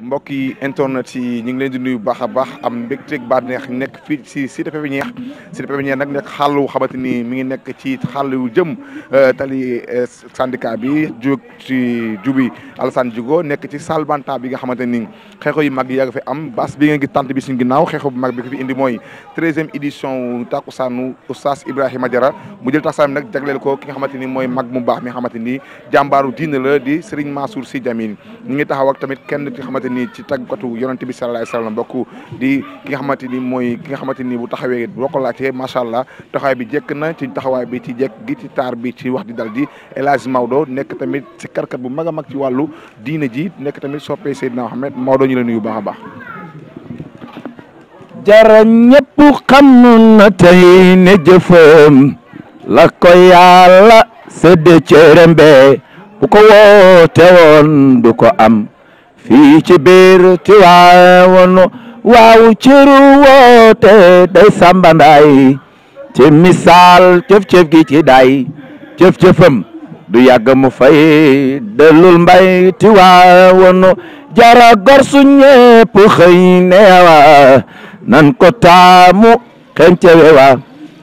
mbokk yi internet yi ñu ngi leen di nuyu baax a baax am mbégteeg bànneex nekk fii si cité pépinière cité pépinière nag nekk xàll wu xamante ni mi ngi nekk ci xàll wu jëm euh, tali euh, syndicat bi jóg ci jubi Alassane Djigo nekk ci salbanta bi nga xamante ni xeexu yu mag yi yàgg fi am bas bi nga ngi tant bi suñu ginnaaw xeexu bu mag bi ko fi indi mooy treizième édition takkusaanu Oustaz Ibrahima Diarra mu jël takkusaan nag jagleel ko ki nga xamante ni mooy mag mu baax mi nga xamante ni jàmbaaru diine la di Serigne Mansour Sy Djamil ñu ngi taxaw ak tamit kenn ki xamante nii ci tàggatu yonente bi sallallahu alayhi wasallam bokk di ki nga ni mooy ki nga xamante ni bu taxawee boo ko laajtee macha allah taxawaay bi jekk na ci taxawaay bi ci jekk gi ci taar bi ci wax di dal di El Hadj Maodo nekk tamit si karkat bu mag a mag ci wàllu diine ji nekk tamit soppee Seydina Mohamed Maodo ñu la nuyu baax a baax. jara ñëpp xam na tey ne jëfam la ko yàlla séddee cërëm bu ko woote woon du ko am. fii ci biir Tiwaawan waaw ciru woote day Samba Nday ci misaal cëf-cëf gi ci day cëf-cëfam du yàgg mu fay delul mbay Tiwaawan jara gor su ñépp neewa nan ko taamu xencewewa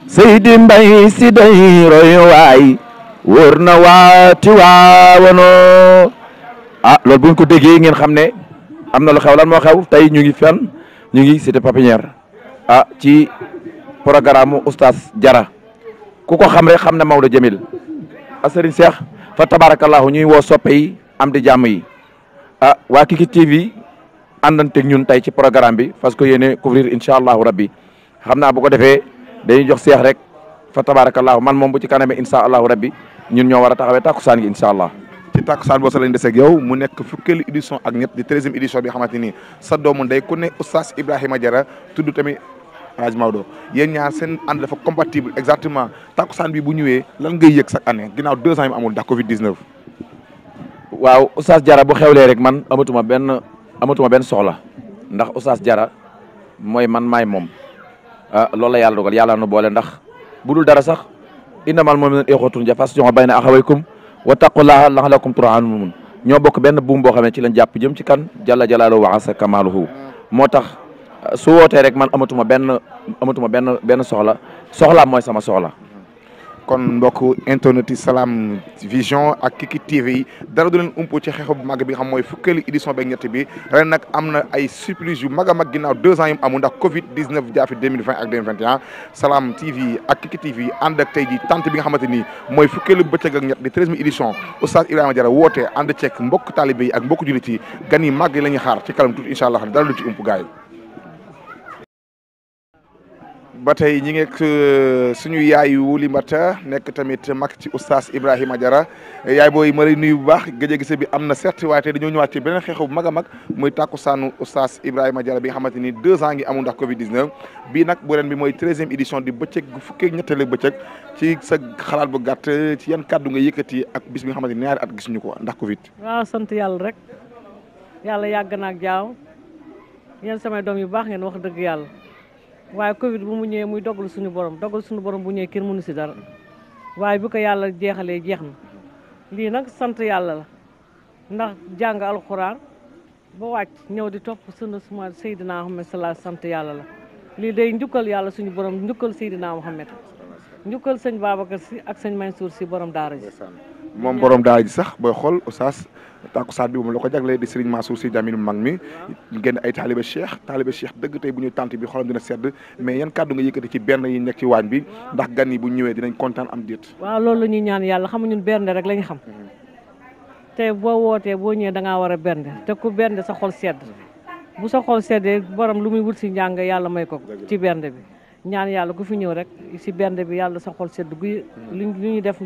Seydi Mbay si day roy waay wóor na waa Tiwaawan ah loolu bu ñu ko déggee ngeen xam ne am na lu xew lan moo xew tey ñu ngi fan ñu ngi cité pépinière ah ci programme mu oustaz Diarra ku ko xam rek xam na Maodo Jamil a ah, Serigne Cheikh fa tabarakallahu ñuy woo soppe yi am di jàmm yi ah waa Kiki TV àndanteeg ñun tey ci programme bi parce que yéene couvrir incha allahu rabbi xam naa bu ko defee dañuy jox seex rek fa tabarakallahu man moom bu ci kaname incha allahu rabbi ñun ñoo war a taxawee takkusaan gi incha allah ci takkusaan boobu lañ deseeg yow mu nekk fukkeelu édition ak ñett di treizième édition bi xamante ni sa doomu ndey ku ne oustaz Ibrahima jara tudd tamit Hadj Maodo yéen ñaar seen ànd dafa compatible exactement takkusaan bi bu ñëwee lan nga yëg sak année ginnaaw deux ans yi mu amul ndax Covid 19. waaw oustaz Diarra bu xewlee rek man amatuma benn amatuma benn soxla ndax oustaz jara mooy man maay moom ah, loolu la yàlla dogal yàlla nu boole ndax bu dul dara sax innamal mu'minuuna ixwatun ja fas'aluu bayna axawaykum wa taqullaha laxalakum turhamun ñoo bokk benn buum boo xam ne ci lañ jàpp jëm ci kan jalla jalaaluhu wa asa kamaaluhu moo tax su wootee rek man amatuma benn amatuma benn benn soxla soxlaam mooy sama soxla kon mbokk internet yi Vision ak Kiki TV yi dara du leen ump ci xeexu mag bi xam mooy fukkeelu édition beeg ñett bi ren nag am na ay surprise mag a mag ginnaaw deux ans yu mu amul ndax Covid 19 jaafi 2020 ak 2021 Salam TV ak Kiki TV ànd ak tey ji tant bi nga xamante ni mooy fukkeelu bëccëg ak ñett di treizième édition Oustaz Ibrahima Diarra woote ànd ceeg mbokk taalibe yi ak mbokk jullit yi gan yi mag yi la ñuy xaar ci kalam tuuti incha allah dara yi ba tey ñi ngeek euh, suñu yaay Wuli Mbata nekk tamit mag ci oustaz Ibrahima Diarra yaay booy ma lay nuyu bu baax gëj gise bi am na certes waaye tey dañoo ñëwaat ci beneen xeexu bu mag a mag muy tàkkusaanu oustaz Ibrahima Diarra bi nga xamante ni deux ans ngi amul ndax Covid 19. bii nag bu ren bi mooy treizième édition di bëccëg gu fukki ñetteelu bëccëg ci sa xalaat bu gàtt ci yan kàddu nga yëkkati ak bis bi nga xamante ni ñaari at ko ndax Covid. waaw sant yàlla rek yàlla yàgg na ak jaaw yéen samay doom yu baax ngeen wax dëgg yàlla. waaye Covid bu mu ñëwee muy dogal suñu borom dogal suñu borom bu ñëwee kenn munu si dara waaye bu ko yàlla jeexalee jeex na lii nag sant yàlla la ndax jàng alxuraan ba wàcc ñëw di topp sunna suma Seydina Muhammad salaa sant yàlla la lii day njukkal yàlla suñu borom njukkal Seydina Muhammad njukkal sëñ Babacar si ak sëñ Mansour si borom daara ji moom borom daara ji sax booy xool oustaz tàkkusaan bi moom la ko jaglee di Serigne Mansour Sy Djamil mag mi génn ay taaliba cheikh taaliba cheikh dëgg tey bu ñuy tànt bi xolam dina sedd mais yan kàddu nga yëkkati ci benn yi nekk ci waañ bi ndax gan yi bu ñëwee dinañ kontaan am déet waaw loolu la ñuy ñaan yàlla xam ñun bernde rek lañu xam te boo wootee boo ñëwee da ngaa war a bernde te ku bernde sa xol sedd bu sa xol seddee borom lu muy wut si njàng yàlla may ko ci bernde bi ñaan yàlla gu fi ñëw rek si benn bi yàlla sa xol sedd guy mm-hmm. lu ñu def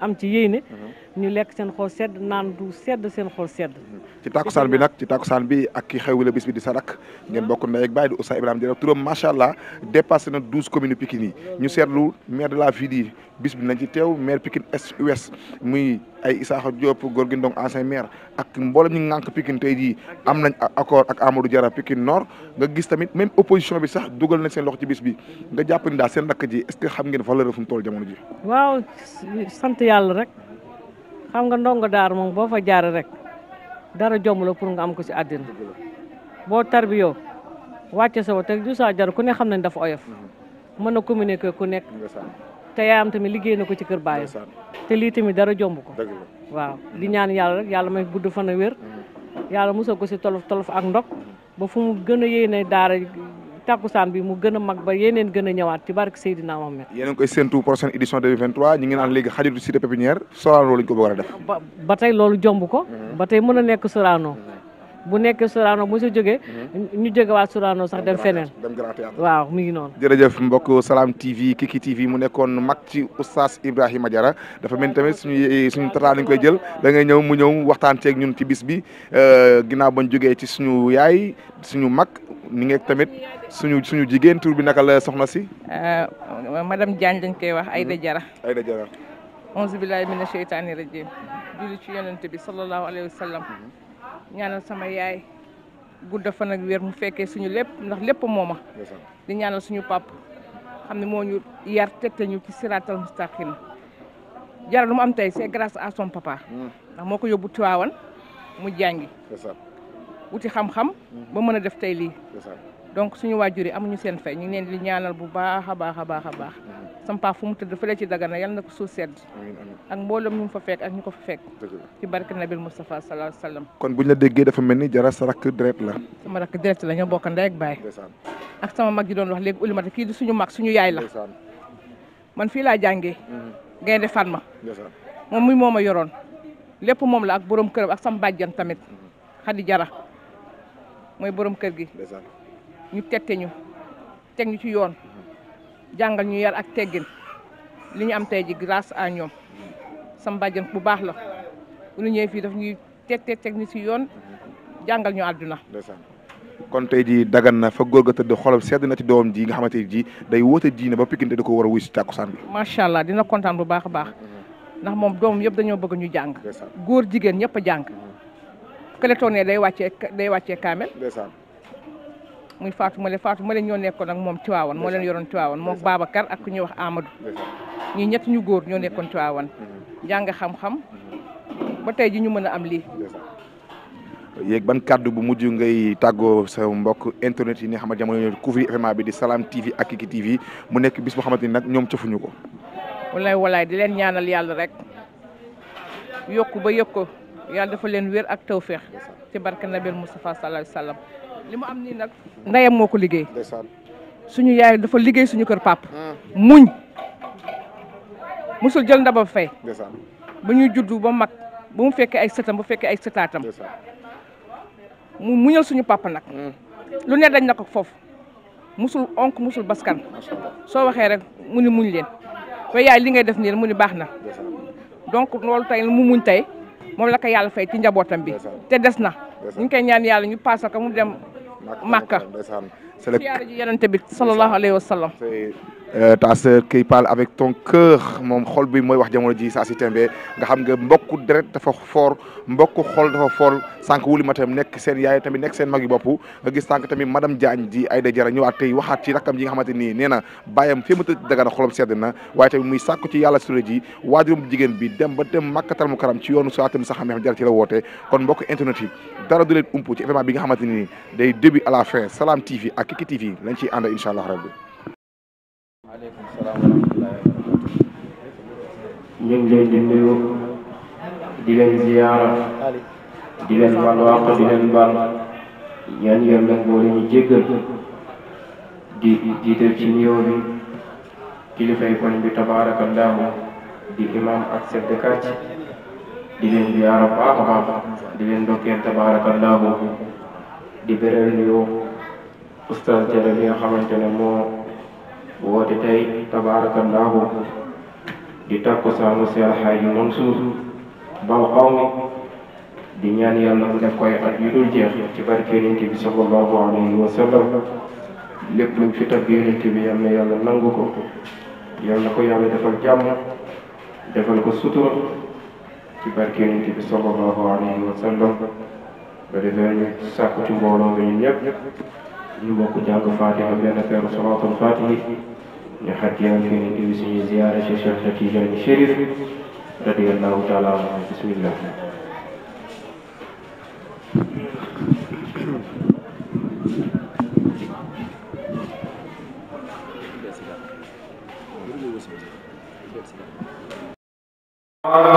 am ci yéene mm-hmm. ñu lekk seen xol sedd naan du sedd seen xol sedd mm-hmm. ci tàkkusaan bi nag ci tàkkusaan bi ak ki xewwi la bis bi di sarak ngeen bokk ndey ak baay di Oustaz Ibrahima Diarra turam macha allah dépassé na douze communes Pikine yi ñu seetlu maire de la ville bis bi nañ ci teew maire Pikine Est Ouest muy ay Isaaxa Diop Gorgui Ndong ancien maire ak mboolem ñu ngànk Pikine tey jii am nañ accord ak Amadou Diarra Pikine Nord nga gis tamit même opposition bi sax dugal na seen loxo ci bis bi nga jàpp ni daal seen rakk ji est-ce que xam ngeen valeur fu mu toll jamono ji. waaw sant yàlla rek xam nga ndong daar moom boo fa jaaree rek dara jomb la pour nga am ko si àddina boo tarbiyoo wàcce sa wa teg ju jar ku ne xam nañ dafa oyof mm-hmm. mën a communiquer ku nekk. te yaayam tamit liggéey na ko ci kër baayam te lii tamit dara jomb ko waaw di ñaan yàlla rek yàlla may gudd fan a wér mm-hmm. yàlla musal ko si tolof tolof ak ndog mm-hmm. ba fu mu gën a yéene daara tàkkusaan bi mu gën a mag ba yeneen gën a ñëwaat ci barke Seydina Mohamed yéen a ngi koy séntu prochaine édition 2023 ñu ngi naan léegi xajatu cité pépinière Sorano lañ ko bëgg a def ba tey loolu jomb ko mm-hmm. ba tey mën a nekk Sorano bu nekkee Sorano bu si jógee. Mhm. ñu jóge waat Sorano sax dem feneen. dem Grand Théâtre waaw mi ngi noonu. jërëjëf mbokk Salam TV Kiki TV mu nekkoon mag ci oustaz Ibrahima Diarra dafa mel ni tamit suñu suñu tataa lañ koy jël da ngay ñëw mu ñëw waxtaan ceeg ñun ci bis bi euh, ginnaaw bañ jógee ci suñu yaay suñu mag ni tamit suñu suñu jigéen tur bi naka la soxna si. Euh, madame Diagne dañ koy wax Aïda mhm. Diarra. Aïda Diarra. auzu billahi mina sheytaani rajim julli ci yonent bi sallallahu alayhi wa sallam. Mhm. ñaanal sama yaay gudda fan ak wér mu fekkee suñu lépp ndax lépp mooma di ñaanal suñu pap xam ne moo ñu yar tegte ñu ci siraatal mustaqim jara lu mu am tey c'est grâce à son papa hmm. ndax moo ko yóbbu Tiwaawan mu jàngi wuti xam-xam hmm. ba mën a def tey lii donc suñu waajur yi amuñu seen fay ñu ngi leen di ñaanal bu baax a baax a baax a baax mm-hmm. sama paa fu mu tëdd fële ci Dagana yal na ko suuf sedd ak mboolem ñu mu fa fekk ak ñu ko fa fekk ci barke nabil Moustapha sallallahu alayhi wasallam kon buñ la déggee dafa mel ni jara sa rakk deret la sama rakk deret la ñoo bokk ndey ak baay ak sama mag ji doon wax léegi ulimata kii di suñu mag suñu yaay la man fii laa jàngee mm-hmm. gaynde Fatma moom muy moom a yoroon lépp moom la ak borom këram ak sama bàjjan tamit mm-hmm. xadi jara mooy borom kër gi ñu tette ñu teg ñu ci yoon jàngal ñu yar ak teggin li ñu am tey ji grâce à ñoom sam bàjjen bu baax la bu ñu ñëwee fii daf ñuy tette teg ñu ci yoon jàngal ñu àdduna kon tey ji dagan na fa góor ga tëdd xolam sedd na ti doom ji nga xamante ji day woote diine ba Pikine te da ko war a wuy si tàkkusaan bi macha allah dina kontaan bu baax a baax ndax moom doom yëpp dañoo bëgg ñu jàng góor jigéen ñëpp a jàng kële toonee day wàccee day wàccee kaamel muy Fatou Male Fatou Male ñoo nekkoon ak moom Tiwaawan moo leen yoroon Tiwaawan moom Babacar ak ku ñuy wax Amadou ñi ñett ñu góor ñoo nekkoon Tiwaawan jàng xam-xam ba tey ji ñu mën a am lii yéeg ban kàddu bu mujj ngay tàggoo sa mbokk internet yi nga xam ne jamono ñoo couvrir bi di Salam TV ak mu nekk bis boo xamante ni nag ñoom cofuñu ko wallaay wallaay di leen ñaanal yàlla rek yokk ba yëg ko yàlla dafa leen wér ak tawféex ci barke nabil Moustapha sallallahu alayhi wa li mu am nii nag ndeyam moo ko liggéey suñu yaay dafa liggéey suñu kër pap ah. muñ musul jël ndaba fay ba ñuy juddu ba mu mag ba mu fekkee ay sëtam ba fekkee ay sëtaatam mu muñal suñu papa nag hmm. lu ne dañ na ko foofu musul onk musul baskan soo waxee rek mu ni muñ leen ba yaay li ngay def nii mu ni baax na donc loolu tey mu muñ tey moom la ko yàlla fay ci njabootam bi te des na ñu ngi ñaan yàlla ñu paasal ko mu dem Makka siyaare ji yonente bi sallallahu alayhi wa sallam Euh, ta sœur qui parle avec ton cœur moom xol bi mooy wax jamono ji saa si nga xam nga mbokku deret dafa foor mbokku xol dafa foor sànq wuli ma nekk seen yaay tamit nekk seen mag yi bopp nga gis sànq tamit madame Diagne di Aïda Diarra ñëwaat tey waxaat ci rakkam yi nga xamante nii nee na bàyyam fi mu tëdd dagana xolam sedd na waaye tamit muy sàkku ci yàlla suré ji waajurum jigéen bi dem ba dem màkkatal mu karam ci yoonu soatam sax xam jar ci la woote kon mbokk internet yi dara du leen bi nga xamante nii day début à la ak Kiki TV lañ ànd incha allah rabbi maaleykum salaam wa ngi leen di nuyu di leen ziyaara di leen baal di leen baal ñaan yàlla boole ñu jéggal di jiital ci nuyoo bi kilifay koñ bi tabaarakallaahu di imam ak chef de quartier di leen ziyaara baax a di leen ndokkeel tabaarakallaahu di beral nuyoo oustaz Jara bi nga xamante ne moo. woote tey tabaarakallaahu di takkusaanu Seex Alxaaji Mansuur bal xawmi di ñaan yàlla mu def koy at yu jeex ci barke yonent bi sallallahu alayhi wa sallam lépp luñ fi tabbi yonent bi yal yàlla nangu ko yal na ko yàlla defal jàmm defal ko sutura ci barke yonent bi sallallahu alayhi wa sallam ba defee ñu sàkku ci mbooloo bi ñëpp ñu bokk jàng fatiha benn peeru salaatul fatihi ñu xat yaa fi ni diwi suñu ziyaara ci Cheikh na Tijaani Chérif radiyallahu taala anhu bismillah Amen.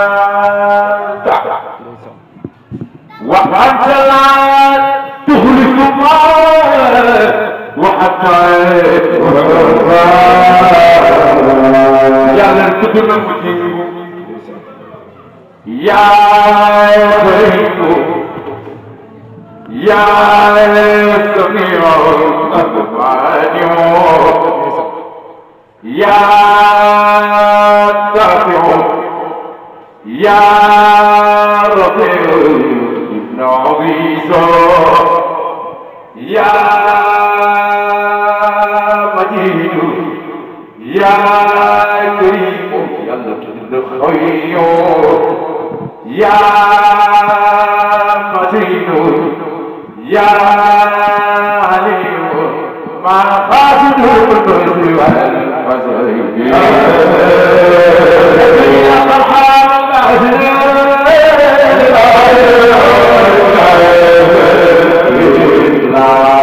yàlla tudd na ko ci yaay xëytu yaay samiyoo akbaaniyoo yaa safiyoo yaa rafiyoo ibn aziizoo yaa يا كريم يلا الخيور يا متين يا عليم ما فاتن النزل والفزعي يا مرحبا لا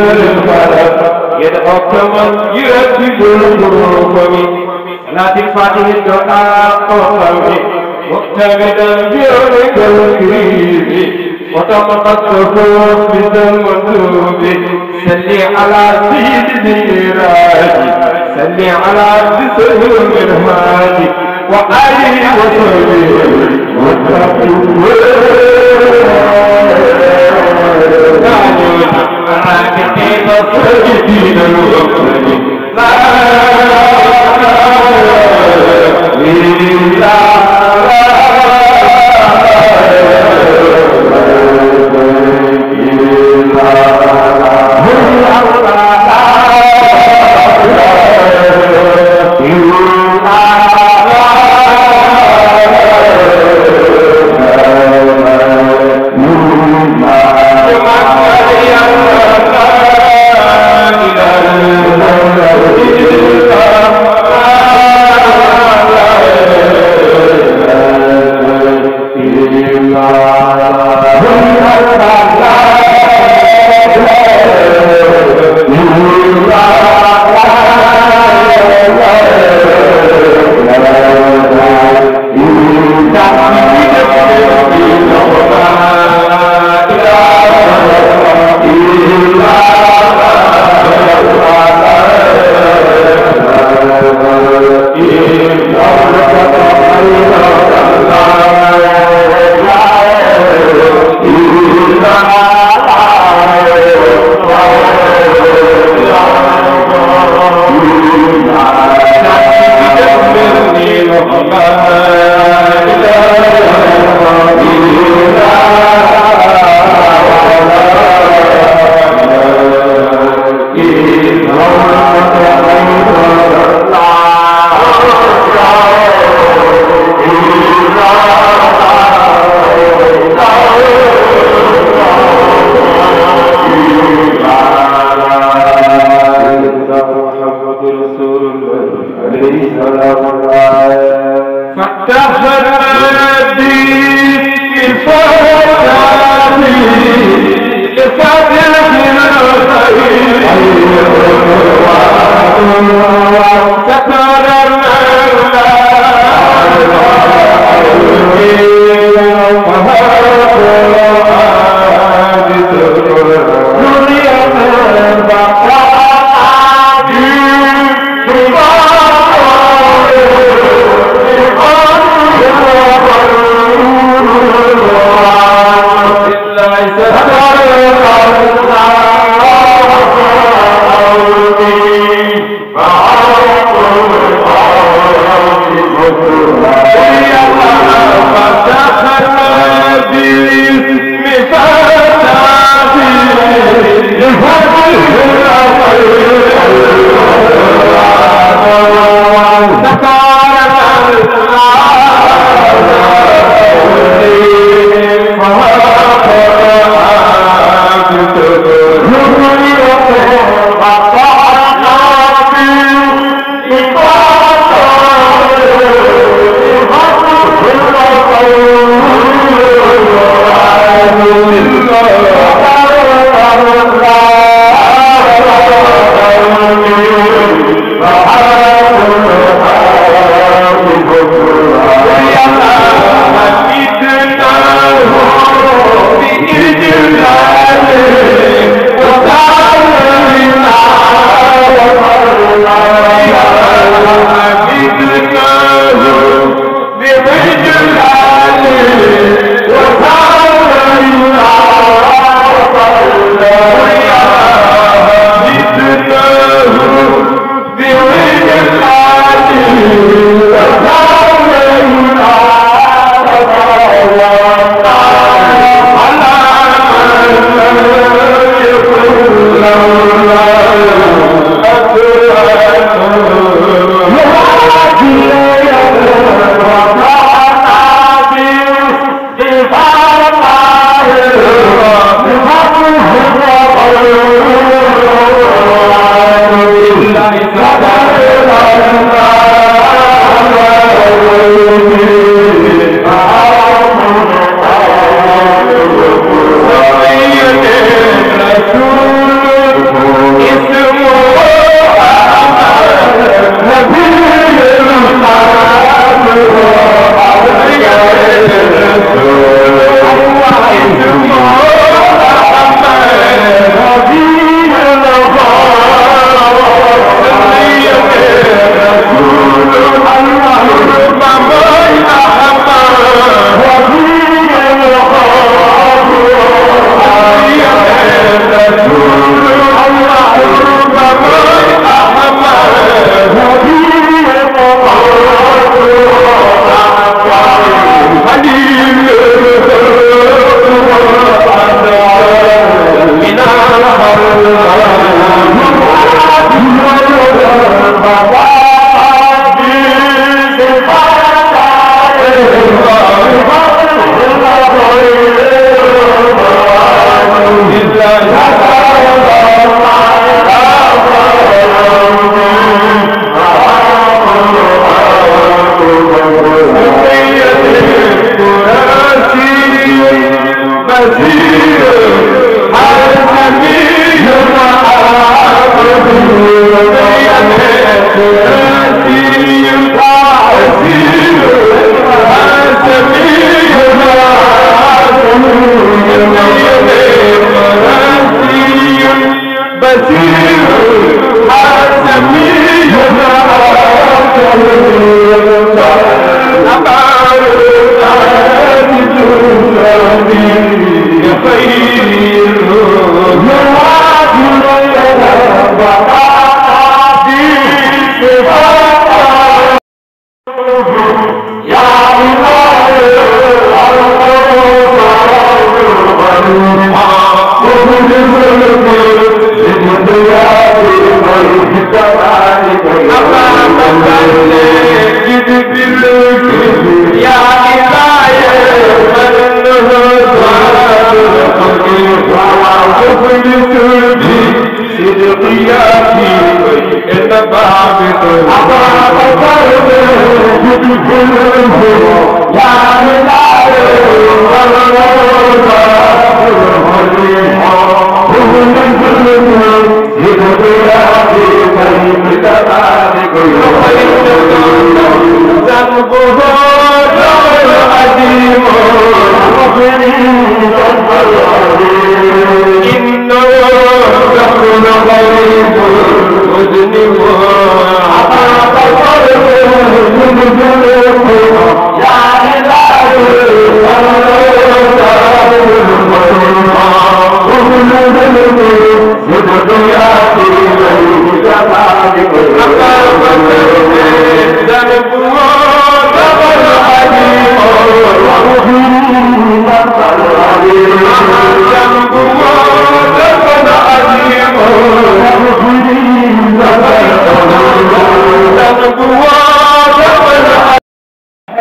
الفلك يدعو كمن يرتب الحروف من نادي فاتح الدعاء قومي مقتمدا بعلمك الكريم وتمقته بذا المندوب سلي على سيد الميراج سلي على جسد المنهاج وآله وصحبه وتقوى لا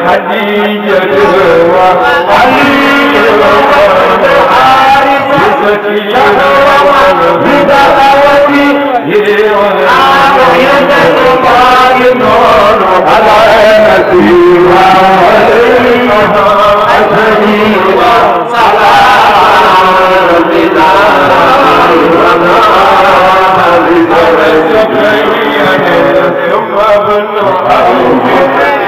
وخديجة وعلي وحارثة بدعوتي وعافية الله نور على نسير وعليها أسري وسلام بدار ونار لدرجة ثم ابن أبي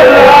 Good luck.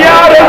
Yeah.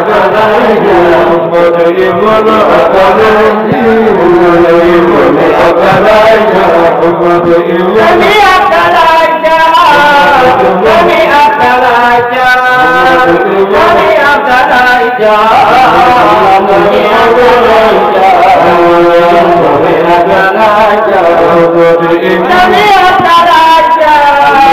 مطرب الأقلام مطرب الأقلام مطرب الأقلام مطرب الأقلام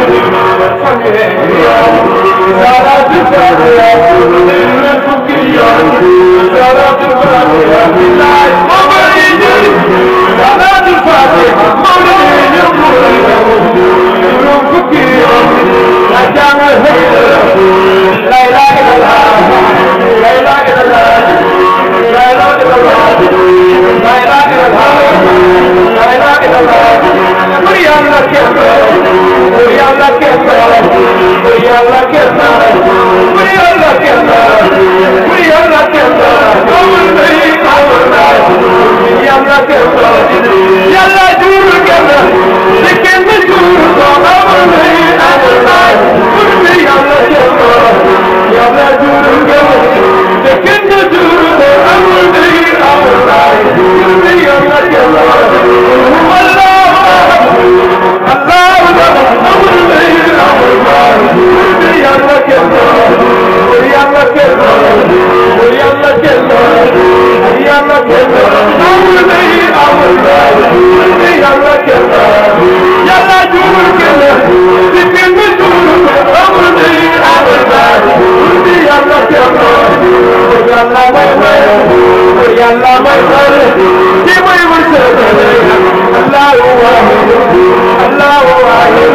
لا اله الا الله Bur yàlla kese la bur yàlla kese la bur yàlla kese la bur yàlla kese la bur yàlla kese la amul mbéy amul naaj yàlla kese la yàlla jur kenn te kenn jur ko amul mbéy amul naaj bur bi yàlla kese la yàlla jur kenn te kenn jur ko amul mbéy amul naaj bur bi yàlla kese la. الله واحد الله واحد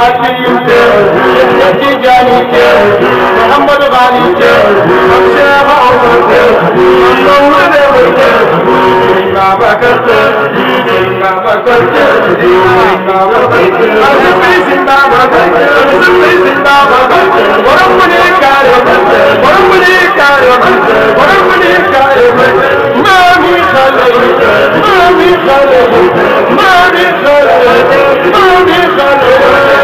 علي تجاني محمد غالي من شيخ عمر من مولد ما بكرت ما بكرت ما بكرت ما بكرت ما بكرت وربني كارم وربني كارم وربني كارم ما من خلق ما من خلق ما من خلق ما من خلق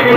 Yeah,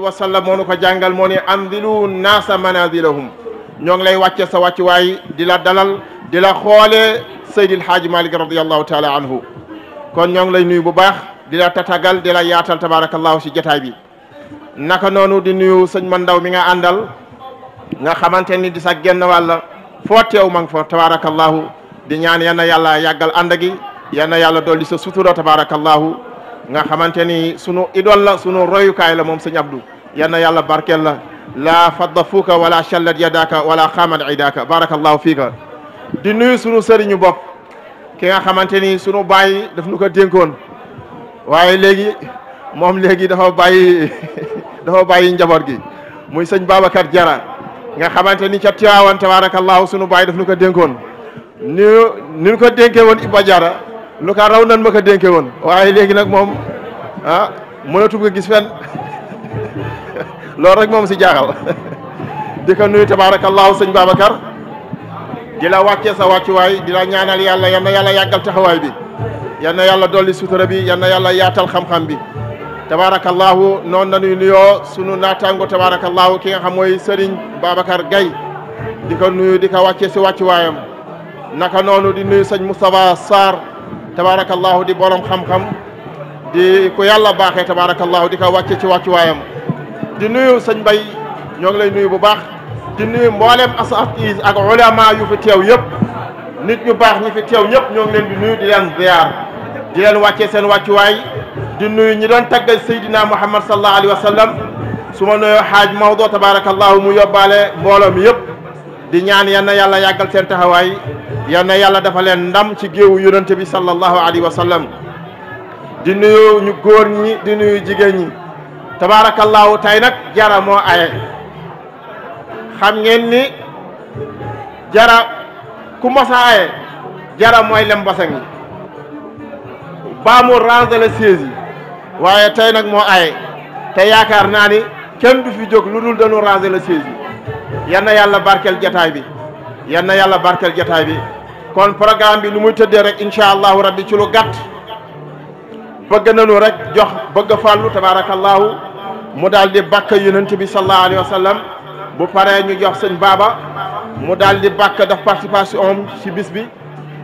wa sallam moo nu ko jàngal moo ne andilu naasa manazilahum ñoo ngi lay wàcce sa wàccuwaay di la dalal di la xoolee Seydil Haaji Malick radiallahu taala anhu kon ñoo ngi lay nuyu bu baax di la tatagal di la yaatal tabaarakallahu si jotaay bi naka noonu di nuyu sëñ man ndaw mi nga àndal nga xamante ni di sa genn wàlla foo teew ma foo fa tabaarakallahu di ñaan yenn yàlla yàggal ànd gi yenn yàlla dolli sa tabaarakallahu nga xamante ni sunu idol la sunu royukaay la moom sëñ Abdou yal na yàlla barkeel la laa fadda fuuka wala shallat yadaka wala xaamat idaaka barakallahu fiika di nuyu sunu sëriñu bopp ki nga xamante ni sunu bàyyi daf nu ko dénkoon waaye léegi moom léegi dafa bàyyi dafa bàyyi njaboot gi muy sëñ Babacar Jara nga xamante ni ca Tiwaawan tabarakallahu sunu bàyyi daf nu ko dénkoon ni ñu ko dénkee woon Jara lu ko raw nan ma ko woon waaye léegi nag moom ah mënatu ko gis fenn loolu rek moom si jaaxal di ko nuyu tabaarakallaahu sëñ Babacar di la wàccee sa wàccuwaay di la ñaanal yàlla yal na yàlla yàggal taxawaay bi yal yàlla dolli sutura bi yal yàlla yaatal xam-xam bi tabaarakallaahu noonu nañuy nuyoo sunu naataango tabaarakallaahu ki nga xam mooy sëriñ Babacar Gaye di ko nuyu di ko wàccee si wàccuwaayam naka noonu di nuyu sëñ Moustapha Sarr tabaarakallaahu di borom xam-xam di ku yàlla baaxee tabaarakallaahu di ko wàcce ci wàccuwaayam di nuyu sañ Mbay ñoo ngi lay nuyu bu baax di nuyu mboolem asatis ak ulama yu fi teew yëpp nit ñu baax ñi fi teew ñëpp ñoo ngi leen di nuyu di leen ziyaar di leen wàccee seen wàccuwaay di nuyu ñi doon taggal Seydina Muhammad sallallahu alayhi wa sallam su ma nuyoo xaaj Maodo tabaarakallaahu mu yóbbaale mbooloo mi yëpp di ñaan yal na yàlla yàggal seen taxawaay yan na yàlla dafa leen ndam ci géewu yonente bi sallallahu alayhi wa sallam di nuyu ñu góor ñi di nuyu jigéen ñi tabaarakallaahu tay nag jara moo aye xam ngeen ni jara ku mos a aye jara mooy lem basang yi baa mu rangale siège waaye tey nag moo aye te yaakaar naa ni kenn du fi jóg lu dul dañu rangale siège yi yan na yàlla barkeel jataay bi yan na yàlla barkeel jataay bi kon programme bi nu muy tëddee rek incha allahu rabbi ci lu gàtt bëgg nañu rek jox bëgg fàllu tabarakallahu mu daal bakk bàkk yonent bi sallallahu alayhi wa sallam bu paree ñu jox sëñ baaba mu daal di bàkk daf participation om ci bis bi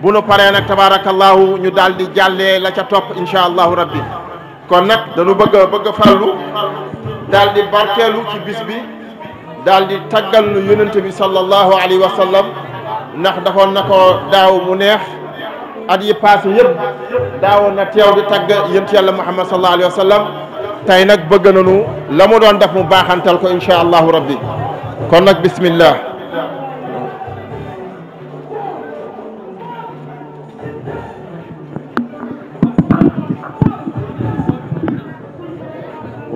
bu nu paree nag tabarakallahu ñu daal di jàllee la ca topp incha allahu rabbi kon nag dañu bëgg bëgg fàllu daal barkeelu ci bis bi daal di taggal nu yonent bi sallallahu alayhi wa sallam ndax dafoon na ko daaw mu neex at yi passé yëpp daawoon na teew di tagg yonent yàlla mu sallallahu alayhi wa sallam tey nag bëgg nañu la mu doon def mu baaxantal ko insha rabbi kon nag bismillah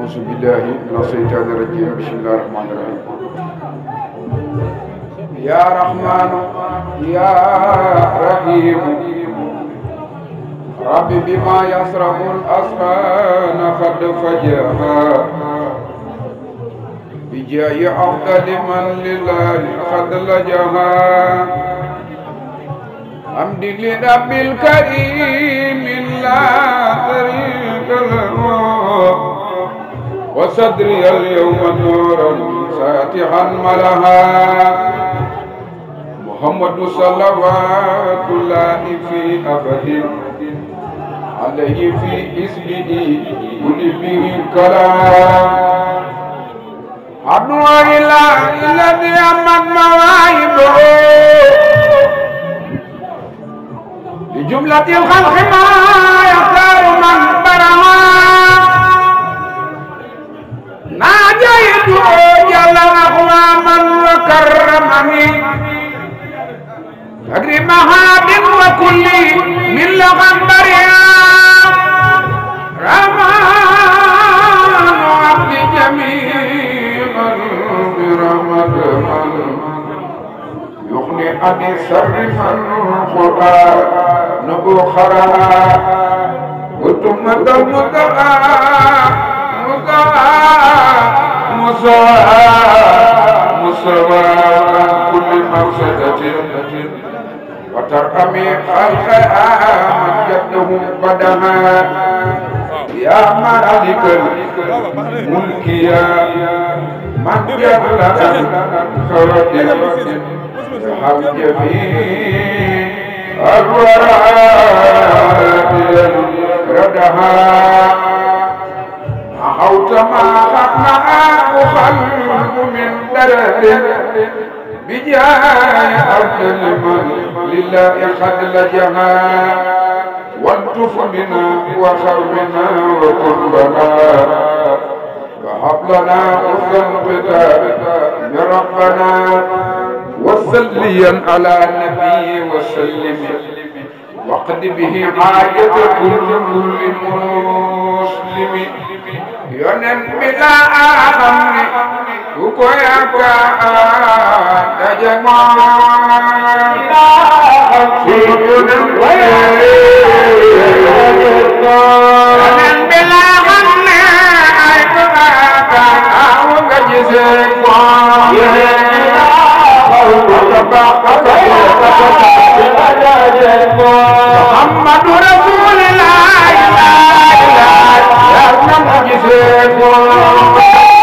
أعوذ بالله من الشيطان الرجيم بسم يا رحمن يا رحيم رب بما يسرح الأسران قد فجاها بجاي أفضل من لله قد لجها حمد لرب الكريم لا طريق له وصدري اليوم نورا فاتحا ملها محمد صلوات الله في أبد عليه في اسمه كل به كلام عبد الله الذي أمن مواهبه لجملة الخلق ما يختار من برها ناجيته من وكرمني أكرمها من وكل من لغمبرها رمان عبد جميع برحمته يغني أن يصرف القرآن نبوخرا وتمد مدغا وترأمي خلقها من جدهم قدما يا مالك الملك يا من جبلك خرج ارحم جميع الورى ردها أو تمالك معه خلف من درر بجاه أرض المن لله قد لجها والتف بنا وخربنا وقربنا وهب لنا حسن غدا يا ربنا وسليا على النبي وسلم وقد به حاجة كل مسلم yonen bi laa xam ni ku ko yaakaar daje moom sunu yonen yonen bi laa xam ne ay ko yaakaar awu nga gisee ko محمد رسول الله لا اله الا الله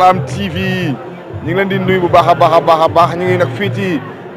Salam TV ñu leen di nuyu bu baax a baax a baax a baax ñu ngi nag fii ci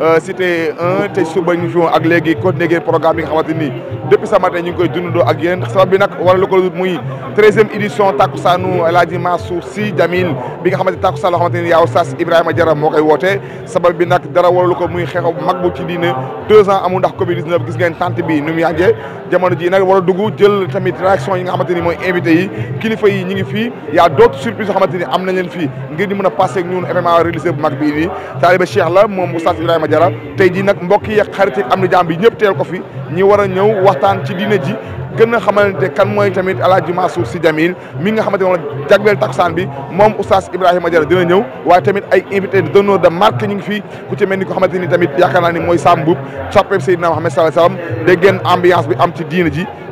euh, cité 1 te suba ak léegi continuer programme bi nga xamante ni. depuis a matin ñu ngi koy dundandoo ak yéen sabab bi nag wara lu ko muy treizième édition takkusaanu a Hadji Mansour Sy Djamil bi nga xamante takkusaan loo xamante ni yaaw sas Ibrahima Diarra moo koy woote sabab bi nag dara wara lu ko muy xeexu mag bu ci diine ndax Covid 19 gis ngeen bi nu mu yàggee jamono ji nag war a dugg jël tamit réaction yi nga xamante ni mooy invité yi kilifa yi ñu ngi fii y'a d'autres surprises yoo xamante ni am na leen fii ngir di mën a passé ak ñun événement religieux bu mag bi nii taaliba Cheikh la moom Oustaz Ibrahima Diarra tey jii nag mbokk yi xarit am na jàmm bi ñëpp teel ko fi ñi war a ñëw waxtaan ci diine ji gën a xamante kan mooy tamit alaaji Mansour Sy Djamil mi nga xamante moom la jagleel takusaan bi moom oustaz a Diarra dina ñëw waaye tamit ay invité d'honneur de marque ñu ngi fii ku ci mel ni ko xamante ni tamit yaakaar naa mooy Sam Mboup soppeeb Seydina Mohamed sallallahu alayhi wasallam dégg ngeen ambiance bi am ci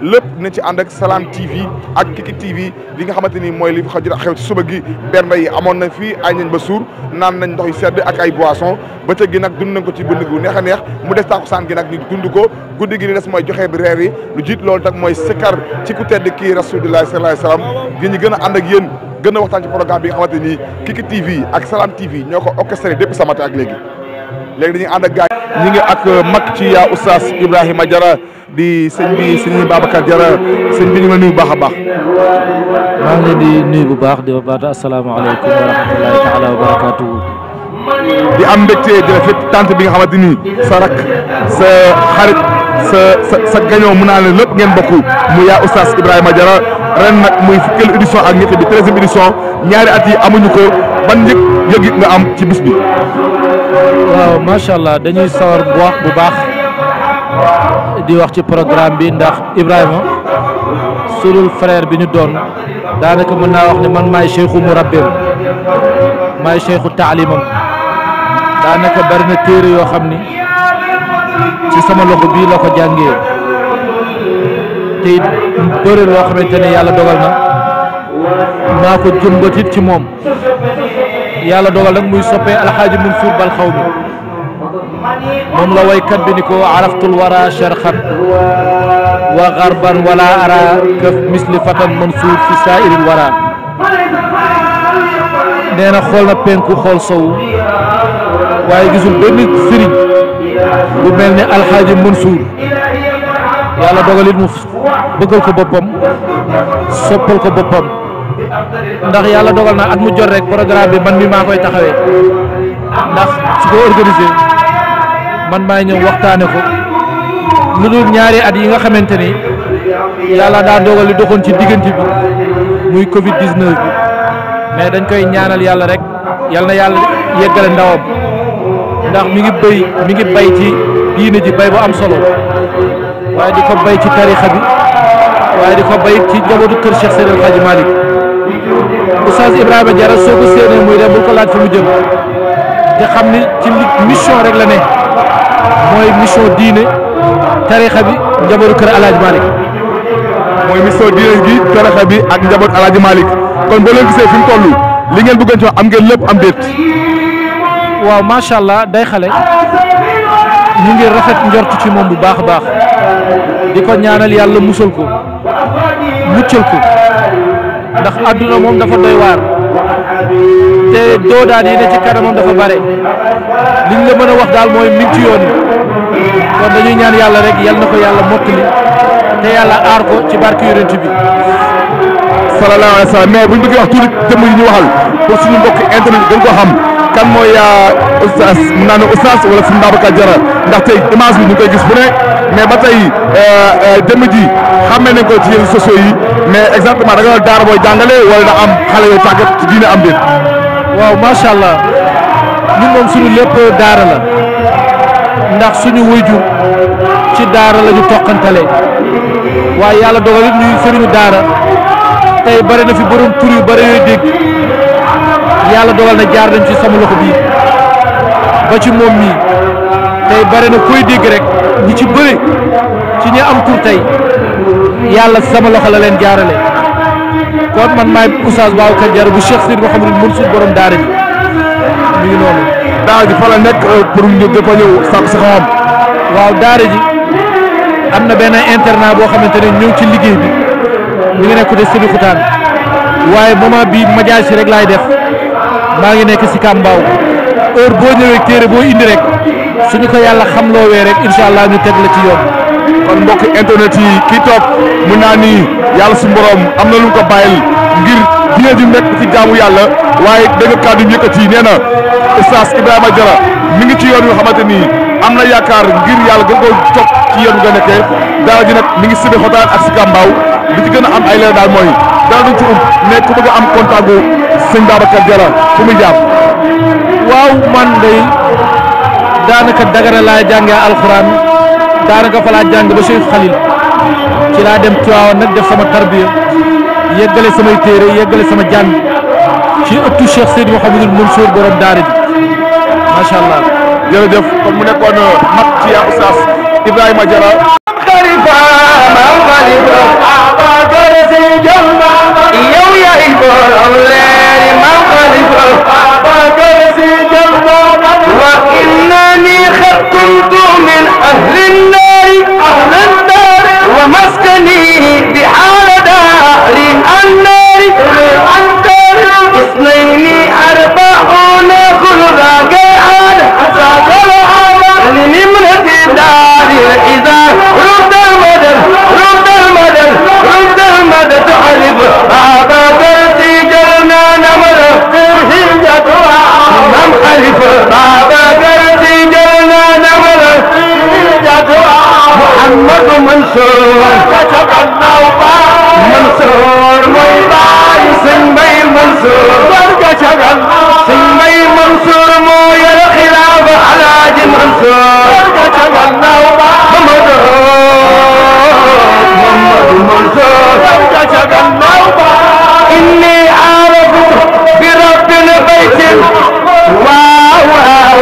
lépp dina ci ànd ak Salam TV ak Kiki TV li nga xamante ni mooy li xajul xew ci suba gi bernde yi amoon na fii ay nañ ba suur naan nañ ndox yu sedd ak ay boisson ba gi nag dund nañ ko ci bënd gu neex a neex mu des takusaan gi nag ñu dund ko guddi gi di des mooy joxe bi reer yi lu jiit loolu tak mooy sikar ci ku tedd kii rasulillahi sallallahu alayhi wasallam gi ñu gën a ak yéen gën a waxtaan ci programme bi nga xamante ni Kiki TV ak Salam TV ñoo ko orchestré depuis ce matin ak léegi léegi dañuy ànd ak gars ñi ngi ak mag ci yaa oustaz Ibrahima Diarra di sëñ bi sëñ Babacar Diarra sëñ bi ñu ngi la nuyu bu baax a baax maa ngi di nuyu bu baax di ba baata asalaamaaleykum wa wa barakatuhu di am mbégte bi nga xamante ni sa rak sa xarit sa sa sa gañoo mun naa lépp ngeen bokk mu yaa oustaz Ibrahima Diarra ren nag muy fukkeelu édition ak ñett bi treizième édition ñaari at yi amuñu ko ban njëg nga am ci bis bi. allah dañuy sawar bu baax di wax ci programme bi ndax Ibrahima sulul frère bi ñu doon daanaka mën naa wax ne man maay cheikhu murabbim maay cheikhu taalimam daanaka bari na téere yoo xam ni. ci sama loxo bii la ko jàngee te it bëri loo xamante ne yàlla dogal na maa ko jëmbatit ci moom yàlla dogal nag muy soppee alxaaji Mansour bal xaw mi moom la waykat bi ni ko araftul wara sharxan wa garban wala ara kaf misli fatan Mansour fi saairil wara nee na xool na penku xool sow waaye gisul benn sëriñ lu mel ne alxaaji Mansour yàlla dogal it mu bëggal ko boppam soppal ko boppam ndax yàlla dogal na at mu jot rek programme bi man mi maa koy taxawee ndax su ko organisé man maay ñëw waxtaane ko lu dul ñaari at yi nga xamante ni yàlla daa dogal li doxoon ci diggante bi muy Covid 19 bi mais dañ koy ñaanal yàlla rek yàlla na yàlla yeggale ndawam. ndax mi ngi béy mi ngi bay ci diine ji bay bu am solo waaye di ko bay ci tarixa bi waaye di ko bay ci njabootu kër Cheikh Seydil Hadji Malick Oustaz Ibrahima Diarra soo ko séenee muy dem bul ko laaj fi mu jëm te xam ni ci mission rek la ne mooy mission diine tarixa bi njabootu kër El Hadj Malick mooy mission diine gi tarixa bi ak njabootu El Hadj kon boo leen gisee fi mu li ngeen bëggoon ci wax am ngeen lépp am déet waaw macha allah day xale ñu ngi rafet njort ci moom bu baax a baax di ko ñaanal yàlla musal ko muccal ko ndax àdduna moom dafa doy waar te doodaan yi ne ci kanamam dafa bare liñ la mën a wax daal mooy mi ci yoon yi kon dañuy ñaan yàlla rek yàlla na ko yàlla mottali te yàlla aar ko ci barke yonent bi sallallahu alayhi wa bu mais buñ bëggee wax tuuti jëmm yi ñu waxal pour suñu mbokk internet gën ko xam kan mooy euh, oustaz mu naan oustaz wala suñu Babacar Diarra ndax tey image bi ñu koy gis bu ne mais ba tey jëmm euh, euh, ji xamee nañ ko ci réseaux yi mais exactement da nga daara booy jàngale wala da am xale yooyu tàggat diine am de waaw macha allah ñun moom suñu lépp daara la ndax suñu wëyjur ci daara la ñu toqantale waaye yàlla dogal it ñuy daara tey bari na fi borom yooyu dégg. yàlla dogal na jaar nañ ci sama loxo bii ba ci moom mii tey bare na koy dégg rek ñi ci bëri ci ñi am tur tey yàlla sama loxo la leen jaarale kon man maay Oustaz Babacar Diarra bu Cheikh Seydou Mouhamadou Mansour borom daara ji mi ngi noonu. daara ji fa la nekk euh, pour ñu dafa ñëw sàkk si xam waaw daara ji am na benn internat boo xamante ne ñëw ci liggéey bi ñu ngi nekk côté Sébikotane waaye moment bii majaas yi rek laay def maa ngi nekk si Kambaaw heure boo ñëwee téere boo indi rek suñu ko yàlla xam loowee rek incha allah ñu teg la ci yoon. kon mbokk internet yi kii toog mu naa ni yàlla su mboroom am na lu mu ko bàyyil ngir dina di nekk ci jaamu yàlla waaye dégg kàddu yi nee na Oustaz a Diarra mu ngi ci yoon yoo xamante ni am na yaakaar ngir yàlla gën koo toog ci yoon nga nekkee daara ji nag mi ngi sëbe xotaan ak si kàmbaaw li ci gën a am ay leer daal mooy sëñ Babacar Diarra waaw man de daanaka dagara laa jàngee alxuraan daanaka fa laa jàng ba Cheikh Khalil ci laa dem def sama tarbiya yeggale samay téere yeggale sama jàng ci ëttu Cheikh Seydou Mouhamadul Mansour borom daara mu nekkoon euh, mag ci yaa Oustaz Ibrahima Diarra. yow yaay Mansour moo yore xilaaf Alaaji Mansour إني عارف برب البيت واو واو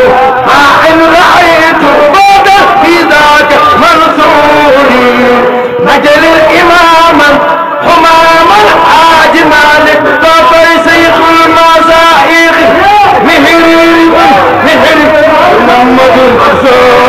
إن رأيت بعد في ذاك منصوري نجل الإمام همام الحاج مالك طفي شيخ المزايق مهر مهر محمد رسول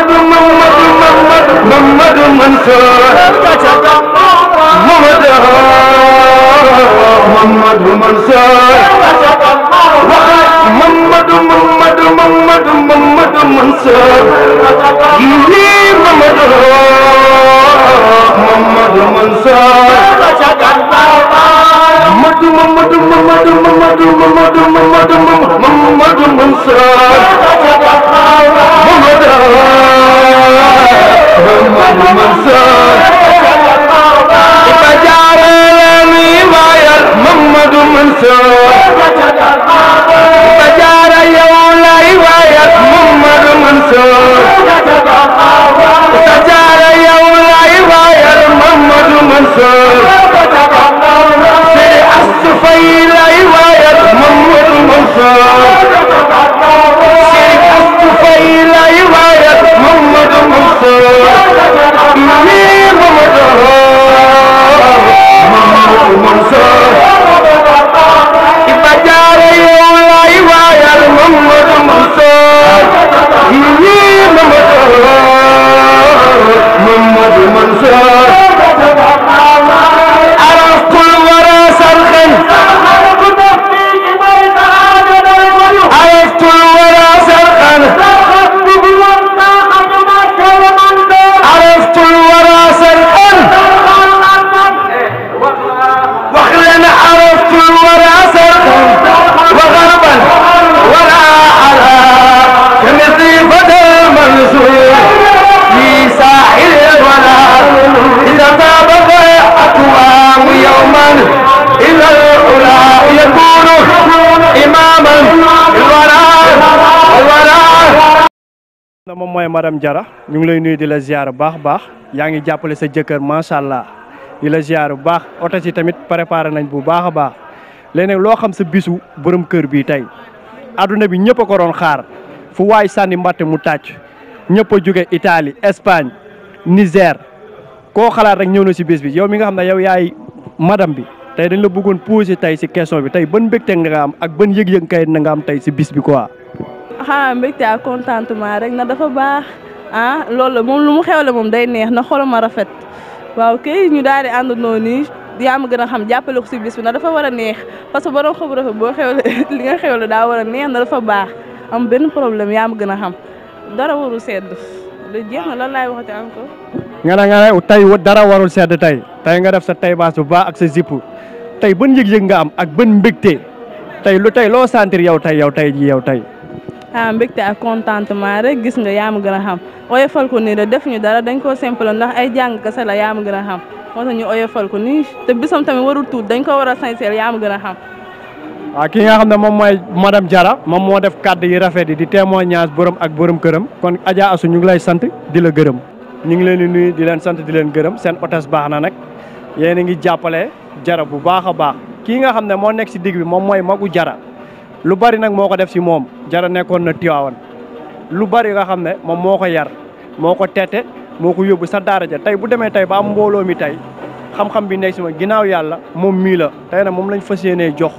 محمد محمد محمد منصور محمد محمد منصور محمد محمد محمد محمد منصور يلي محمد محمد منصور Mamadu Mamadu Mamadu Mamadu Mamadu Mamadu Mamadu Mansa Mansa Bajarami Mayal Mamadu Mansa Bajar Yawlai Wayat Mamadu Mansa madame jara ñu ngi lay nuy di la ziar bu baax baax yaa ngi jàppale sa jëkkër macha allah di la ziar bu baax oto si tamit préparé nañ bu baax a baax léegi nag loo xam sa bisu borom kër bii tey adduna bi ñëpp a ko doon xaar fu waay sànni mbatte mu tàcc ñëpp a itali Espagne Niger koo xalaat rek ñëw na si bis bi yow mi nga xam ne yow yaay madame bi tey dañ la buggoon posé tey si question bi tey ban mbégte nga am ak ban yëg-yëg kay na nga am tey si bis bi quoi. xanaa mbégte ak contentement rek na dafa baax ah loolu la moom lu mu xewle moom day neex na xolam a rafet waaw kay ñu daal di àndandoo nii yaa ma gën a xam jàppale ko si bis na dafa war a neex parce que borom xobu rafet boo xewle li nga xewle daa war a neex na dafa baax am benn problème yaa ma gën a xam dara warul sedd lu jeex na lan laay waxati encore. nga ne nga ne tey dara warul sedd tey tey nga def sa tay baas bu baax ak sa zipp tey ban yëg-yëg nga am ak ban mbégte tey lu tey loo sentir yow tey yow tey ji yow tey. ah mbégte ak contentement rek gis nga yaa ma gën a xam oyofal ko nii de def ñu dara dañ koo simple ndax ay jàng kese la yaa gën a xam moo tax ñu oyofal ko nii te bisam tamit warul tuut dañ ko war a sincère yaa ma gën a xam. waaw ah, ki nga xam ne moom mooy madame jara moom moo def kàdd yi rafet yi di témoignage borom ak borom këram kon aja Assou ñu ngi lay sant di la gërëm ñu ngi leen di nuyu di leen sant di leen gërëm seen hôtesse baax na nag yéen a ngi jàppale Diarra bu baax a baax kii nga xam ne moo nekk si digg bi moom mooy magu jara lu bari nag moo ko def si moom jara nekkoon na Tiwaawan lu bari nga xam ne moom moo ko yar moo ko tete moo ko yóbbu sa daara ja tey bu demee tey ba am mbooloo mi tey xam-xam bi nekk ci moom ginnaaw yàlla moom mii la tey nag moom lañ fas yéenee jox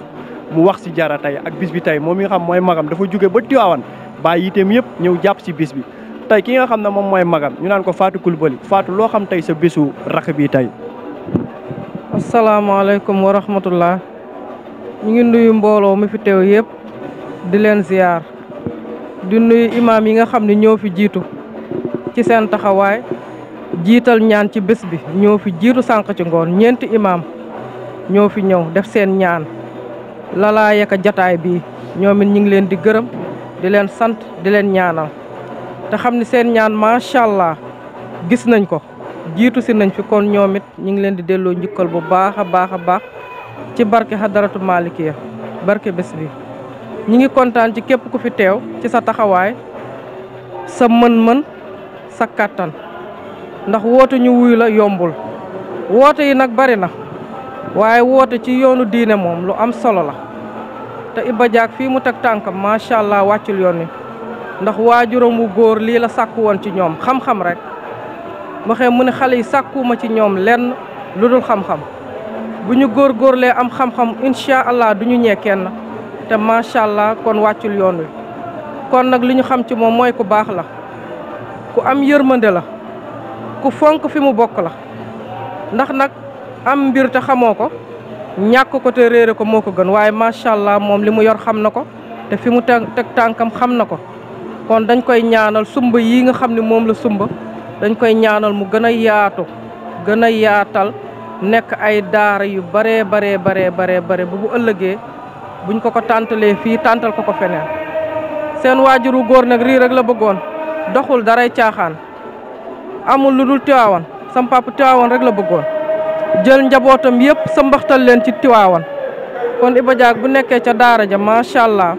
mu wax si jara tey ak bis bi tey moom mi nga xam mooy magam dafa jóge ba Tiwaawan bàyyi itam yëpp ñëw jàpp si bis bi tey ki nga xam ne moom mooy magam ñu naan ko Fatou Coulibaly faatu loo xam tey sa bisu rakk bi tey asalaamaaleykum wa rahmatullah ñu ngi nuyu mbooloo mi fi teew yëpp di leen ziar di nuyu imaam yi nga xam ne ñoo fi jiitu ci seen taxawaay jiital ñaan ci bés bi ñoo fi jiitu sànq ci ngoon ñeenti imaam ñoo fi ñëw def seen ñaan lalaa yeka jataay bii ñoom it ñu ngi leen di gërëm di leen sant di leen ñaanal te xam ne seen ñaan macha allah gis nañ ko jiitu si nañ fi kon ñoom it ñu ngi leen di delloo njikkal bu baax a baax a baax ci barke xadaratu malikiya barke bés bi ñi ngi kontaan ci képp ku fi teew ci sa taxawaay sa mën-mën sa kàttan ndax woote ñu wuyu la yombul woote yi nag bari na waaye woote ci yoonu diine moom lu am solo la te Iba Diack fii mu teg tànkam macha allah wàccul yoon wi ndax waajuram wu góor lii la sàkku woon ci ñoom xam-xam rek mu mu ne xale yi sàkkuma ci ñoom lenn lu dul xam-xam bu ñu góor góorlee am xam-xam incha allah du ñu ñee kenn te macha allah kon wàccul yoon wi kon nag li ñu xam ci moom mooy ku baax la ku am yërmande la ku fonk fi mu bokk la ndax nag am mbir te xamoo ko ñàkk ko te réere ko moo ko gën waaye macha allah moom li mu yor xam na ko te fi mu teg tànkam xam na ko kon dañ koy ñaanal sumba yii nga xam ne moom la sumba dañ koy ñaanal mu gën a yaatu gën a yaatal nekk ay daara yu baree baree baree baree bare bu bu ëllëgee buñ ko ko tàntalee fii tàntal ko ko feneen seen waajuru góor nag rii rek la bëggoon doxul daray caaxaan amul lu dul tiwaawan sam papa tiwaawan rek la bëggoon jël njabootam yëpp sa mbaxtal leen ci tiwaawan kon Iba Diack bu nekkee ca daara ja macha allah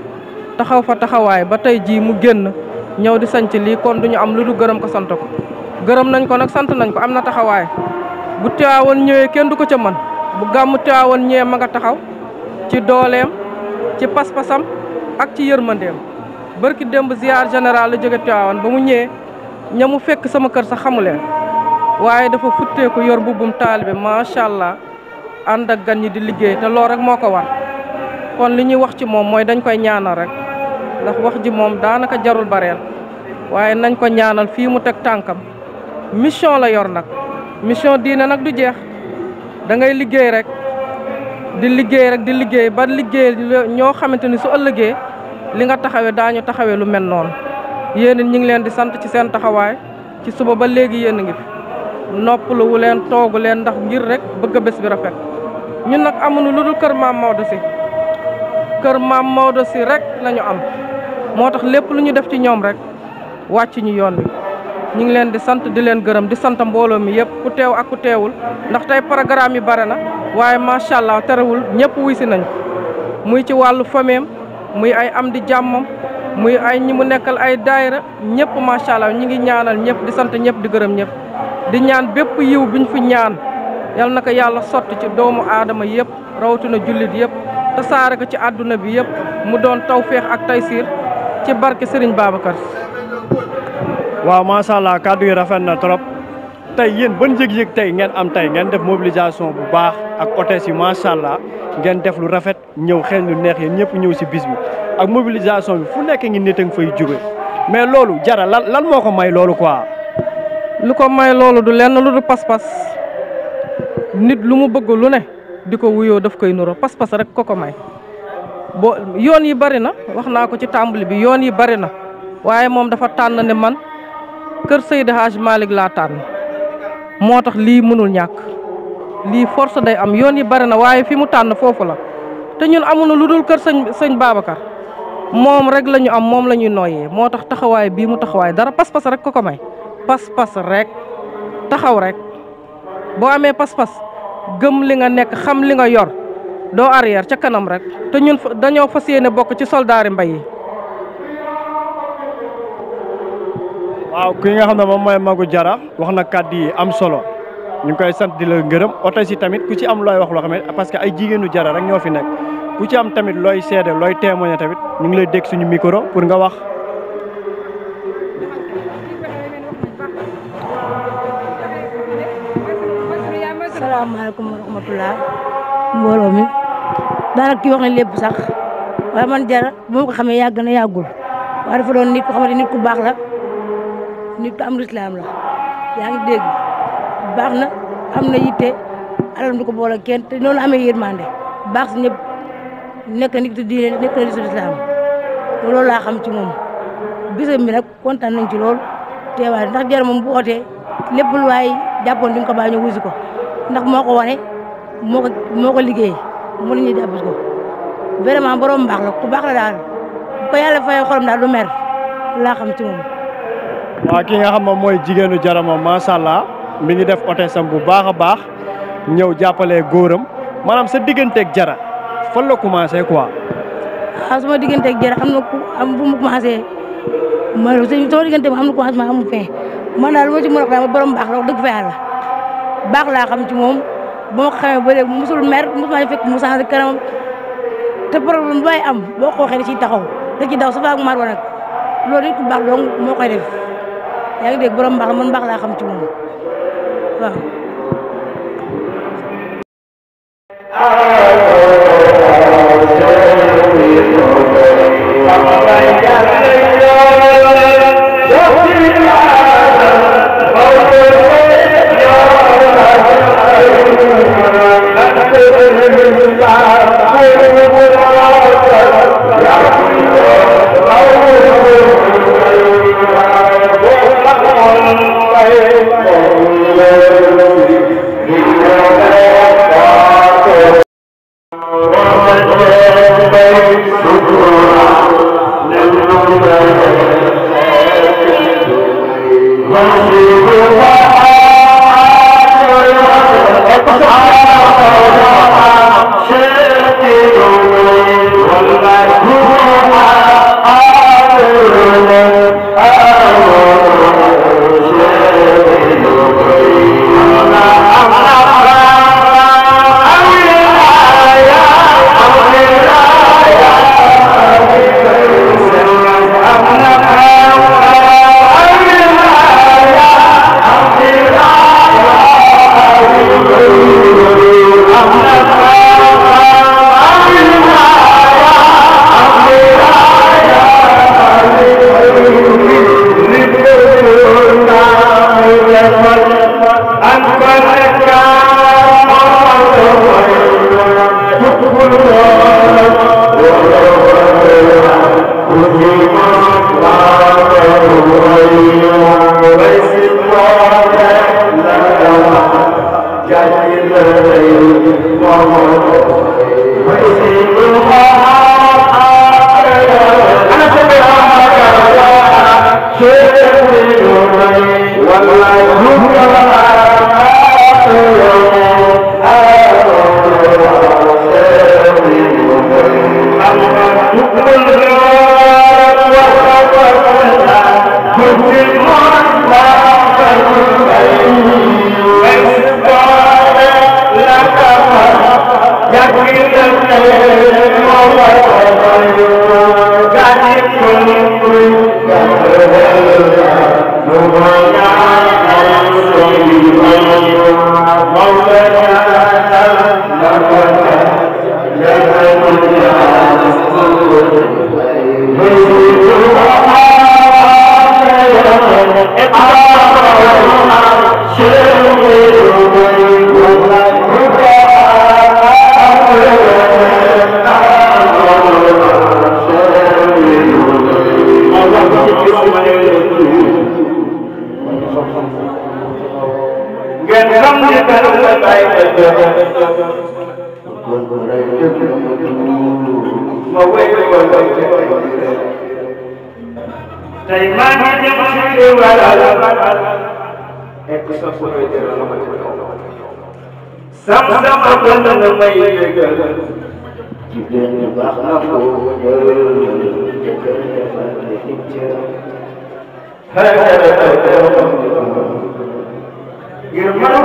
taxaw fa taxawaay ba tey jii mu génn ñëw di sanc lii kon duñu am lu dul gërëm ko sant ko gërëm nañ ko nag sant nañ ko am na taxawaay bu Tiwaawoon kenn du ko ca man bu gàmmu Tiwaawoon ñëwee ma nga taxaw ci dooleem ci pas-pasam ak ci yërmandeem barki démb ziar général la jóge Tiwaawoon ba mu ñëwee ña mu fekk sama kër sax xamu leen waaye dafa futteeku yor mbubbum taalibe macha allah ànd ak gan ñi di liggéey te loolu rek moo ko wan kon li ñuy wax ci moom mooy dañ koy ñaanal rek ndax wax ji moom daanaka jarul bareel waaye nañ ko ñaanal fii mu teg tànkam mission la yor nag. mission diine nag du jeex da ngay liggéey rek di liggéey rek di liggéey ba liggéey ñoo xamante ni su ëllëgee li nga taxawee daañu taxawee lu mel noonu yéen ñu ngi leen di sant ci seen taxawaay ci suba ba léegi yéen a ngi fi leen toogu leen ndax ngir rek bëgg a bés bi rafet ñun nag amuñu lu dul kër maam Maodo si kër maam Maodo rek lañu am moo tax lépp lu ñu def ci ñoom rek wàcc ñu yoon bi ñu ngi leen di sant di leen gërëm di sant mbooloo mi yëpp ku teew ak ku teewul ndax tey programme yi bare na waaye macha allah terewul ñëpp wuy si nañu muy ci wàllu fameem muy ay am di jàmmam muy ay ñi mu nekkal ay daayira ñëpp macha allah ñi ngi ñaanal ñëpp di sant ñëpp di gërëm ñëpp di ñaan bépp yiw biñ fu ñaan yal na yàlla sotti ci doomu aadama yëpp rawatina jullit yëpp te ko ci àdduna bi yëpp mu doon tawféex ak taysiir ci barke Serigne Babacar waaw macha allah kàddu yi rafet na trop tey yéen ban yëg-yëg tey ngeen am tey ngeen def mobilisation bu baax ak hôtesse yi macha allah ngeen def lu rafet ñëw xeeñ lu neex yéen ñëpp ñëw si bis bi ak mobilisation bi fu nekk ngi nit a fay jóge mais loolu jara lan lan moo ko may loolu quoi. lu ko may loolu du lenn lu du pas nit lu mu bëgg lu ne di ko wuyoo daf koy nuroo pas-pas rek ko ko may boo yoon yi bari na wax naa ko ci tàmbali bi yoon yi bari na waaye moom dafa tànn ne man. kër Seydi Hadj laa tànn moo tax lii mënul ñàkk lii force day am yoon yi bare na waaye fi mu tànn foofu la te ñun amuñu lu dul kër sëñ sëñ Babacar moom rek lañu am moom la ñuy nooyee moo tax taxawaay bii mu taxawaay dara pas-pas rek ko ko may pas-pas rek taxaw rek boo amee pas-pas gëm li nga nekk xam li nga yor doo arrière ca kanam rek te ñun dañoo fas yéene bokk ci soldaari mbayi waaw ki nga xam ne moom mooy Magu Jara wax na kàddu yi am solo ñu ngi koy sant di la ngërëm oto si tamit ku ci am looy wax loo xam ne parce que ay jigéenu Jara rek ñoo fi nekk ku ci am tamit looy seede looy témoigner tamit ñu ngi lay dégg suñu micro pour nga wax. salaamaaleykum wa rahmatulah mbooloo mi daanaka ki wax na lépp sax waaye man Jara bu ko xamee yàgg na yàggul waaye dafa doon nit ku baax la. nit ku am lislaam la yaa ngi dégg baax na am na yitte alal du ko boole kenn te noonu amee yërmande baax si ñëpp nekk nit ku diine nekk nit ku lislaam loolu laa xam ci moom bisam bi nag kontaan nañ ci lool teewaay ndax jar moom bu ootee lépp lu waay jàppoon di nga ko bàyyi ñu wusi ko ndax moo ko wane moo ko moo ko liggéey mu la ñuy jàpp ko vraiment borom mbaax la ku baax la daal bu ko yàlla fayee xolam daal du mer laa xam ci moom waa kii nga xam moom mooy jigéenu jarama macha allah mi ngi def otesam bu baax a baax ñëw jàppalee góoram maanaam sa digganteeg jara fan la commencé quoi. waaw ah, sama digganteeg jara am na ku bu mu ma sama diggante am na commencé ma amul fin man daal lu ma ci mën a xam borom baax dëgg baax laa xam ci moom boo ma xamee ba léegi musul mer musul fekk mu sax kanamam te problème bay am boo ko waxee da ciy taxaw da ciy daw sa faak maar wa nag loolu it baax dong moo koy def. yaa ngi dégg borom mbaax man mbaax laa xam ci tey maa ngi jëm si wàll. egg sa kóol yi jëloon ma ci kaw. sam sam ak wàll nga may yëgal. jigéen ñi baax na ko jël jëkkër defal ngir mën ko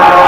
Thank you.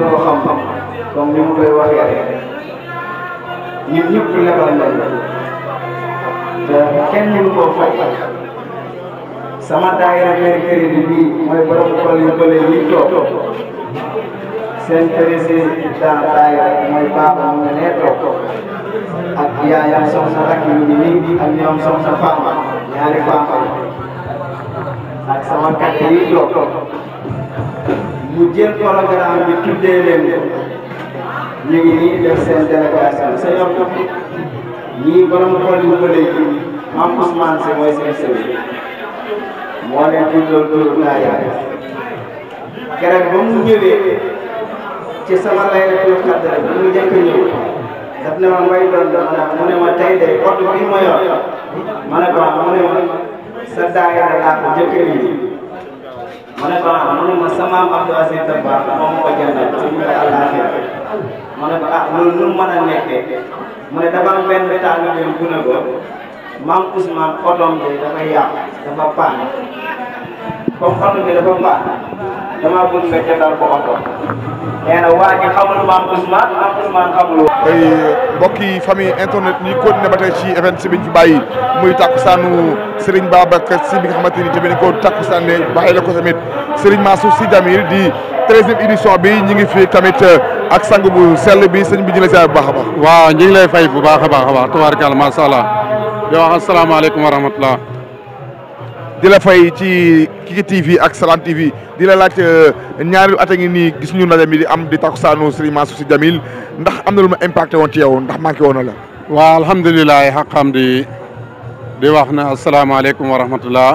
nañu xam-xam comme ni mu koy waxee rek ñun ñëpp lebal nañ te kenn ñu ko fay sama daayira mère crédit bii mooy borom xol yu bële yi toog seen président daayira mooy papa mu ne toog ak yaayam soxna rakk yu ñu nii ak ñoom soxna Fama ñaari Fama ak sama kàtt yi toog mu jël programme bi tuddee leen ko ñu ngi nii def seen délégation seen yoon topp ñii borom xol yu bële yi maam Ousmane si mooy moo leen tuddal tur naa yaay keroog ba mu ñëwee ci sama laylatul qadr bi mu njëkk a ñëw ne ma may doon doon ndax mu ma tey de oto bi ma ma ne ko ah, ma ne ma sa daayira laa ko njëkk a mu ne ko ah mu ne ma sama maam Abdou Aziz Dabakh moom moo ko jëndal ci ñu koy àllaaxira mu ne ko ah loolu nu mën a nekkee mu ne dafa am benn taalibeem bu ne ko maam Ousmane otoom bi dafa yàqu dafa comme xatu bi dafa mbaax damaa bëgg nga jëndal ko famille internet ñi continué ba ci event si biñ fi bàyyi muy takkusaanu Serigne Babacar Sy bi nga xamante ni tamit ko takkusaan ne bàyyi la ko tamit Serigne Mansour Sy Djamil di treizième édition bi ñi ngi fi tamit euh, ak sang bu sel bi sëñ bi ñu lay ziar bu baax a waaw ñu lay fay bu baax a baax a baax tabaarkalla macha allah di wax di la fay ci Kiki TV ak Salam TV di la laaj euh, ñaari at a ngi nii gis ñu ndaje mi di am di takkusaanu Serigne Mansour Sy Djamil ndax am na lu ma impacté woon ci yow ndax manqué woon na la. waaw alhamdulilah xaqam di di wax ne asalaamaaleykum wa rahmatullah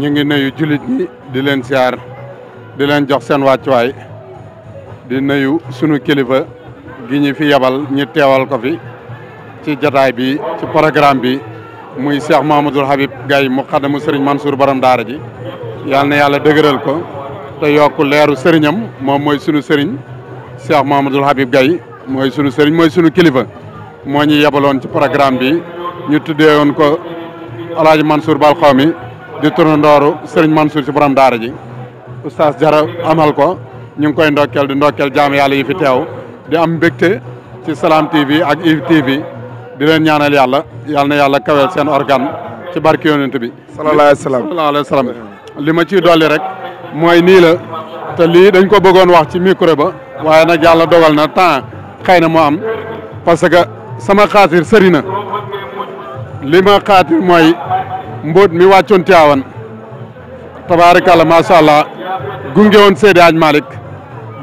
ñu ngi nuyu jullit ñi di leen siyaar di leen jox seen wàccuwaay di nuyu sunu kilifa gi ñu fi yabal ñu teewal ko fi ci jataay bi ci programme bi. muy Cheikh Mahamadul Habib Gaye mu xaddamu sëriñ Mansour Borom Daara ji yal na yàlla dëgëral ko te yokk leeru sëriñam moom mooy sunu sëriñ Cheikh Mahamadul Habib Gaye mooy sunu sëriñ mooy sunu kilifa moo ñu yebaloon ci programme bi ñu tuddeewoon ko alaaj Hadj Mansour Bal Xawmi di tourné ndooru sëriñ Mansour si borom daara ji oustaz Jara amal ko ñu ngi koy ndokkeel di ndokkeel jaam yàlla yi fi teew di am mbégte ci Salam TV ak ITV. di leen ñaanal yàlla yàlla na yàlla kaweel seen organe ci barki yonent bi. sallallahu alayhi wa sallam li ma ciy dolli rek mooy nii la te lii dañ ko bëggoon wax ci micro ba waaye nag yàlla dogal na temps xëy na moo am parce que sama xaatir sëri na lima ma mooy mbóot mi wàccoon Tiwaawan tabaarikàlla macha allah gunge woon Seydi Aj Malick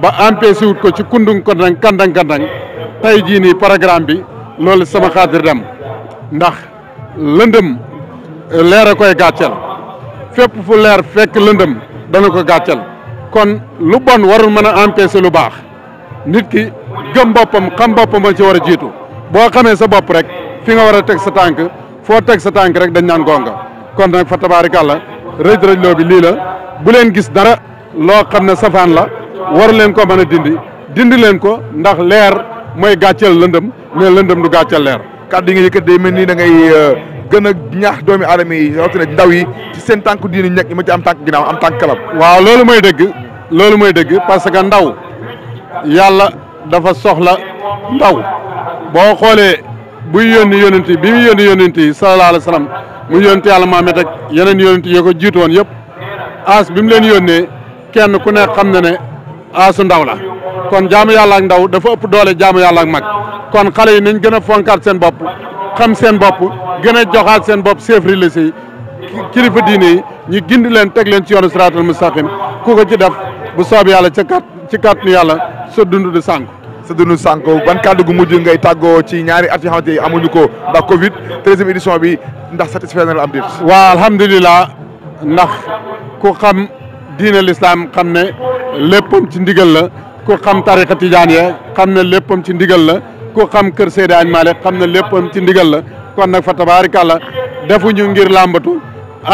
ba empêché wut ko ci kundung kandang kandang kandang tey jii nii programme bi loolu sama xaatir dem ndax lëndëm euh, leer a koy gàcceel fépp fu leer fekk lëndëm dana ko gàcceel kon lu bon warul mën a empêcher lu baax nit ki gëm boppam xam boppam moo ci war a jiitu boo xamee sa bopp rek fi nga war a teg sa tànk foo teg sa tànk rek dañ naan gonga kon nag fa tabaarikàlla rëj rëj loo bi lii la bu leen gis dara loo xam ne safaan la waru leen ko mën a dindi dindi leen ko ndax leer mooy gàcceel lëndëm mais lëndëm du gàcceel leer. kàddu yi nga yëkkat day mel ni da ngay euh, gën a ñax doomi aadama yi rawatina ndaw yi ci seen tànk diini ñekk yi ma ci am tànk ginnaaw am tànk kalam. waaw loolu mooy dégg loolu mooy dëgg parce que ndaw yàlla dafa soxla ndaw boo xoolee buy yónni yónent yi bi muy yónni yónent yi sallallahu alayhi wa mu yónent yàlla Muhammad ak yeneen yónent yi ko jiitu woon yëpp as bi mu leen yónnee kenn ku nekk xam na ne asu ndaw la. kon jaamu yàlla ak ndaw dafa ëpp doole jaamu yàlla ak mag kon xale yi nañ gën a fonkaat seen bopp xam seen bopp gën a joxaat seen bopp chef religieux yi kilifa diine yi ñu gindi leen teg leen ci yoonu siraatal mustaqim ku ko ci def bu soob yàlla ca kat ci kàttanu yàlla sa dund du sànku sa dund sànku ban kàddu gu mujj ngay tàggoo ci ñaari at yoo xamante ni amuñu ko ndax covid treizième édition bi ndax satisfait na la am dit waaw alhamdulilah ndax ku xam diine l'islam xam ne léppam ci ndigal la ku xam tariqa tijaaniya xam ne léppam ci ndigal la ku xam kër Seydi Añ Maalik xam na léppam ci ndigal la kon nag fa tabaarikàlla defuñu ngir làmbatu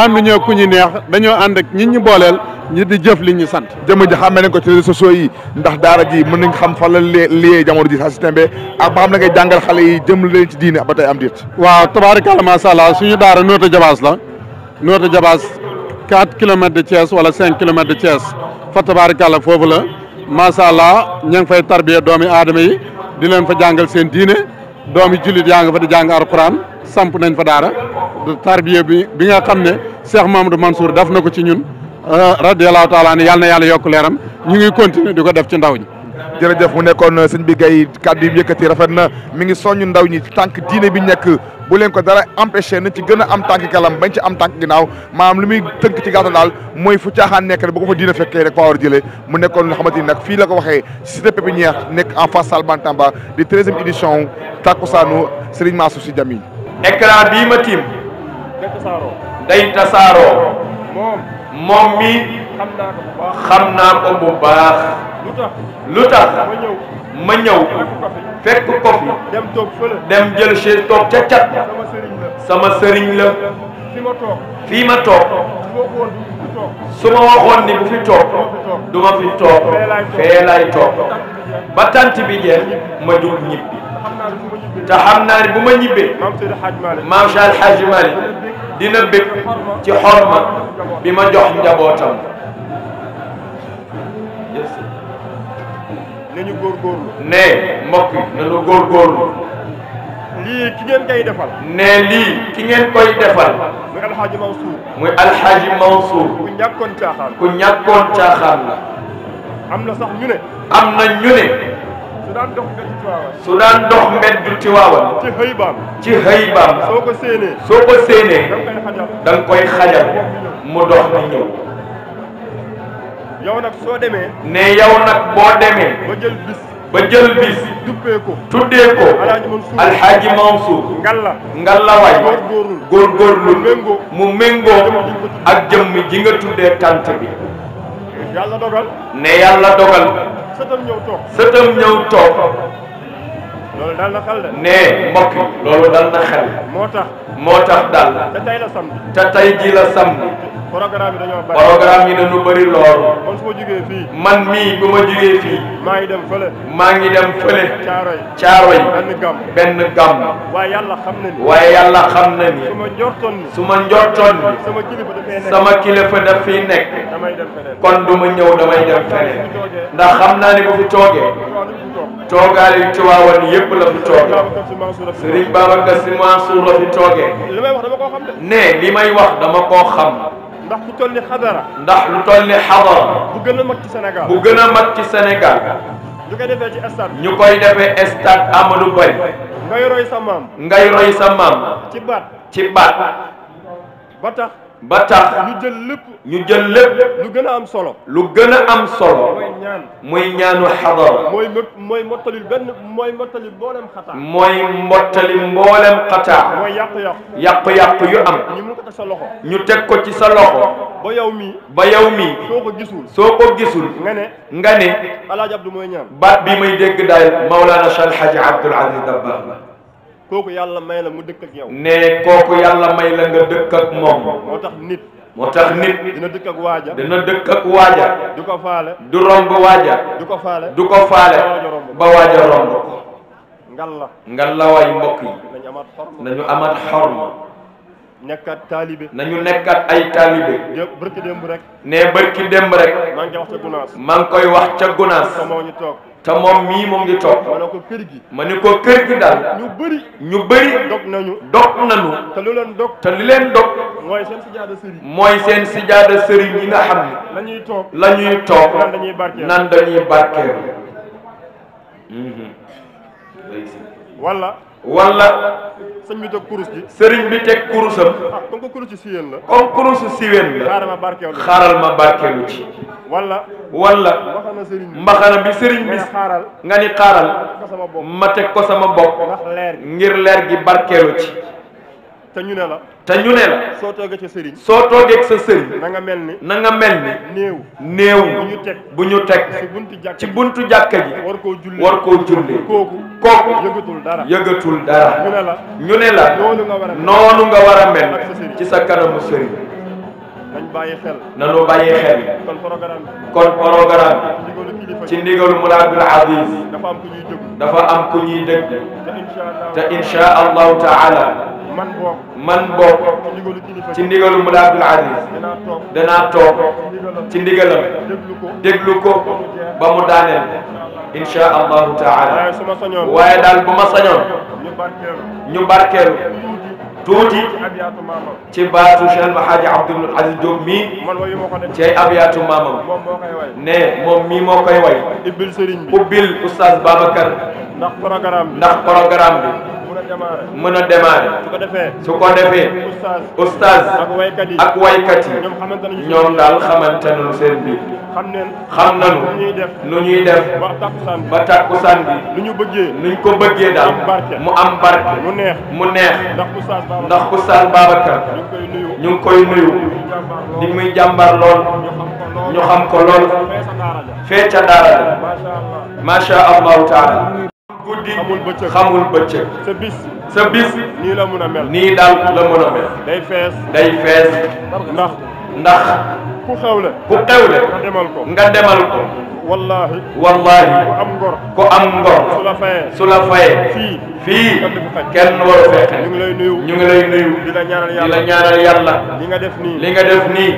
ànduñoo ku ñu neex dañoo ànd ak ñi ñu booleel ñi di jëf li ñu sant jëmm ji xammee nañ ko ci réseaux sociaux yi ndax daara ji mën nañ xam fan la liyee jamono ji saa si tembe ak ba xam na ngay jàngal xale yi jëm leen ci diine ba tey am diit waaw ma macha su ñu daara noota jabaas la noota jabaas 4 kilomètres de Thiès wala 5 kilomètres de Thiès fa tabaarikàlla foofu la macha allah ña ngi fay tarbiya doomi aadama yi di leen fa jàngal seen diine doomi jullit yaa nga fa di jàng alxuraan samp nañ fa daara tarbiya bi bi nga xam ne Cheikh Mamadou Mansour daf na ko ci ñun euh, radiallahu taala ni yàlla na yàlla yokk leeram ñu ngi continuer di ko def ci ndaw ñi jërëjëf mu nekkoon sëñ bi gay kàddu rafet na mi ngi soññ ndaw ñi tànk diine bi nekk bu leen ko dara empêché nañ ci gën a am tànk kalam bañ ci am tànk ginnaaw maanaam lu muy tënk ci gàttal daal mooy fu caaxaan nekk rek bu ko fa diine fekkee rek faa war mu nekkoon loo xamante ni nag fii la ko waxee cité pépinière nekk en face salle Bantamba di treizième édition takkusaanu Sëriñ Mansour Sy Djamil écran bii ma tiim day tasaaroo moom mi xam naa ko bu baax lu tax ma ñëw fekk ko fi dem jël chaise toog ca cat sama sëriñ la fii ma toog su ma waxoon ni bu fi toog du fi toog fee toog ba tant bi jeex ma jug ñibbi te xam naa ni bu ma ñibbee maam Seydou dina bëgg ci xorma bi ma jox njabootam nañu góorgóorlu ne mbokk yi góor góorgóorlu lii ki ngeen koy defal ne lii ki ngeen koy defal muy alxaaji Mansour muy alxaaji Mansour ku ñàkkoon caaxaan ku ñàkkoon la am na sax ñu ne am na ñu ne daan su daan dox mbedd Tiwaawan. ci xëy baam. ci xëy baam. soo ko séenee. soo ko séenee. da koy xajal mu dox di ñëw. yow nag soo demee. ne yow nag boo demee. ba jël bis. ba jël bis. tuddee ko. tuddee ko. alxaaji Mansour. ngalla. ngalla waay. góorgóorlu mu méngoo. ak jëmm ji nga tuddee tànt bi. ne yàlla dogal. sëtam ñëw toog. sëtam ñëw toog. loolu dal na xel de. nee mbokk loolu dal na xel. moo tax moo tax daal. te tey la samedi. te tey la samedi. programme yi dañoo bari. programme yi bari lool. man su ma fii. man mii bu ma jugee fii. maa ngi dem fële. maa ngi dem fële. caaroy caaroy. benn gàmm benn gàmm. waaye yàlla xam na ni. waaye yàlla xam su ma njortoon ni. su ma njortoon ni. sama kilifa dafay nekk. sama kilifa nekk. damay dem feneen. kon du ma ñëw damay dem feneen. ndax xam naa ne bu fi toogee. toogaale yu Tiwaawan yëpp la fi toogee Serigne Babacar Sy Mansour la fi toogee ne li may wax dama koo xam. ndax lu toll ni xadara. ndax lu toll ni xadara. bu gën a mag ci senegal bu gën a mag ci Sénégal. ñu koy defee ci stade. ñu koy defee stade Amadou Barry. ngay roy sa maam. ngay roy sa maam. ci ci baat. ba tax. ba tax ñu jël lépp ñu jël lépp lu gën a am solo lu gën a am solo mooy ñaan muy ñaanu xadara mooy mooy mottalil benn mooy mottalil mboolem xataa mooy mottali mboolem xataa mooy yàqu-yàqu yàqu-yàqu yu am ñu teg ko sa loxo ñu teg ko ci sa loxo ba yow mii ba yow mii soo ko gisul soo ko gisul nga ne nga ne alaaji Abdou mooy ñaan baat bi may dégg daal Maulana Cheikh Alhaji Abdoul Aziz Dabakh kooku yàlla may la mu dëkk ak yow. ne kooku yàlla may la nga dëkk ak moom. moo tax nit. moo tax nit dina dëkk ak waaja dëkk ak waaja du ko faale du romb waaja du ko faale du ko faale ba waaja romb ko ngalla ngalla waay mbokk yi nañu amat xorma nekkat taalibe nañu nekkat ay taalibe bërki démb rek ne bërki démb rek maa ngi koy wax ca gunaas maa ngi koy wax ca gunaas sama ñu te moom mii moom ngi toog ma ne ko kër gi ma ne ko kër gi daal ñu bëri ñu bëri dog nañu dog nañu te lu leen dog te li leen dog mooy seen sijaada sëriñ mooy seen sijaada sëriñ yi nga xam ne lañuy ñuy toog la ñuy toog nan dañuy barkeeru mhm. walla wala. sëñ bi teg kurus gi. sëriñ bi teg kurusam. ah comme que kurus si yéen la. comme kurus xaaral ma barkeelu ci xaaral ma barkeelu ci. wala. wala. mbaxana bi mbaxana bi sëriñ bi. nga ni xaaral. ma teg ko sama bopp. ngir leer gi barkeelu ci. te ñu ne la. te ñu ne soo toogee sa sëriñ. soo toogee sa sëriñ. na mel ni. na mel ni. néew. néew bu ñu teg bu ñu teg. ci buntu jàkka ci buntu ji. war koo jullee war koo jullee. kooku kooku. yëgatul dara yëgatul dara. ñu ne la ñu ne la. noonu nga war a mel ci sa kanamu sëriñ. nañ bàyyi xel. nañu bàyyi xel. kon programme bi. kon programme bi. ci ndigalu Moulaye Aziz. dafa am ku ñuy déglu. te incha allahu taala. man bokk man bokk ci ndigalu mu Abdul Aziz danaa toog ci ndigalam déglu ko ba mu daaneel insha allahu taala waaye daal bu ma sañoon ñu barkeelu tuuti ci baatu Cheikh El Hadji Abdoul Aziz mii cay abiyaatu maamam ne moom mii moo koy way ubbil Oustaz Babacar ndax programme bi mën a démarrer su ko defee oustaz ak waykat yi ñoom daal xamante nañu seen biir xam nañu nu ñuy def ba takkusaan bi nu ñu ko bëggee daal mu am barke mu neex ndax oustaz Babacar ñu ngi koy nuyu di muy jàmbar lool ñu xam ko lool fee ca daara macha allahu taala guddi xamul bëccëg xamul bëccëg. sa bis sa bis. nii la mën a mel nii daal la mën a mel. day fees day fees. ndax ndax. ku xewle ku xewle nga ko nga demal ko wallaahi wallaahi ku am ngor am ngor su la fayee su la fayee fii fii kenn waru fekk ñu ngi lay ñu ngi lay nuyu di la ñaanal yàlla di la ñaanal li nga def nii li nga def nii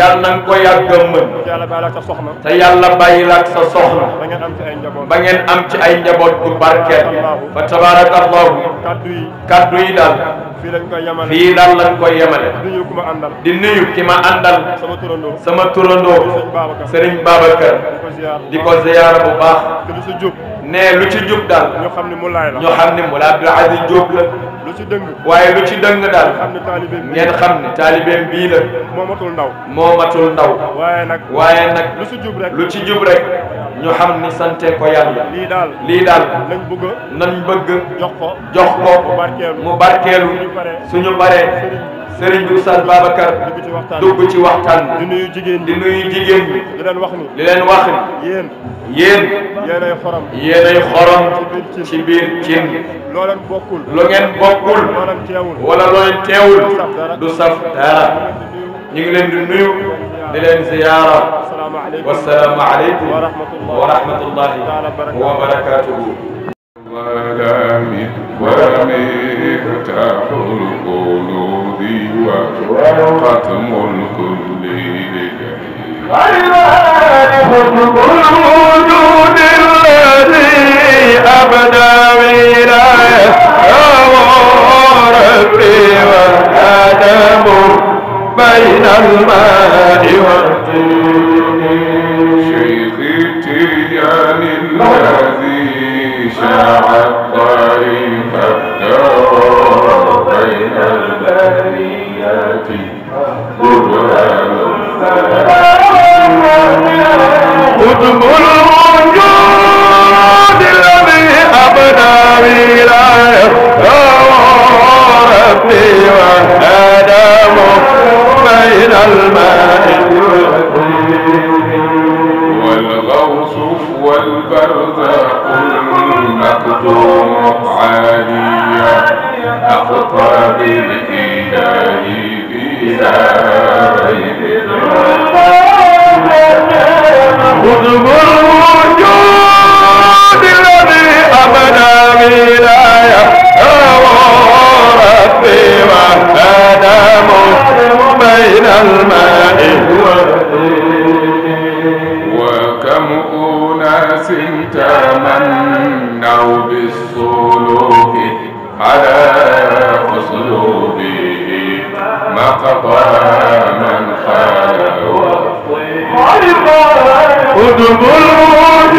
yàlla na ko yàgg mën yàlla na ko yàgg mën yàlla bàyyi la ak sa soxna te yàlla bàyyi la ak sa soxna ba ngeen am ci ay njaboot ba ngeen am ci ay njaboot bu barkeel fa tabaraka allahu yi kaddu yi daal fii lañ koy yemale yemale di nuyu ki ma àndal sama turandoo sama turandoo Serigne Babacar di ko ziyaara bu baax ne lu ci jub daal ñu xam ne mu laay la ñu xam ne mu laay Abdoul Aziz Diop la lu ci dëng waaye lu ci dëng daal ngeen xam ne taalibeem bii la moomatul ndaw moomatul ndaw waaye nag waaye nag lu ci jub rek lu ci jub rek ñu xam ni sante ko yàlla lii daal lii daal nañ bëgg nañ bëgg jox ko jox ko mu barkeelu suñu paree sëriñ bi Oustaz Babacar dugg ci waxtaan bi nuyu jigéen di nuyu jigéen bi di leen wax ni di leen wax ni yéen xorom ci biir cin loo leen bokkul lu ngeen bokkul wala loo leen teewul du saf dara ñu ngi leen di nuyu di leen ziyaara wasalaamu aleykum wa rahmatullahi wa barakatuhu ولم ولم تحل القلوب الأرض وختم الكل لله حكم الوجود الذي أبدى ولايته ربي والآدم بين الماء والطين شيخي تيجان الله قطب الوجود الذي أبدى بلايه ربي وآدم بين الماء والغوص والبرزق المقدوم عاليا أخطى بالإله بلا مولاي وربي وآدم بين الماء وكم أناس تمنوا بالسلوك على أسلوبه مقطع من خالوا قدم الوجود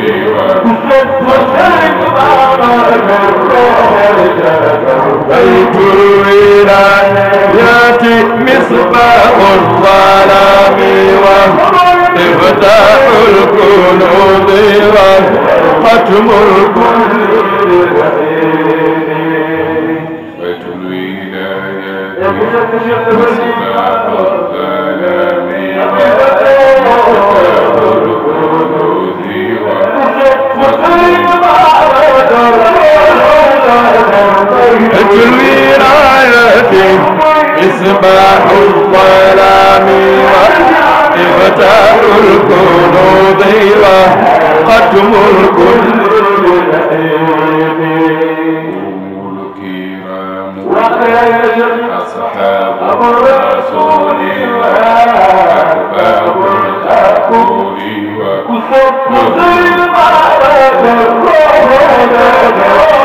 بيت الولايات مصباح الظلام وافتاح الكنوز وختم الكل بيت الولايات مصباح الظلام أجل ولايتي إصباح الظلام إفتاح الكنوز وختم الكل أصحاب الرسول وأحباب الأقول وكتب الغيب على الرسول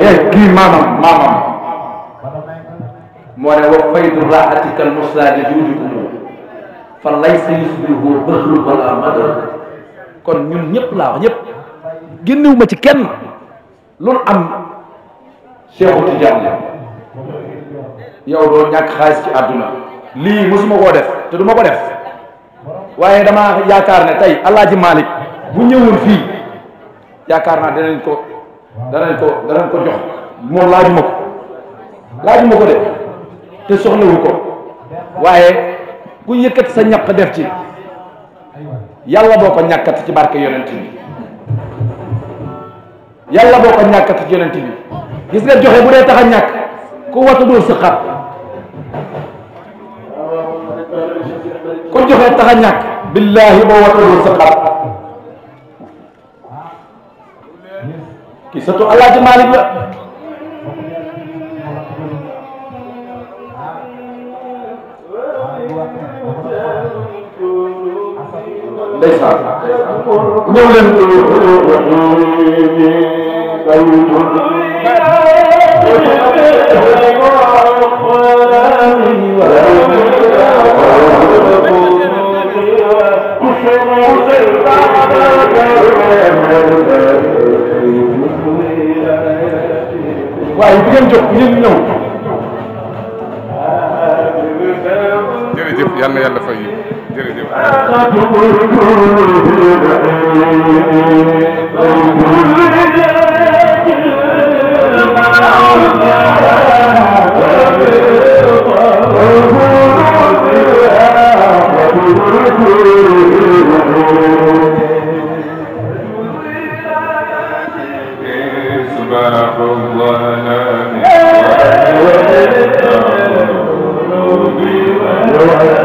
Eh, kii maamam maamam moo ne wa faydu raatika al musla li juudi umu fa laysa yusbihu bahrun wala madar kon ñun ñëpp laa wax ñëpp génnewuma ci kenn loolu am Cheikhu Tidiane yow doo ñàkk xaalis ci àdduna lii mosuma koo def te du ma ko def waaye damaa yaakaar ne tey Alaaji Malick bu ñëwoon fii yaakaar naa danañ ko danañ ko danañ ko jox moo laaju ma ko laaju ma ko de te soxlawu ko waaye ku yëkkat sa ñaq def ci yàlla boo ko ñàkkati ci barke yonent bi yàlla ci yonent bi gis nga joxe bu dee tax a ñàkk ku watadul sa xat ku joxe tax a ñàkk billaahi boo watulul sa xar kii surtout Alaaji Maalik la ndeysaan ñëw leen waaye bu ngeen jóg ngeen ñëw. jërëjëf yal na yàlla fay yi jërëjëf. Thank you. Thank you.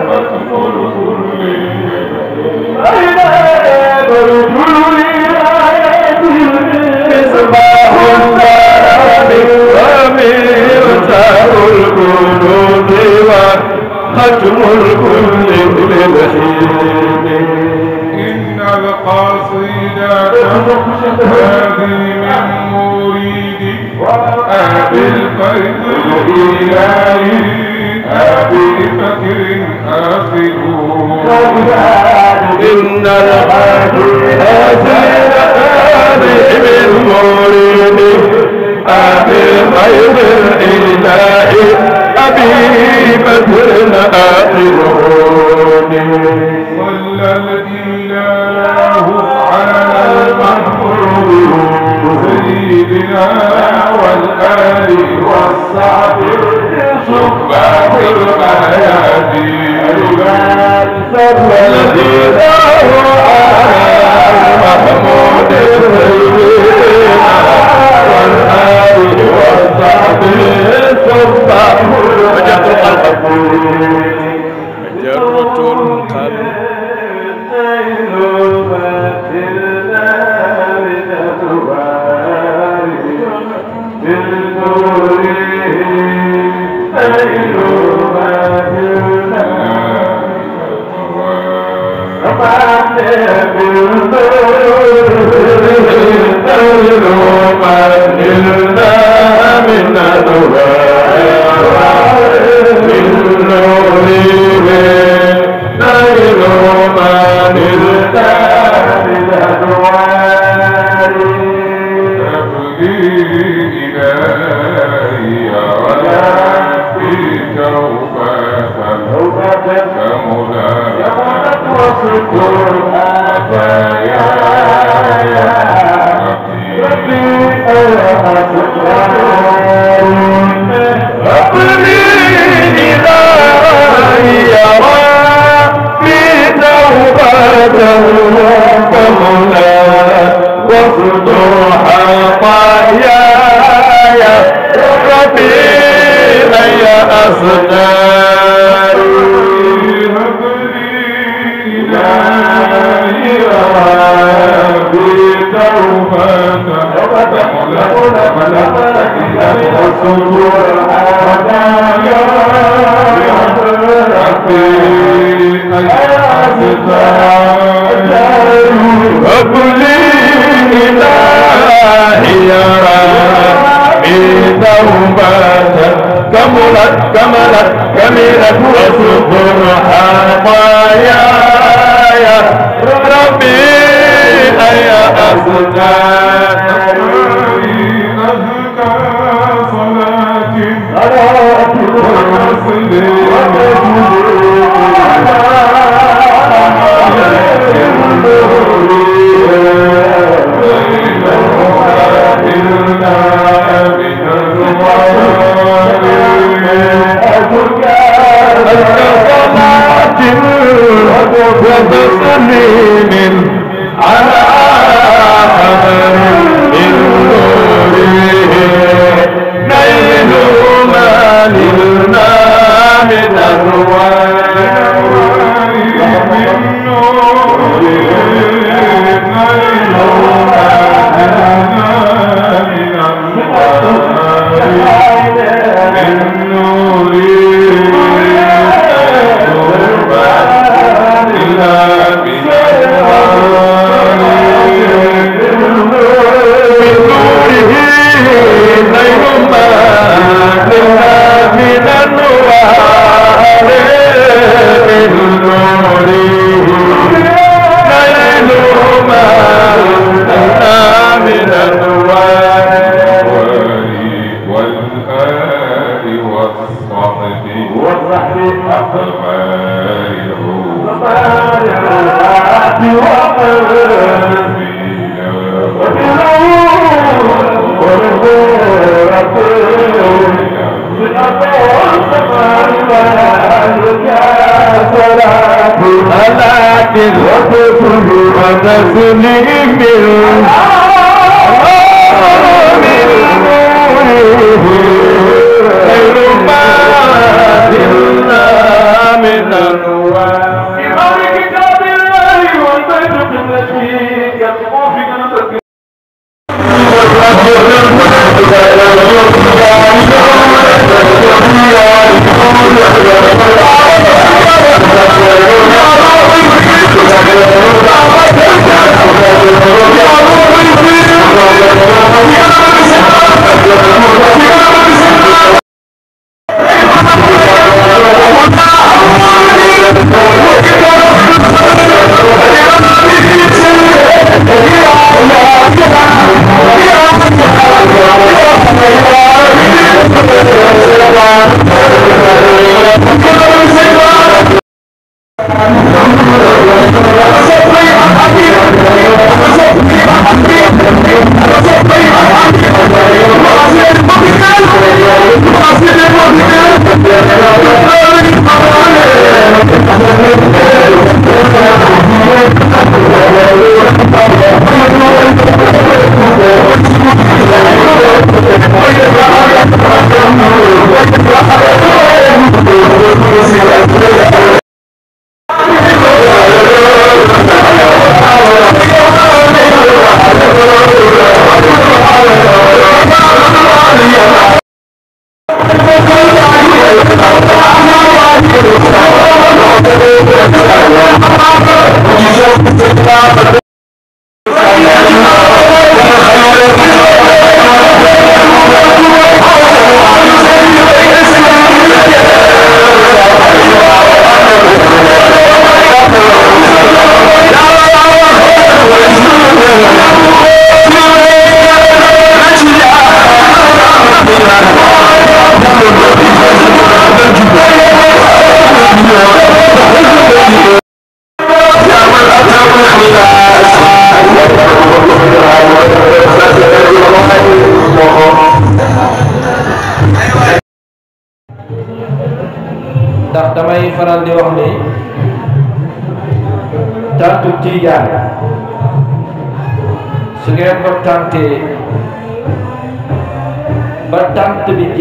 jant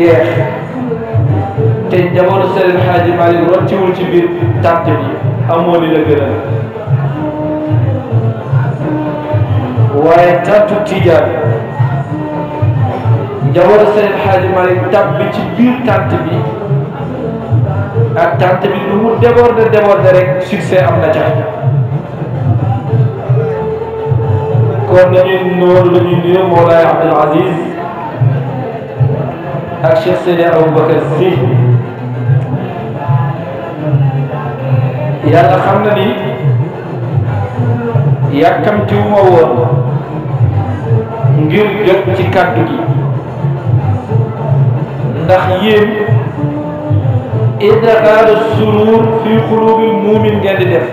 te jamono Sëriñ Xaaji Maalik rocciwul ci biir jant bi amoo li la gën a waaye tantu tijaan jamono Sëriñ Xaaji Maalik tab bi ci biir tant bi ak tant bi lu mu déborde déborde rek am na ca kon dañuy noonu la ñuy nuyoo Mawlaay Abdul Aziz ak Cheikh Seydi Aboubacar Si yàlla xam na ni yàkkamti wu ma ngir jot ci kàddu gi ndax yéen idxaaru suruur fii xuluubil muumin ngeen di def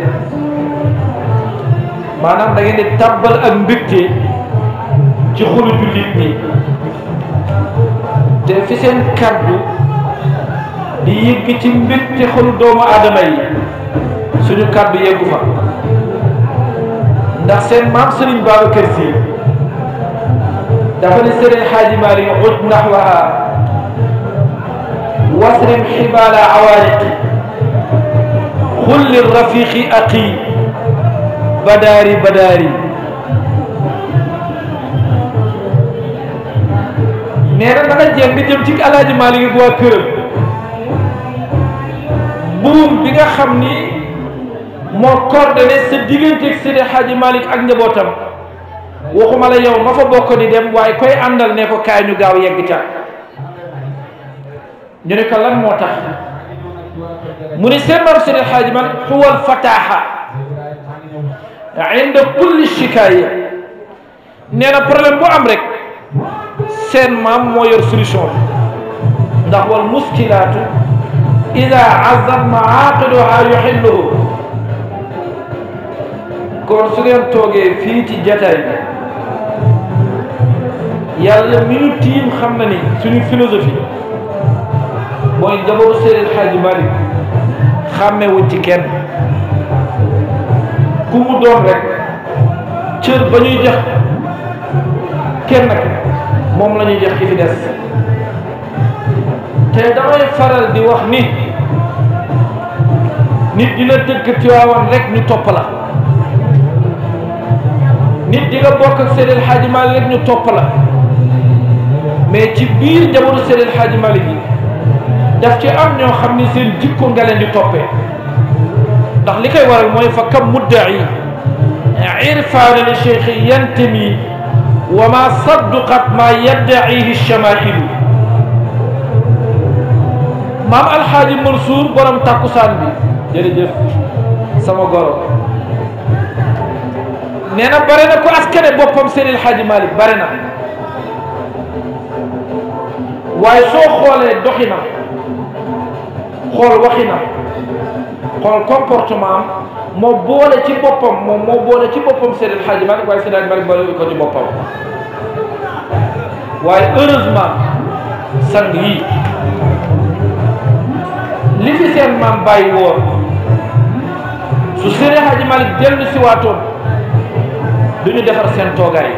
maanaam da ngeen di ak mbégte ci xolu jullit te fi seen kaddu di yëgg ci mbégte xolu doomu aadama yi suñu kaddu yeggu fa ndax seen maam Serigne Babacar Sy dafa ne Serigne Hadji Malick ut naxwaha wasrim xibaala awaariqi xulli rafiqi aqi badaari badaari nee na dana jéng jëm ci alaaji Maalik ak waa këram buum bi nga xam ni moo coordonné sa diggante ak Seydi Hadji Malick ak njabootam waxuma la yow ma fa bokk di dem waaye koy àndal ne ko kaay ñu gaaw yegg ca ñu ne ko lan moo tax mu ne seen maam Seydi Hadji Malick huwa al-fataaha inda kulli shikaaya nee na problème bu am rek seen maam moo yor solution ndax wal muskilaatu ida azat maaqiduha yuxilluhu kon su ngeen toogee fii ci jataay bi mi ñu tiim xam na ni suñu philosophie mooy jabaru Seydi El Hadji Malick xàmmewuñ ci kenn ku mu doon rek cër ba ñuy jox moom lañuy ñuy jox ki fi des te damay faral di wax ni nit dina dëgg Tiwaawan rek ñu topp la nit di nga bokk ak Seydil Hadji Malick ñu topp la mais ci biir njabootu Seydil Hadji Malick yi daf ci am ñoo xam ni seen jikko nga leen di toppee ndax li koy waral mooy fa kam mudda'i irfaana li cheikhi yantami wa ma saddaqat ma yadda'ihi shama'ilu maam alxaaji Mansour borom tàkkusaan bi jërëjëf sama goro nee na bare na ko askane boppam Seydil Xaaji Malick bare na waaye soo xoolee doxi na xool moo boole ci boppam moom moo boole ci boppam Seydi El Hadji Malick waaye Seydi El Hadji Malick ko ci boppam waaye heureusement sang yii li fi seen maam bàyyi woon su Seydi El Hadji si waatoon du defar seen toogaay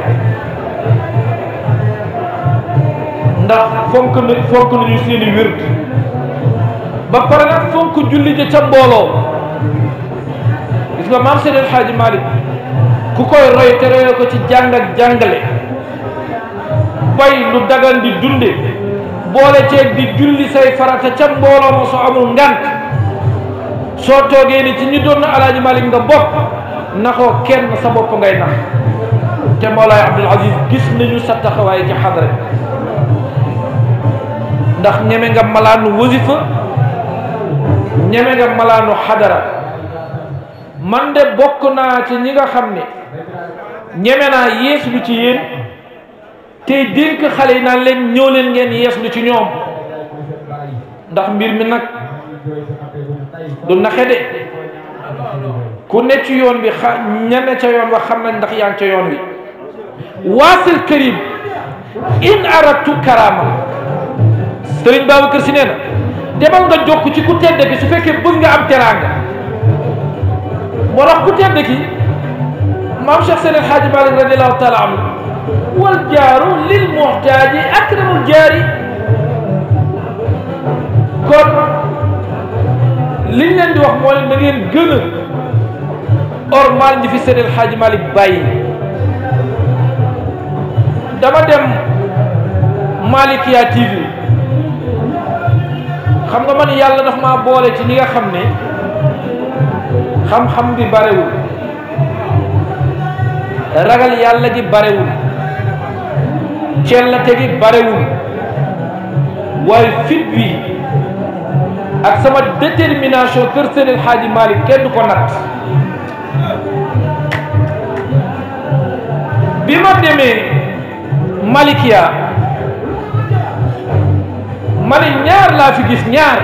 ndax fonk nu fonk nañu seen i wér ba pare nag fonk julli ja ca booloo nga maam Seydi El Hadji Malick ku koy roy te royee ko ci jàng ak jàngale bay lu dagan di dunde boole ceeg di julli say farata ca mbooloo ma soo amul ngant soo toogee ni ci ñu doon na Alaaji Malick nga bopp naxoo kenn sa bopp ngay nax te Mawlaay Abdul Aziz gis nañu sa taxawaay ci xadra ndax ñeme nga malaanu wasifa ñeme nga malaanu xadara man de bokk naa ci ñi nga xam ne ñeme naa yees lu ci yéen tey dénk xale yi naa leen ñëw leen ngeen yees lu ci ñoom ndax mbir mi nag du naxe de ku ne ci yoon bi xa ñene ca yoon wax xam nañ ndax yaa ngi ca yoon wi waasil karim in aratu karama sëriñ kër Si nee na demal nga jokk ci ku tedd bi su fekkee bëgg nga am teraanga moo tax ku tedd ki maam Cheikh Seydi El Hadji Malick radiyallahu taala anhu wal lil muhtaaji akramul jaari kon liñ leen di wax moo leen da ngeen gën a ormal ñi fi Seydi El Hadji Malick bàyyi dama dem Malikia TV xam nga man yàlla daf maa boole ci ñi nga xam ne xam-xam bi barewul ragal yàlla gi barewul cellate gi barewul waaye fit wi ak sama détermination kër Sëriñ Xaaji Malick kenn ko nag bi ma demee Malikia ma ne ñaar laa fi gis ñaar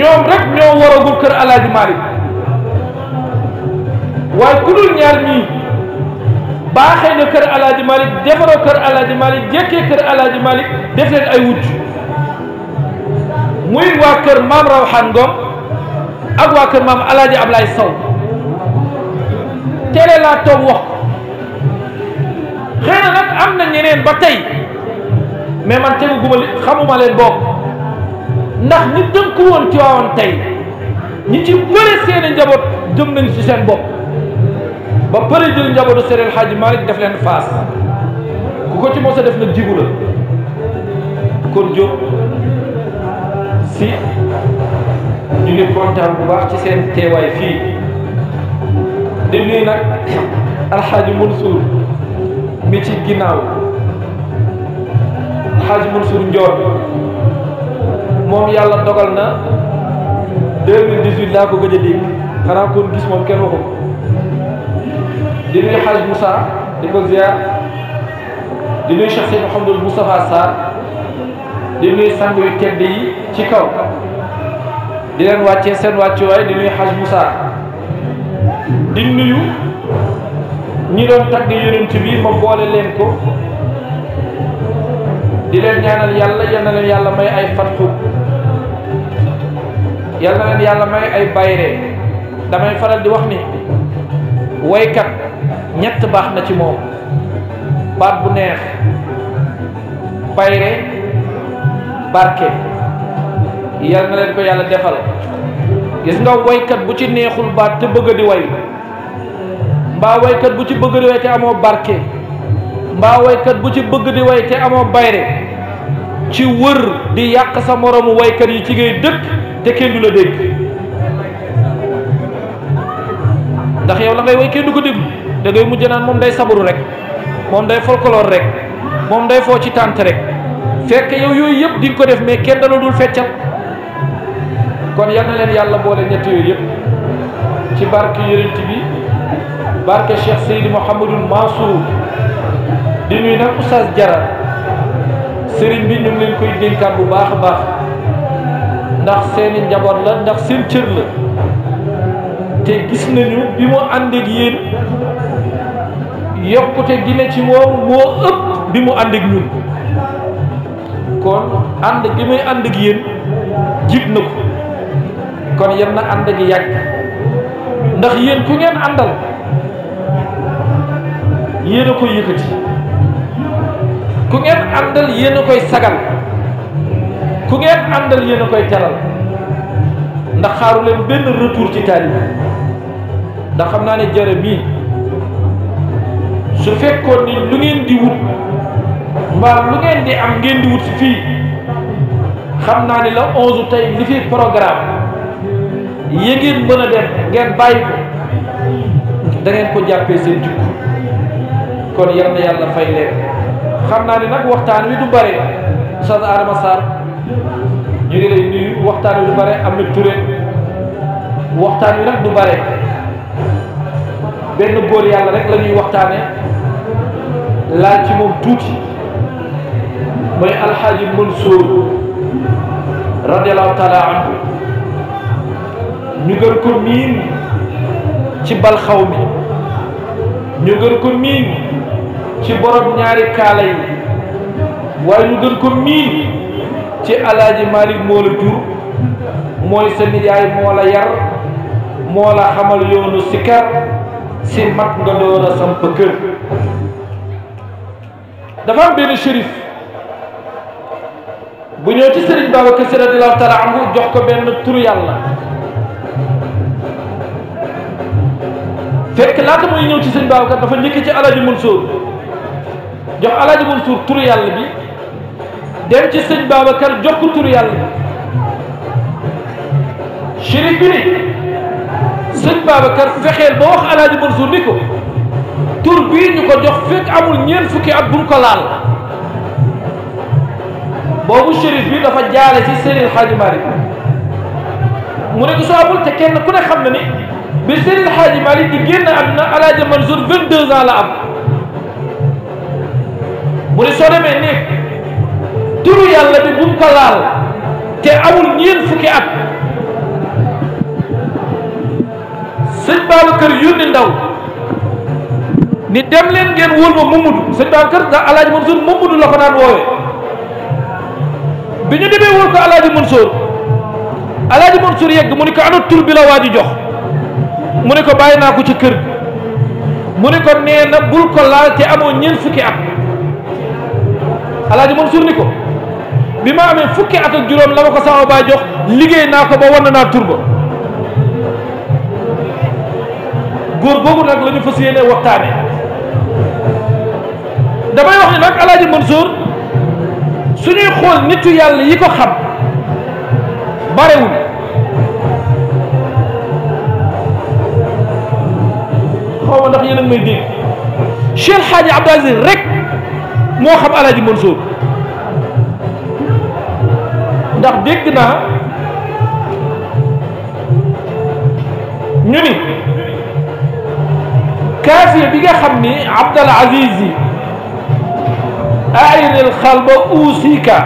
ñoom rek ñoo waragul kër alaaji Malick waaye ku dul ñaar ñii baaxee na kër alaaji Malick defaroo kër alaaji Malick jekkee kër alaaji Malick def leen ay wujj muy waa kër maam Rawxaan Ngom ak waa kër maam alaaji Ablaye Sow télé laa toog wax xëy na nag am na ñeneen ba tey mais man tegu guma xamuma leen bokk ndax ñi tënku woon ci waawoon tey ñi ci bëre seeni njaboot jëm nañ ci seen bopp ba pare jël njabootu Serigne Hadji Malick def leen faas ku ko ci mos def na jigu la kon si ñu ngi kontaan bu baax ci seen teewaay fii di nuyu nag alxaaji Mansour mi ci ginnaaw alxaaji Mansour Njoor moom yàlla dogal na 2018 laa ko gëj a dégg xanaa kon gis moom kenn waxu ko di nuyu xaj Moussa di ko ziar di nuyu Cheikh Seydi Mouhamadou Moustapha Sarr di tedd yi ci kaw di leen wàccee seen wàccuwaay di nuyu xaj Moussa di nuyu ñi doon tagg yonent bi ma boole leen ko di leen ñaanal yàlla yal na leen yàlla may ay fatxu yal na leen yàlla may ay bayre damay faral di wax ni woykat ñett baax na ci moom baat bu neex bayre barke yal na leen ko yàlla defal gis nga woykat bu ci neexul baat te bëgg di way mbaa woykat bu ci bëgg di way te amoo barke mbaa woykat bu ci bëgg di way te amoo bayre ci wër di yàq sa moromu woykat yi ci ngay dëkk te kenn du la dégg ndax yow la ngay woy kenn ko déglu da ngay mujj naan moom day sabaru rek moom day folklore rek moom day foo ci tànt rek fekk yow yooyu yëpp di nga ko def mais kenn dala dul feccal kon yal na leen yàlla boole ñett yooyu yëpp ci barke yërënt bi barke Cheikh Seydi Mouhamadul Mansour di nuyu nag Oustaz Jara sëriñ bi ñu ngi leen koy dénkaat bu baax a baax ndax seeni njaboot la ndax seen cër la te gis nañu bi mu ànd ak yokkute gi ne ci moom moo ëpp bi mu ànd ak ñun kon ànd gi muy ànd ak yéen jib na ko kon yéen na ànd gi yàgg ndax yéen ku ngeen àndal yéen a koy yëkkati ku ngeen àndal yéen a koy sagal ku ngeen àndal yéen a koy teral ndax xaaru leen benn retour ci taalibe ndax xam naa ne jare bii su fekkoon ni lu ngeen di wut mbaa lu ngeen di am ngeen di wut fii xam naa ne la onze tey li fi programme yi ngeen mën a def ngeen bàyyi ko da ngeen ko jàppee seen jikko kon yal yàlla fay leen xam naa ne nag waxtaan wi du bare Oustaz Adama Sarr ñu ngi lay nuyu waxtaan wi du bare am na ture waxtaan wi nag du bare benn góor yàlla rek la waxtaane laal ci moom tuuti mooy alxaaji Mansour radiallahu taala anhu ñu gën ko miin ci balxaw mi ñu gën ko miin ci borom ñaari kaala yi waaye ñu gën ko miin ci alaaji Malick moo la jur mooy sa nijaay moo la yar moo la xamal yoonu sikar si mag nga door a kër dafa am benn shérif bu ñëw ci Serigne Babacar Sy radiyallahu taala jox ko benn turu yàlla fekk laata muy ñëw ci Serigne Babacar dafa njëkk ci alaaji Mansour jox alaaji Mansour turu yàlla bi dem ci sëñ Babacar jox ko tur yàlla shérif bi ni sëñ Babacar fexeel ba wax alaaji Mansour ni ko tur bii ñu jox fekk amul ñeent fukki at buñ ko laal boobu shérif bi dafa jaale ci Serigne Hadji Malick mu ne ko soo amul te kenn ku ne xam na ni bi Serigne Hadji Malick di génn àdduna alaaji Mansour vingt deux ans la am mu ne soo demee turu yàlla bi bu mu ko laal te amul ñeent fukki at sëñ Babacar yónni ndaw ni dem leen ngeen wóol ma Mamadou sëñ kër ndax El Hadj Mansour Mamadou la ko daan woowee bi ñu demee wóol ko El Hadj Mansour El yegg mu ne ko ana tur bi la waa ji jox mu ne ko bàyyi naa ko ci kër gi mu ne ko nee na bul ko laal te amoo ñeent fukki at El Hadj ni ko. bi ma amee fukki at ak juróom la ma ko sama baay jox liggéey naa ko ba wan naa tur ba góor googu nag la ñu fas yéene waxtaane damay wax ni nag Alaaji Mansour suñuy xool nitu yàlla yi ko xam barewul xaw ma ndax yéen a ngi may dégg Cheikh Hadji Abdou Aziz rek moo xam Alaaji Mansour ndax dégg naa ñu ni kaasiya bi nga xam ni Abdal Aziz yi aynil uusika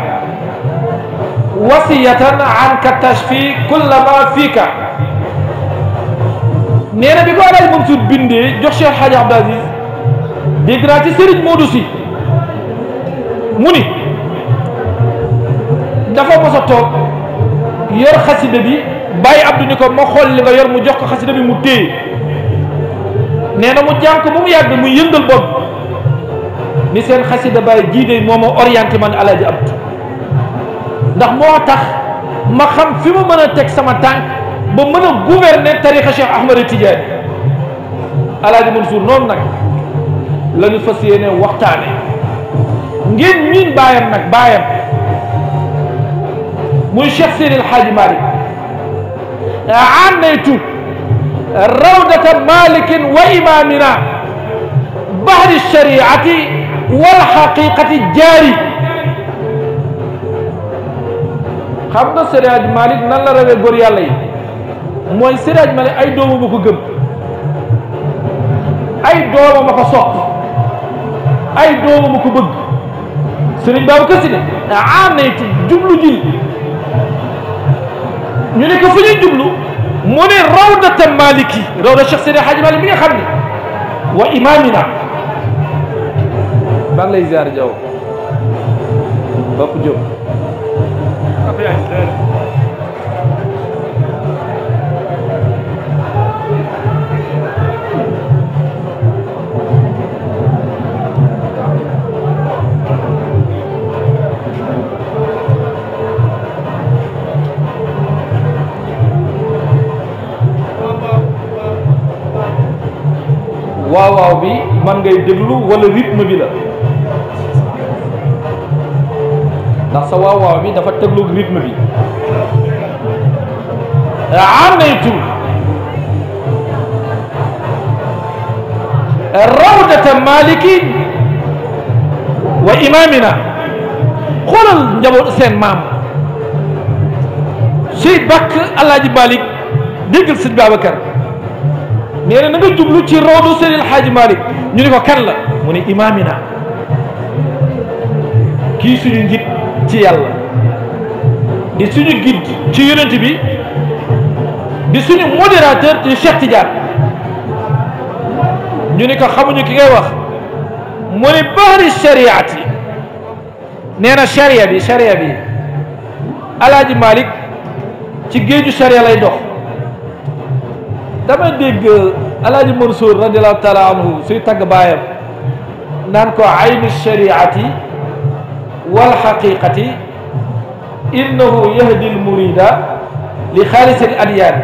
wasiyatan anka tashfi kulla ma fiika nee na bi ko alaaj Mansuur bindee jox Cheikh Hadj Abdal Aziz dégg naa ci Serigne Modou si dafa mos a toog yor xasida bi bàyyi abdu ni ko ma xool li nga yor mu jox ko xasida bi mu téye nee na mu jàng ko ba mu yàgg mu yëngal bopp ni seen xasida bàyyi jiidee moo ma orienté man alaaji abdu ndax moo tax ma xam fi ma mën a teg sama tànk ba mën a gouverner tarixa Cheikh Ahmad Tidiane alaaji Mansour noonu nag la ñu fas yéene waxtaane ngeen ñiin bàyyam nag bàyyam muy Cheikh Seydil Hadji Malick annaytu rawdata malikin wa imamina bahri shariati wal haqiqati jaari xam nga Seydil Hadji Malick nan la rawee góor yàlla yi mooy Seydil Hadji Malick ay doomu ma ko gëm ay doomu ma ko sopp ay doomu ma ko bëgg Sëriñ Babacar Sy ne ah am na it jublu ji ñu ne ko fu ñuy jublu mu ne rawdata maliki rawda Cheikh Seydi Hadji Malick mi nga xam ne wa imamina ban lay ziar jaw bopp jóg waaw waaw bi man ngay déglu wala rythme bi la ndax sa waaw waaw bi dafa tëglu rythme bi ameytu rawdata maliki wa imamina xoolal njaboot seen maam suy bakk alaaji Malik déggal sëñ Babacar nee na na nga jublu ci roodu Seydil Hadji Malick ñu ni ko ken la mu ni imaamina kii suñu njit ci yàlla di suñu guide ci yonent bi di suñu modérateur ti Cheikh Tidiane ñu ni ko xamuñu ki ngay wax mu ni bahri shariati nee na sharia bi sharia bi alaaji Malick ci géeju sharia lay dox dama dégg alaaji Mansour radiallahu taala anhu suy tagg baayam naan ko aynu shariati wal xaqiqati innahu yahdi al murida li xaalisati adyaan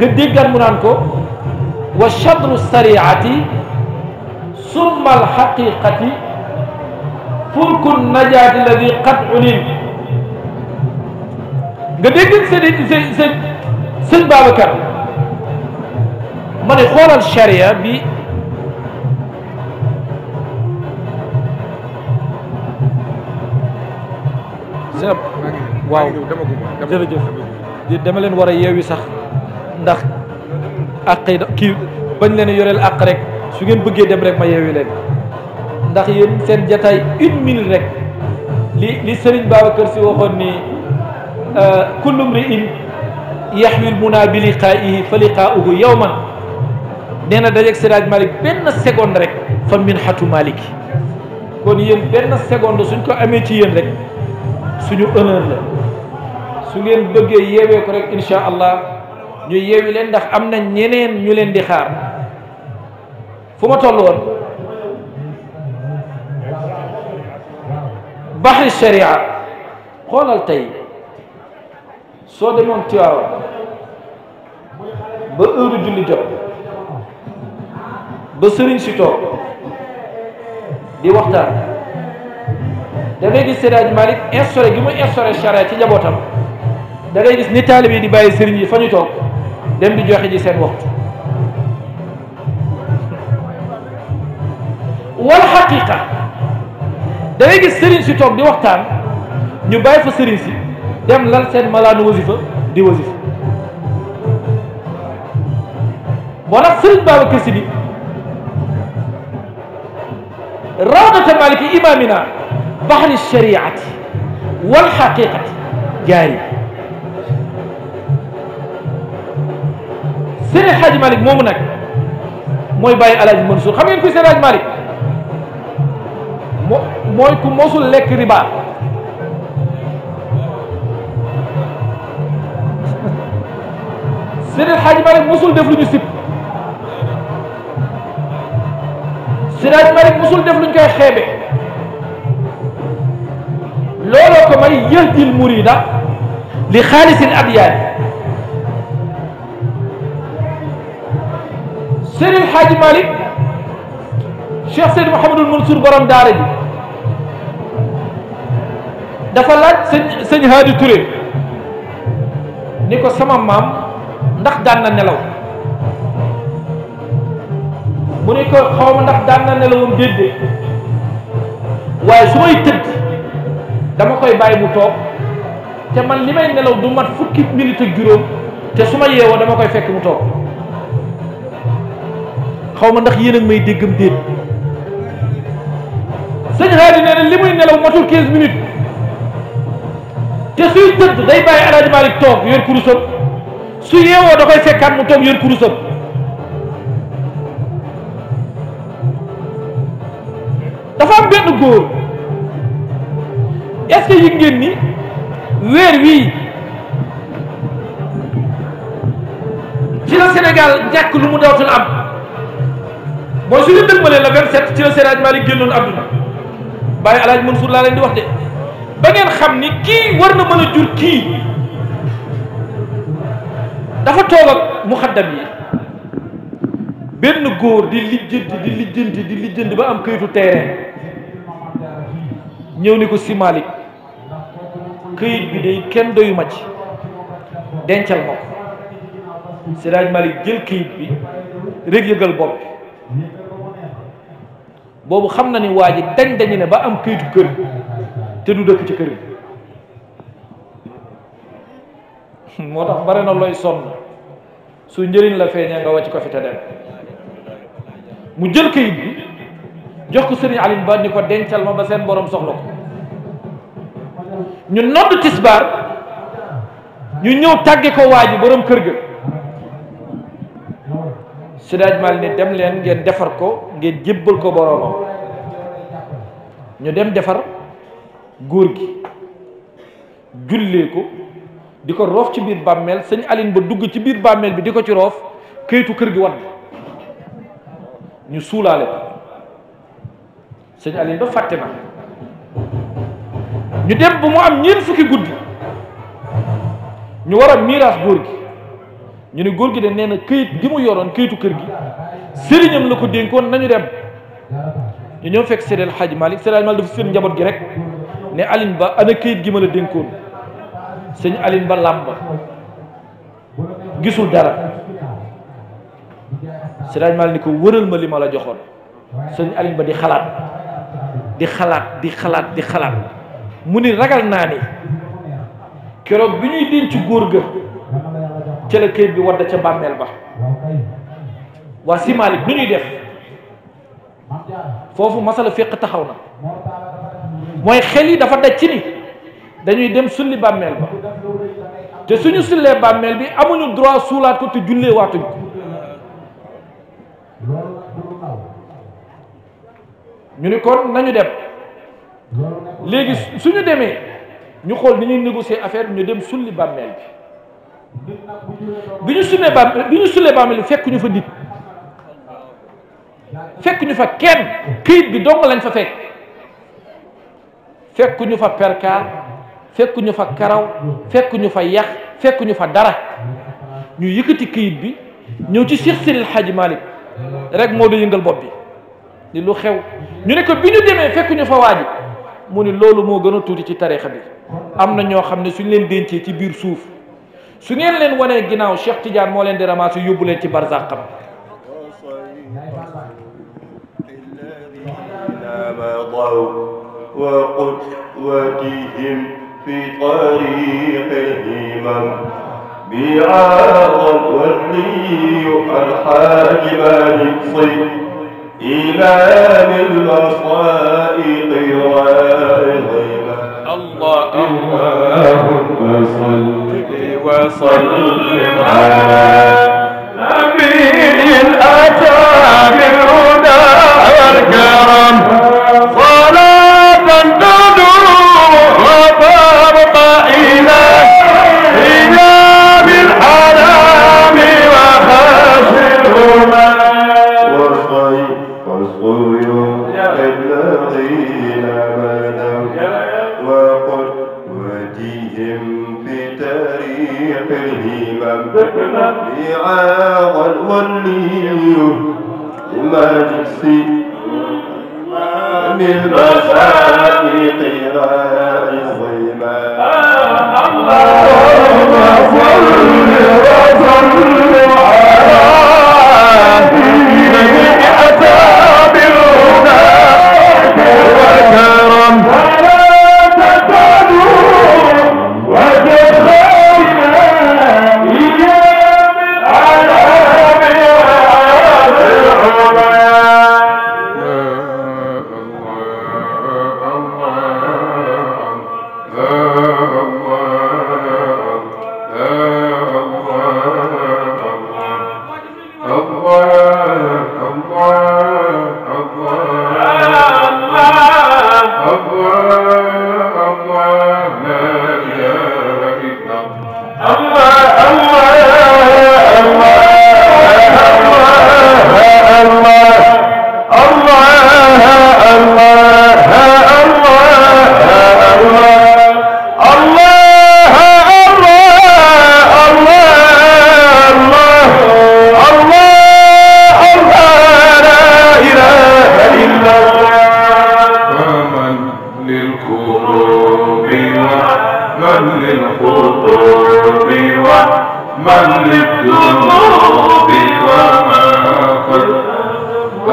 nga déggaat mu naan ko wa chadru sariati summa al xaqiqati fulku najaati alladi qad ulim nga dégg seen seen seen sëñ Babacar ma ne xoolal charia bi sëñ waaw jërëjëf dama leen war a yeewi sax ndax àq yi kii bañ leen yoreel àq rek su ngeen bëggee dem rek ma yeewi leen ndax yéen seen jataay une minute rek li li Serigne Babacar Sy waxoon ni euh, kullu mri'in yaxwi l muna bi liqaa'ihi fa liqaa'uhu yawman nee na dajeeg Siraaj Malik benn seconde rek fa min xatu Malik kon yéen benn seconde suñ ko amee ci yéen rek suñu honneur la su ngeen bëggee yeewee ko rek incha allah ñu yeewi leen ndax am na ñeneen ñu leen di xaar fu ma toll woon baxri sharia xoolal tey soo demoon Tiwaawan ba heure julli jot ba sëriñ si toog di waxtaan da ngay gis Seydi Hadji Malick gi mu instauré charia ci njabootam da gis ni taalib yi di bàyyi sëriñ yi fa ñu toog dem di joxe ji seen waxtu wal xaqiqa da gis sëriñ si toog di waxtaan ñu bàyyi fa sëriñ si dem lal seen malaanu wasifa di wasifa boo tax sëriñ Babacar Sy bi rawdata maliki imamina bahri shariati wal haqiqati jaari Seydi Hadji Malick moomu nag mooy bàyyi El Hadj Mansour xam ngeen kuy Seydi Hadji Malick mo mooy ku mosul lekk riba Seydi Hadji Malick Siraaj Malik musul def luñ koy xeebe looloo ko may yahdil murida li xaalisil adyaani Sëriñ Xaaji Malik Cheikh Seydi Mouhamadul Mansour borom daara ji dafa laaj sëñ sëñ Haadi Touré ni ko sama maam ndax daan na mu ne ko xaw ma ndax daan na nelawam déedéet waaye su may tëdd dama koy bàyyi mu toog te man li may nelaw du mat fukki minute ak juróom te su ma yeewoo dama koy fekk mu toog xaw ma ndax yéen a may déggam déet sëñ xaari nee na li muy nelaw matul 15 minutes te suy tëdd day bàyyi Alaaji Maalik toog yor kurusam su yeewoo da koy fekkaat mu toog yor kurusam benn góor est-ce que ni weer wii ci la Sénégal ñàkk lu mu dootul am mooy su ñu dëgmalee la 27 ci la Seydi Hadji génnoon àdduna bàyyi El Hadj Mansour laa leen di wax de ba ngeen xam ni kii war na mën a jur kii dafa toog muxaddam yi benn góor di lijjanti di lijjanti di lijjanti ba am kayitu terrain. ñëw ni ko si Malick këyit bi day kenn doyu ma ci dencal ma ko Seydi Malick jël këyit bi rek yëgal bopp boobu xam na ni waa ji dañ dañu ne ba am këyitu kër te du dëkk ci kër gi moo tax bare na looy sonn su njëriñ la feeñee nga wàcc ko fi te dem mu jël këyit bi jox ko sëriñ Alioune Ba ni ko dencal ma ba seen borom soxla ko ñu nodd tisbaar ñu ñëw tàgge ko waa ji borom kër ga Sidaaj Maal ni dem leen ngeen defar ko ngeen jébbal ko boromam ñu dem defar góor gi jullee ko di ko roof ci biir bàmmeel sëñ Alioune Ba dugg ci biir bàmmeel bi di ko ci roof këyitu kër gi wadd ñu suulaale sëñ Aline ba fàtte ma ñu dem ba mu am ñeen fukki guddi ñu war a miiras góor gi ñu ne góor gi de nee na këyit gi mu yoroon këyitu kër gi sëriñam la ko dénkoon nañu dem ñu ñëw fekk Seydil Hadji Malick Seydil Hadji Malick dafa seen njaboot gi rek ne Aline Ba ana këyit gi ma la dénkoon sëñ Aline Ba gisul dara Seydil Hadji ni ko wëral ma li ma la joxoon sëñ Aline Ba di xalaat di xalaat di xalaat di xalaat mu ni ragal naa ni keroog bi ñuy ci góor ga ca la këyit bi wadd ca bàmmeel ba waa si Malick ñuy def foofu masala féq taxaw na mooy xel yi dafa daj ci ni dañuy dem sulli bàmmeel ba te suñu sulee bàmmeel bi amuñu droit suulaat ko te jullee waatuñ ñu ni kon nañu dem léegi suñu demee ñu xool ni ñuy négocier affaire bi ñu dem sulli bàmmeel bi bi ñu sulee bàmmeel bi ñu sulee bàmmeel ñu fa nit fekk ñu fa kenn këyit bi domm lañ fa fekk fekk ñu fa perkaal fekk ñu fa karaw fekk ñu fa yax fekk ñu fa dara ñu yëkkati këyit bi ñëw ci Seex Seydi El Hadji rek moo da yëngal bopp bi di lu xew ñu nekk ko bi ñu demee fekkuñu fa waaju mu ni loolu moo gën a tuuti ci tarixa bi am na ñoo xam ne suñ leen dencee ci biir suuf su ngeen leen wanee ginnaaw Cheikh Tidiane moo leen di ramasser yóbbu leen ci barzaqam وقدوتهم في طريق الهمم بيعاض الولي الحاج مالك صيد إلى للرقائق راغبا اللهم صل وسلم على نبي أتى بالهدى والكرم من مساكين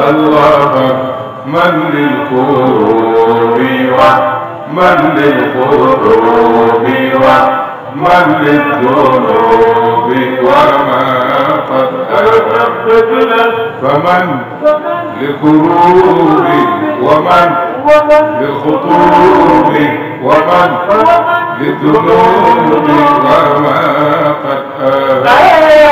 الله من للقلوب ومن للقلوب ومن للذنوب وما قد أردت فمن للقلوب ومن للخطوب ومن للذنوب وما قد أردت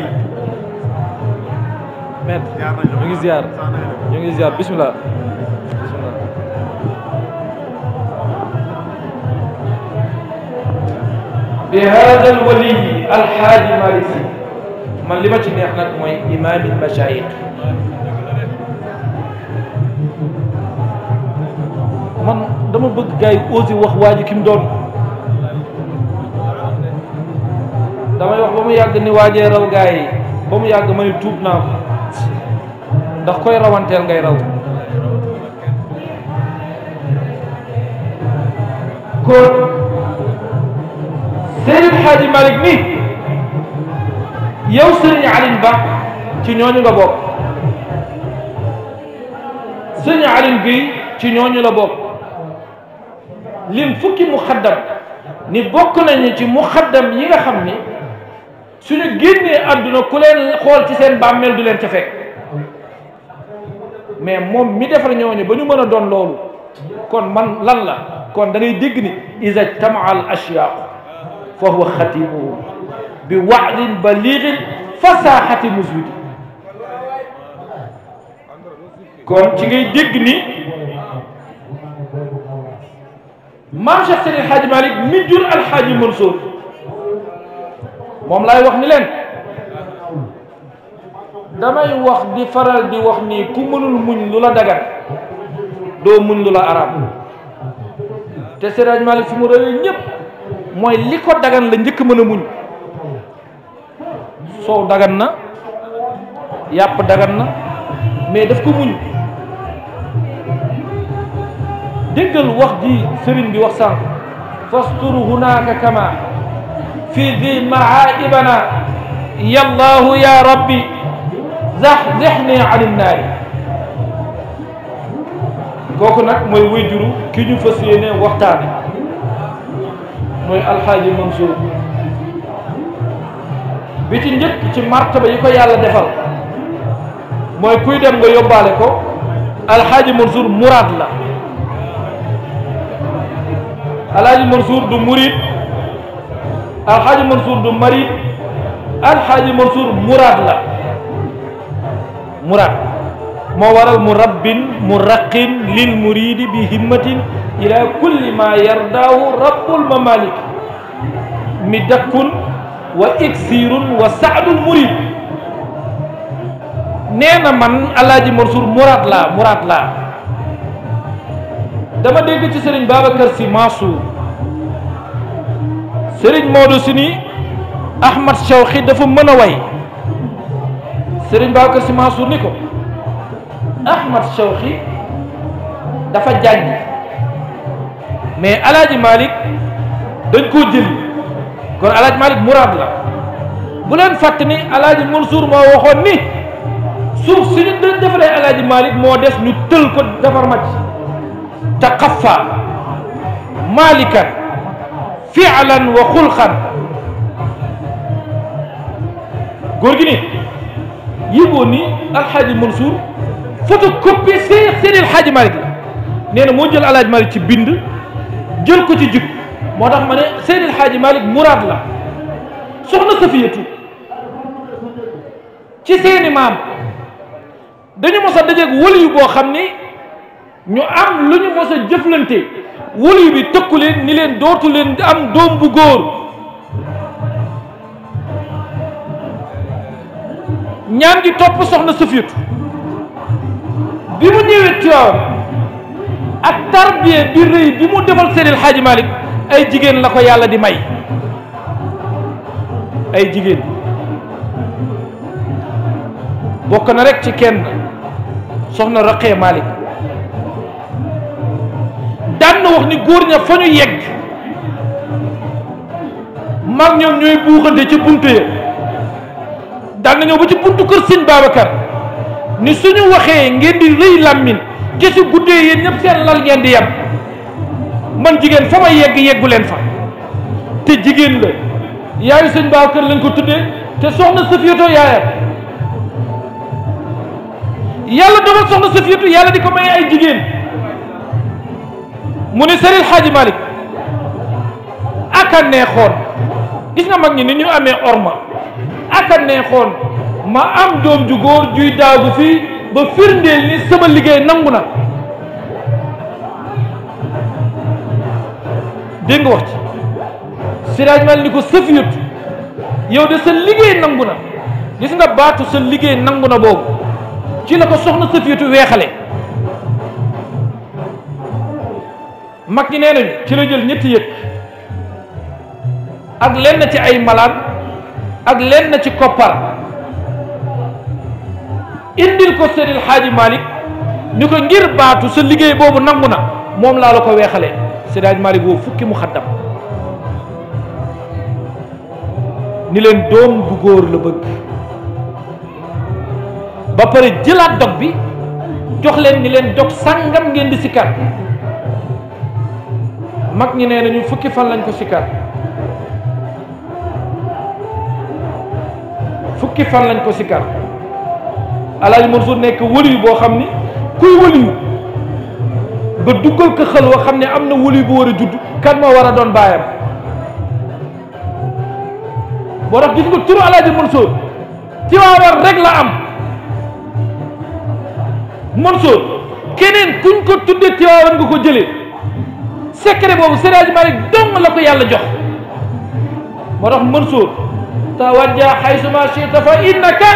Ahmed ñu ngi ziar ñu ngi ziar bisimilah. bi hada al wali alxaaji Malick Sy man li ma ci neex nag mooy imaam al machaayix man dama bëgg gars yi aussi wax waa ji ki mu doon damay wax ba mu yàgg ni waajee raw gars yi ba mu yàgg ma ni tuub naa ko ndax koy rawanteel ngay raw kon Seydi Hadji Malick yow Serigne Alioune Ba ci ñooñu nga bokk Serigne Alioune Guèye ci ñooñu la bokk lim fukki muxaddam ni bokk nañu ci mu muxaddam yi nga xam ni suñu génnee àdduna ku leen xool ci seen bàmmeel du leen ca fekk mais moom mi defar ñooñu ba ñu mën a doon loolu kon man lan la kon da ngay dégg ni iza jtamaa al ashyaaqu fa huwa xatimuhu bi waadin baliigin fasaaxati muswidi kon ci ngay dégg ni maam Cheikh Seydi El Hadji Malick mi jur Alhaaji Mansour moom laay wax ni leen damay wax di faral di wax ni ku mënul muñ lu la dagan doo muñ lu la te Sëriñ Malick fi mu réwee ñëpp mooy li dagan la njëkk mën a muñ soow dagan na yàpp dagan na mais daf ko muñ déggal wax ji sëriñ bi wax sànq fastur hunaaka kama fi di mahaibana yallahu ya rabbi zaxzaxnii anin naari kooku nag mooy wéyjuru ki ñu fas yéene waxtaane mooy alxaaji Mansour bi ci njëkk ci martaba yi ko yàlla defal mooy kuy dem nga yóbbaale ko alxaaji Mansour muraad la alxaaji Mansour du murid alxaaji Mansour du marid alxaaji Mansour muraad la muraad moo waral mu rabbin mu raqin lil muridi bi himmatin ila kulli ma yardaahu rabbul mamalik mi dakkun wa iksirun wa saadul murid nee na man alaaji Mansour muraad laa muraad laa dama dégg ci sëriñ Babacar Sy Mansour sëriñ Modou Sy ni Ahmad Shawqi dafa mën a way Serigne Babacar Sy Mansour ni ko Ahmad Shawqi dafa jàngi mais Alaaji Malick dañ koo jël kon Alaaji Malick muraad la bu leen fàtt ni Alaaji Mansour moo waxoon ni suuf suñu dañ defaree Alaaji Malick moo des ñu tël ko defar ma ci malikan fi'lan wa xulqan yëgoon ni alxaaji Mansour photocopie see seen alxaaji Malick la nee na moo jël alxaaji Malick ci bind jël ko ci jub moo tax ma ne seen alxaaji Malick muraad la soxna Safiyatu ci seeni maam dañu mos a dajeeg boo xam ni ñu am lu ñu mos a jëflante wëliyu bi tëkku leen ni leen dootu leen am doom bu góor ñaan gi topp soxna Sufiyatu bi mu ñëwee Tiwaawan ak tarbiya bi rëy bi mu defal Seydil Hadji Malick ay jigéen la ko yàlla di may ay jigéen bokk na rekk ci kenn soxna Raqee Malick daan na wax ni góor ña fa ñu yegg mag ñooy buuxante ca buntu ya daal na ñëw ba ci buntu kër sëñ Babacar ni suñu waxee ngeen di rëy làmmin ci su guddee yéen ñëpp seen lal ngeen di yem man jigéen fa ma yegg yeggu leen fa te jigéen la yaayu sëñ Babacar lañ ko tuddee te soxna Safiyatu yaayam yàlla dogal soxna Safiyatu yàlla di ko maye ay jigéen mu ne Serigne Hadji Malick aka neexoon gis nga mag ñi ni ñu amee orma ak a neexoon ma am doom ju góor juy daagu fii ba firndeel ni sama liggéey nangu na dégg nga wax ci siraaj mal ni ko sëfiyut yow de sa liggéey nangu na gis nga baatu sa liggéey nangu na boobu ci la ko soxna sëfiyutu weexale mag ñi nee nañu ci la jël ñetti yëg ak lenn ci ay malaan ak lenn ci koppar indil ko Seydil Hadji Malick ko ngir baatu sa liggéey boobu nangu na moom laa la ko weexale Seydil Hadji woo fukki mu xaddam ni leen doom bu góor la bëgg ba pare jëlaat dog bi jox leen ni leen dog sàngam ngeen di sikkar mag ñi nee nañu fukki fan lañ ko sikkar fukki fan lañ ko sikkar alaaji Mansour nekk wëliyu boo xam ni kuy wëliyu ba duggal ko xel wa xam ne am na wëliyu bu war a judd kan moo war a doon baayam boo tax gis nga turu alaaji Mansour ci waawar rek la am Mansour keneen kuñ ko tuddee Tiwaawan nga ko jëlee secret boobu Seydi Hadji Malick dong la ko yàlla jox moo tax Mansour tawajja xaysuma chita fa innaka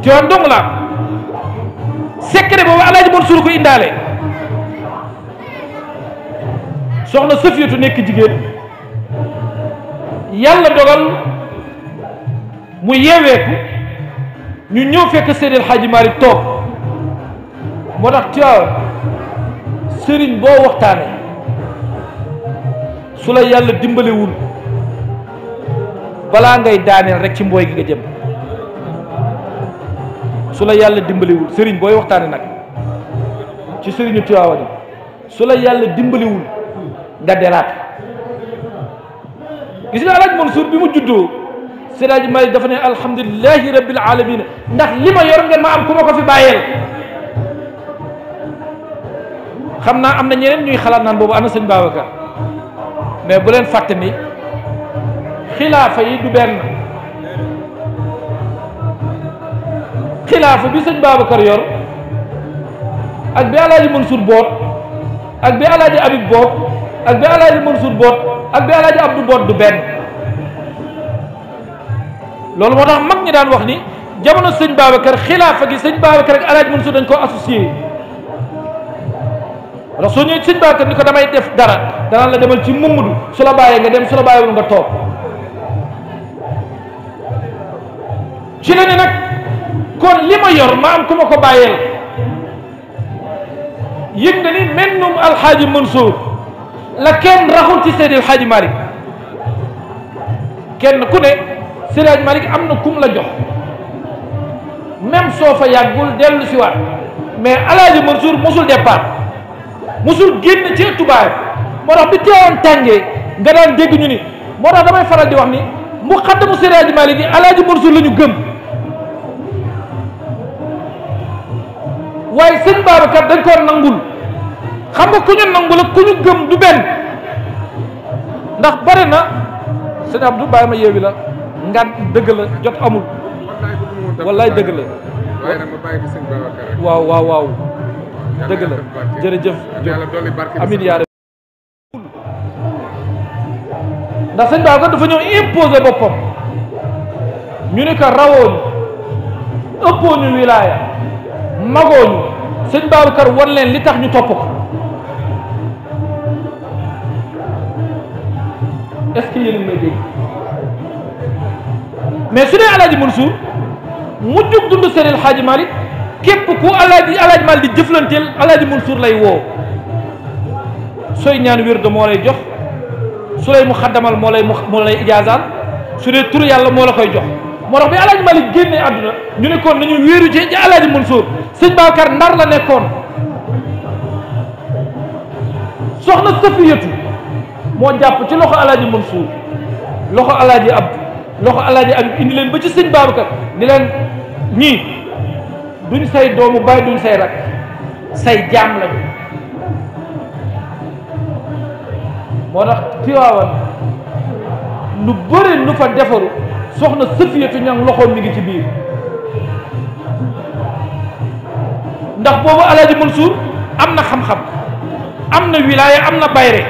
ci yoon dong la secret boobu alaaji Mansuur ko indaale soxna Safiyatu nekk jigéen yàlla dogal mu yeeweeku ñu ñëw fekk Seydil Hadji Malick toog moo tax Tiwaawan sëriñ boo waxtaane sula la yàlla dimbalewul balaa ngay daaneel rek ci mbooy gi nga jëm su la yàlla dimbaliwul sëriñ booy waxtaane nag ci sëriñu Tiwaawan su la yàlla dimbaliwul nga delaat gis nga alaaj Mansour bi mu juddoo Seydi Maalik dafa ne alhamdulilahi rabbil alamin ndax li ma yor ngeen ma am ku ma ko fi bàyyeel xam naa am na ñeneen ñuy xalaat naan boobu ana sëñ Babacar mais bu leen fàtte ni xilaafa yi du benn xilaafa bi sëñ Babacar yor ak bi alaaji Mansour boot ak bi alaaji Habib boot ak bi alaaji Mansour boot ak bi alaaji Abdou boot du benn loolu moo tax mag ñi daan wax ni jamono sëñ Babacar xilaafa gi sëñ Babacar ak alaaji Mansour dañ ko associé ndax soo ñëwee sëñ Babacar ni ko damay def dara danaan la demal ci Mamadou su la bàyyee nga dem su la bàyyiwul nga toog ci la ne nag kon li ma yor ma am ku ma ko bàyyeel yëg na ni mennum alxaaji Mansour la kenn raxul ci Seydi Alxaaji Malick kenn ku ne Seydi Alxaaji Malick am na kum la jox même soo fa yàggul dellu si waat mais alxaaji Mansour mosul départ mosul génn ci tubaab moo tax bi teewoon tàngee nga daan dégg ñu ni moo tax damay faral di wax ni mu xattamu Seydi Malick yi Alaaji Mansour la ñu gëm waaye sëñ Babacar dañ koo nangul xam nga ku ñu nangul ak ku ñu gëm du benn ndax bare na sëñ Abdou bàyyi ma yeewi la nga dëgg la jot amul wallaay dëgg la waaw waaw waaw dëgg la jërëjëf amiin yaa ndax sëñ Babacar dafa ñëw imposer boppam ñu ni ko rawooñu ëppooñu wilaaya magooñu sëñ Babacar wan leen li tax ñu topp ko est-ce que yéen may dégg mais su dee alaaji Mansour mu jug dund Serigne El Hadj Malick alaaji alaaji lay woo sooy ñaan wér de moo lay jox su lay mu moo lay moo lay ijaasal su dee turu yàlla moo la koy jox moo tax bi alaaji Malik génnee àdduna ñu nekkoon kon nañu wéeru ci alaaji Mansour sëñ Babacar ndar la nekkoon soxna Safiyatu moo jàpp ci loxo alaaji Mansour loxo alaaji Abdou loxo alaaji Abdou indi leen ba ci sëñ Babacar ni leen ñii duñ say doomu bàyyi duñ say rak say jaam lañu moo tax Tiwaawan lu bëri lu fa defaru soxna Safiyatu ñang loxoom mi ngi ci biir ndax boobu Alaaji Mansuur am na xam-xam am na wilaaya am na bayre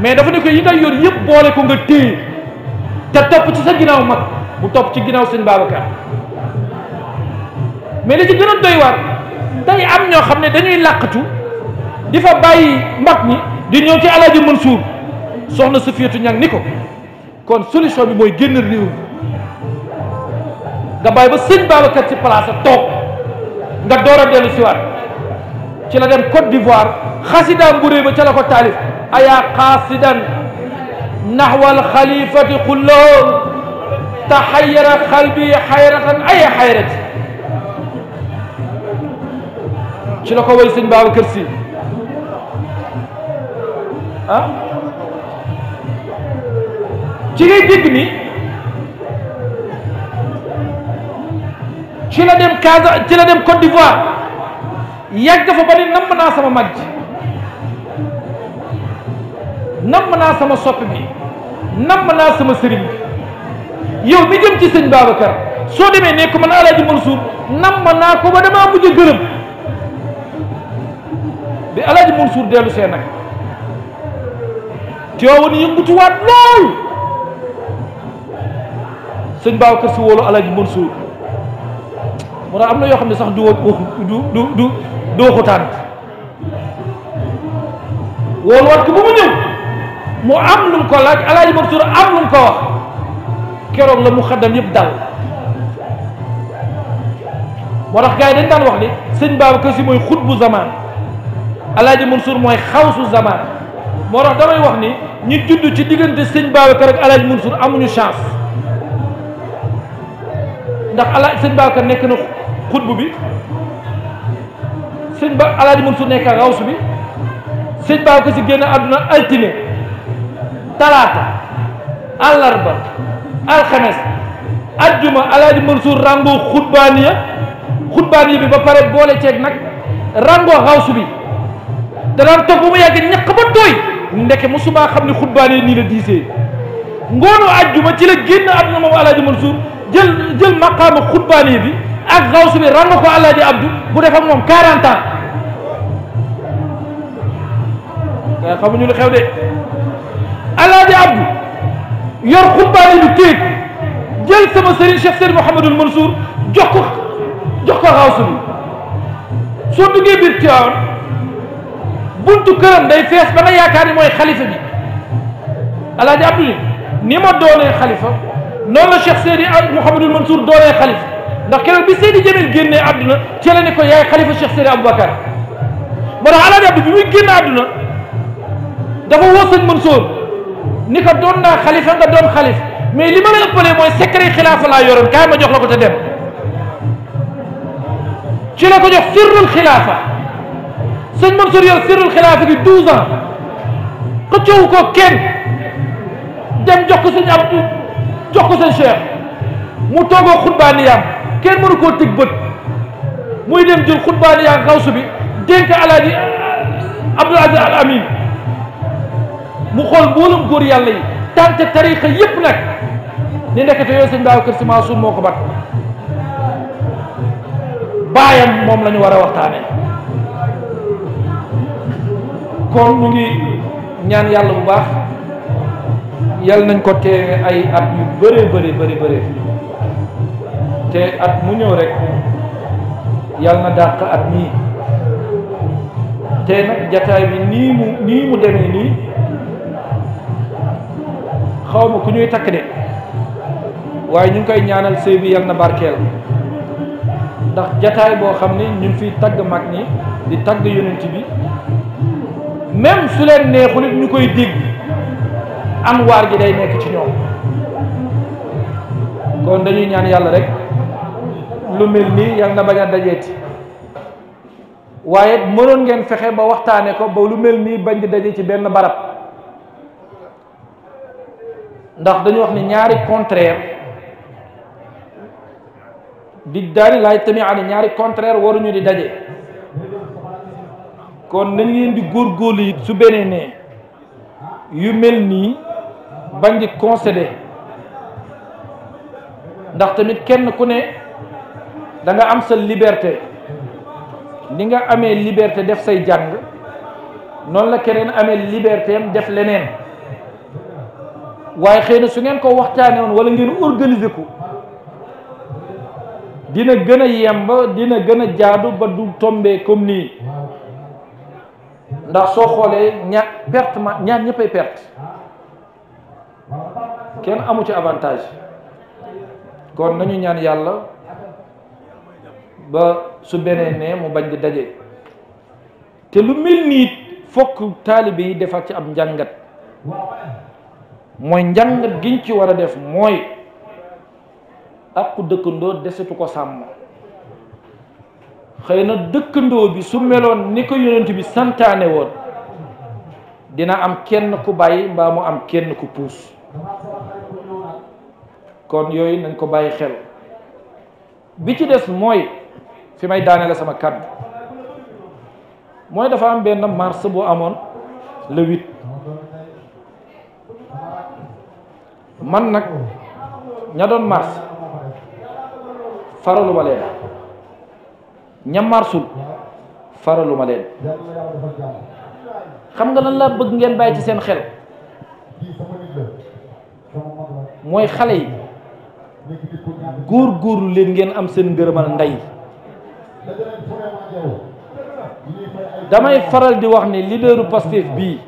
mais dafa ne ko yi ngay yor yëpp boole ko nga téye te topp ci sa ginnaaw mag bu topp ci ginnaaw seen Babacar mais li ci gën a doy waar day am ñoo xam ne dañuy làqatu di fa bàyyi mag ñi di ñëw ci alaaji Mansour soxna Sufiyatu ñang ni ko kon solution bi mooy génn réew nga bàyyi ba sëñ Babacar ci place toog nga door a dellu siwaat ci la dem Côte d'Ivoire xasidaam bu réy ba ca la ko taalif ayaa xaasidan naxwal xalifati xulloo taxayara xalbi xayratan ay xayrati ci la ko way sëñ Babacar si ah ci ngay dégg ni ci la dem Casa ci la dem Côte d'Ivoire yàgg fa ba ni namm naa sama mag ji namm naa sama soppi bi namm naa sama sëriñ yow mi jëm ci sëñ Babacar soo demee ne ko man Alaaji Mansour namm naa ko ba damaa mujj gërëm bi Alaaji Mansour dellu see nag Tiwaawan yëngutuwaat lool sëñ Babacar Si wóolu Alaaji Mansuur mu ne am na yoo xam ne sax du du du du dooxu tànt wóolu waat ko ba mu ñëw mu am lu mu ko laaj am lu mu ko wax la mu xaddam yëpp dal moo tax dañ daan wax ni sëñ Babacar Si mooy xutbu zamaan Alaaji Mansuur mooy xawsu zamaan moo tax damay wax ni ñu judd ci diggante sëñ Babacar ak alaaj Mansour amuñu chance ndax alaaj sëñ Babacar nekk na xutbu bi sëñ ba alaaj Mansour nekk ak rawsu bi sëñ Babacar si génn àdduna altine talaata àllarba alxames ajjuma alaaj Mansour ràngoo xutbaaniya xutbaaniya bi ba pare boole ceeb nag ràngoo rawsu bi danaan toog ba mu yàgg ñaq ba tooy ndeke mosuma xam ne xutbaane nii la diisee ngoonu ma ci la génn àdduna moom alaaji Mansour jël jël ma xutbaane bi ak gawsu bi rang ko alaaji bu def ak moom 40 ans waaye xamuñu lu xew de alaaji Abdou yor xutbaane bi téeg jël sama sëriñ Cheikh Sëriñ Mouhamadul Mansour jox ko jox ko gawsu bi soo buntu a day fees ba nga yaakaar ni mooy xalifa bi alaaji ni ni ma doonee xalifa noonu la cheikh seydi mouhamadul mansour doonee xalifa ndax keroog bi seydi jamil génnee àdduna ci la ne ko yaay xalifa cheikh seydi aboubacar moo tax alaaji abdou bi muy génn àdduna dafa woo sëñ ni ko doon naa xalifa nga doon xalifa mais li ma la ëppalee mooy secret xilaafa laa yoroon kaay ma jox la ko te dem ci la ko jox sirrul xilaafa sëñ Mansour yow sirul xilaafa gi douze ans xëccoowu ko kenn dem jox ko sëñ mu toogoo xutbaaniyaam kenn mënu koo tëg bët muy dem jël xutbaaniyaam gawsu bi dénk alaaji Abdul Aziz Al mu xool mboolum góor yàlla yi tànte tarixa yépp nag ni nekkete yooyu sëñ Babacar Sy moo ko bat baayam moom la ñu war a waxtaane kon mu ngi ñaan yàlla bu baax yàlla nañ ko teewe ay at yu bëree bëri bëri te at mu ñëw rek yàlla na dàq at mii te nag jataay bi nii mu nii mu demee nii xaw ma ku ñuy takk de waaye ñu ngi koy ñaanal sëy bi yàlla na barkeel ndax jataay boo xam ne ñu ngi fiy tagg mag ñi di tagg yonent bi même su leen neexul it ñu koy dégg am waar gi day nekk ci ñoom kon dañuy ñaan yàlla rek lu mel nii yàlla na bañ a dajeeti waaye mënoon ngeen fexe ba waxtaane ko ba lu mel nii bañ di daje ci benn barab ndax dañu wax ni ñaari contraire di daari laaj tamit ani ñaari contraire waruñu di daje kon nañ leen di góorgóorlu it su benee yu mel nii bañ di concédé ndax tamit kenn ku ne danga am sa liberté ni nga amee liberté def say jàng noonu la keneen amee liberté def leneen waaye xëy na su ngeen ko waxtaanee woon wala ngeen organise ko dina gën a yemb dina gën a jaadu ba du tombé comme nii ndax soo xoolee ña perte ma perte kenn amu ci avantage kon nañu ñaan yàlla ba su beneen ne mu bañ di daje te lu mel nii fokk taalibe yi defar ci ab njàngat mooy njàngat giñ ci war a def mooy ak ku dëkkandoo desetu ko sàmm xëy na dëkkandoo bi su meloon ni ko yonent bi santaane woon dina am kenn ku bàyyi mbaa mu am kenn ku puus kon yooyu nañ ko bàyyi xel bi ci des mooy fi may daanele sama kàddu mooy dafa am benn mars bu amoon le huit man nag ña doon mars faralu leen ñam faraluma faralu leen xam nga lan laa bëgg ngeen bàyyi ci seen xel mooy xale yi góor góorlu leen ngeen am seen ngërëmal ndey damay faral di wax ne leaderu Pastef bii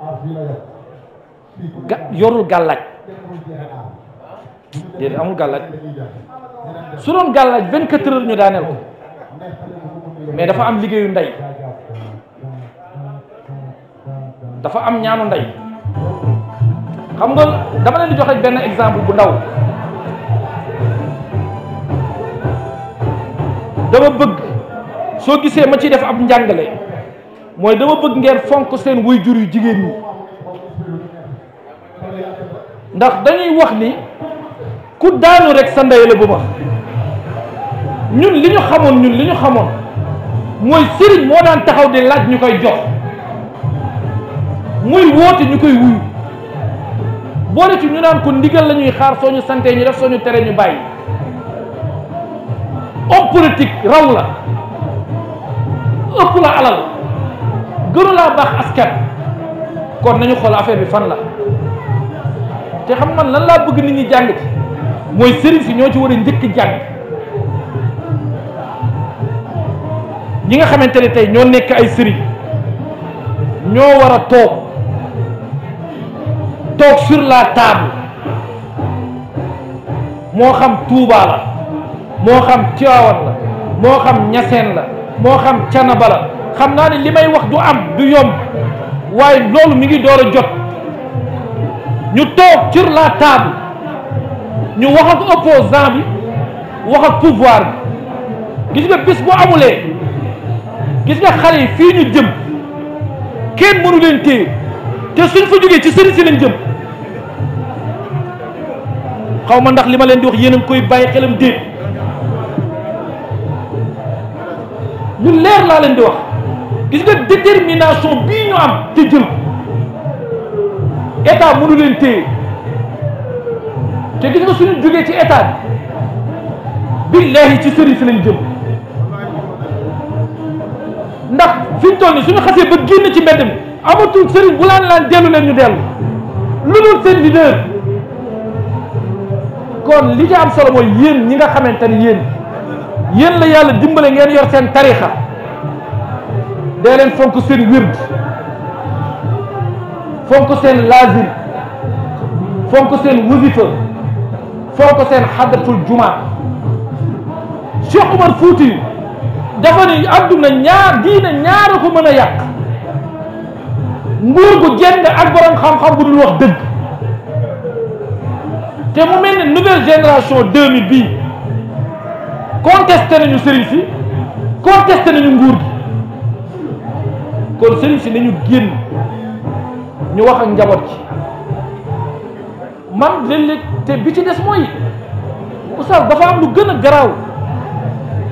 ah, ga yorul gàllaaj déedéet amul gàllaaj su doon gàllaaj vingt-quatre ñu daaneel ko mais dafa am liggéeyu ndey dafa am ñaanu ndey xam nga dama leen di jox benn exemple bu ndaw dama bëgg soo gisee ma ci def ab njàngale mooy dama bëgg ngeen fonk seen way jur yu jigéen ñi ndax dañuy wax ni ku daanu rek sa ndey bu ma ñun li ñu xamoon ñun li ñu xamoon mooy sëriñ moo daan taxaw di laaj ñu koy jox muy woote ñu koy wuyu boole ci ñu naan ko ndigal la ñuy xaar soo ñu santee ñu def soo ñu tere ñu bàyyi homme politique raw la ëpp la alal gënu laa baax askan kon nañu xol affaire bi fan la te xam man lan laa bëgg nit ñi jàng ci mooy sëriñ si ñoo ci war a njëkk jàng ñi nga xamante ne tey ñoo nekk ay sëriñ ñoo war a toog toog sur la table moo xam Touba la moo xam Tiwaawan la moo xam Ñaseen la moo xam Canaba la xam naa ne li may wax du am du yomb waaye loolu mi ngi door a jot ñu toog sur la table ñu wax ak opposant bi wax ak pouvoir bi gis nga bis bu amulee gis nga xale yi fii jëm kenn mënu leen téye te suñ fa jógee ci sëriñ si leen jëm xaw ma ndax li ma leen di wax yéen koy bàyyi xelam déet ñu leer laa leen di wax gis nga détermination bii ñu am te jël état mënu leen téye te gis nga suñu jógee ci état bi billahi ci sëriñ si leen jëm ndax fi ñu toll nii suñu xasee ba génn ci mbedd mi amatul sëriñ bu laan laan dellu leen ñu dellu lu dul seen leader kon li ci am solo ñi nga xamante ni yéen yéen la yàlla dimbale ngeen yor seen tarixa dee leen fonk seen wird fonk seen lazim fonk seen wasifa fonk seen xadratul juma Cheikh dafa ni àdduna ñaar diina ñaara ko mën a yàq nguur gu jeng ak borom xam-xam bu dul wax dëgg te mu mel ne nouvelle génération 2000 bii contesté nañu sëriñ si contesté nañu nguur gi kon sëriñ si nañu génn ñu wax ak njaboot ci man léeg-léeg te bi ci des mooy oustaz dafa am lu gën a garaaw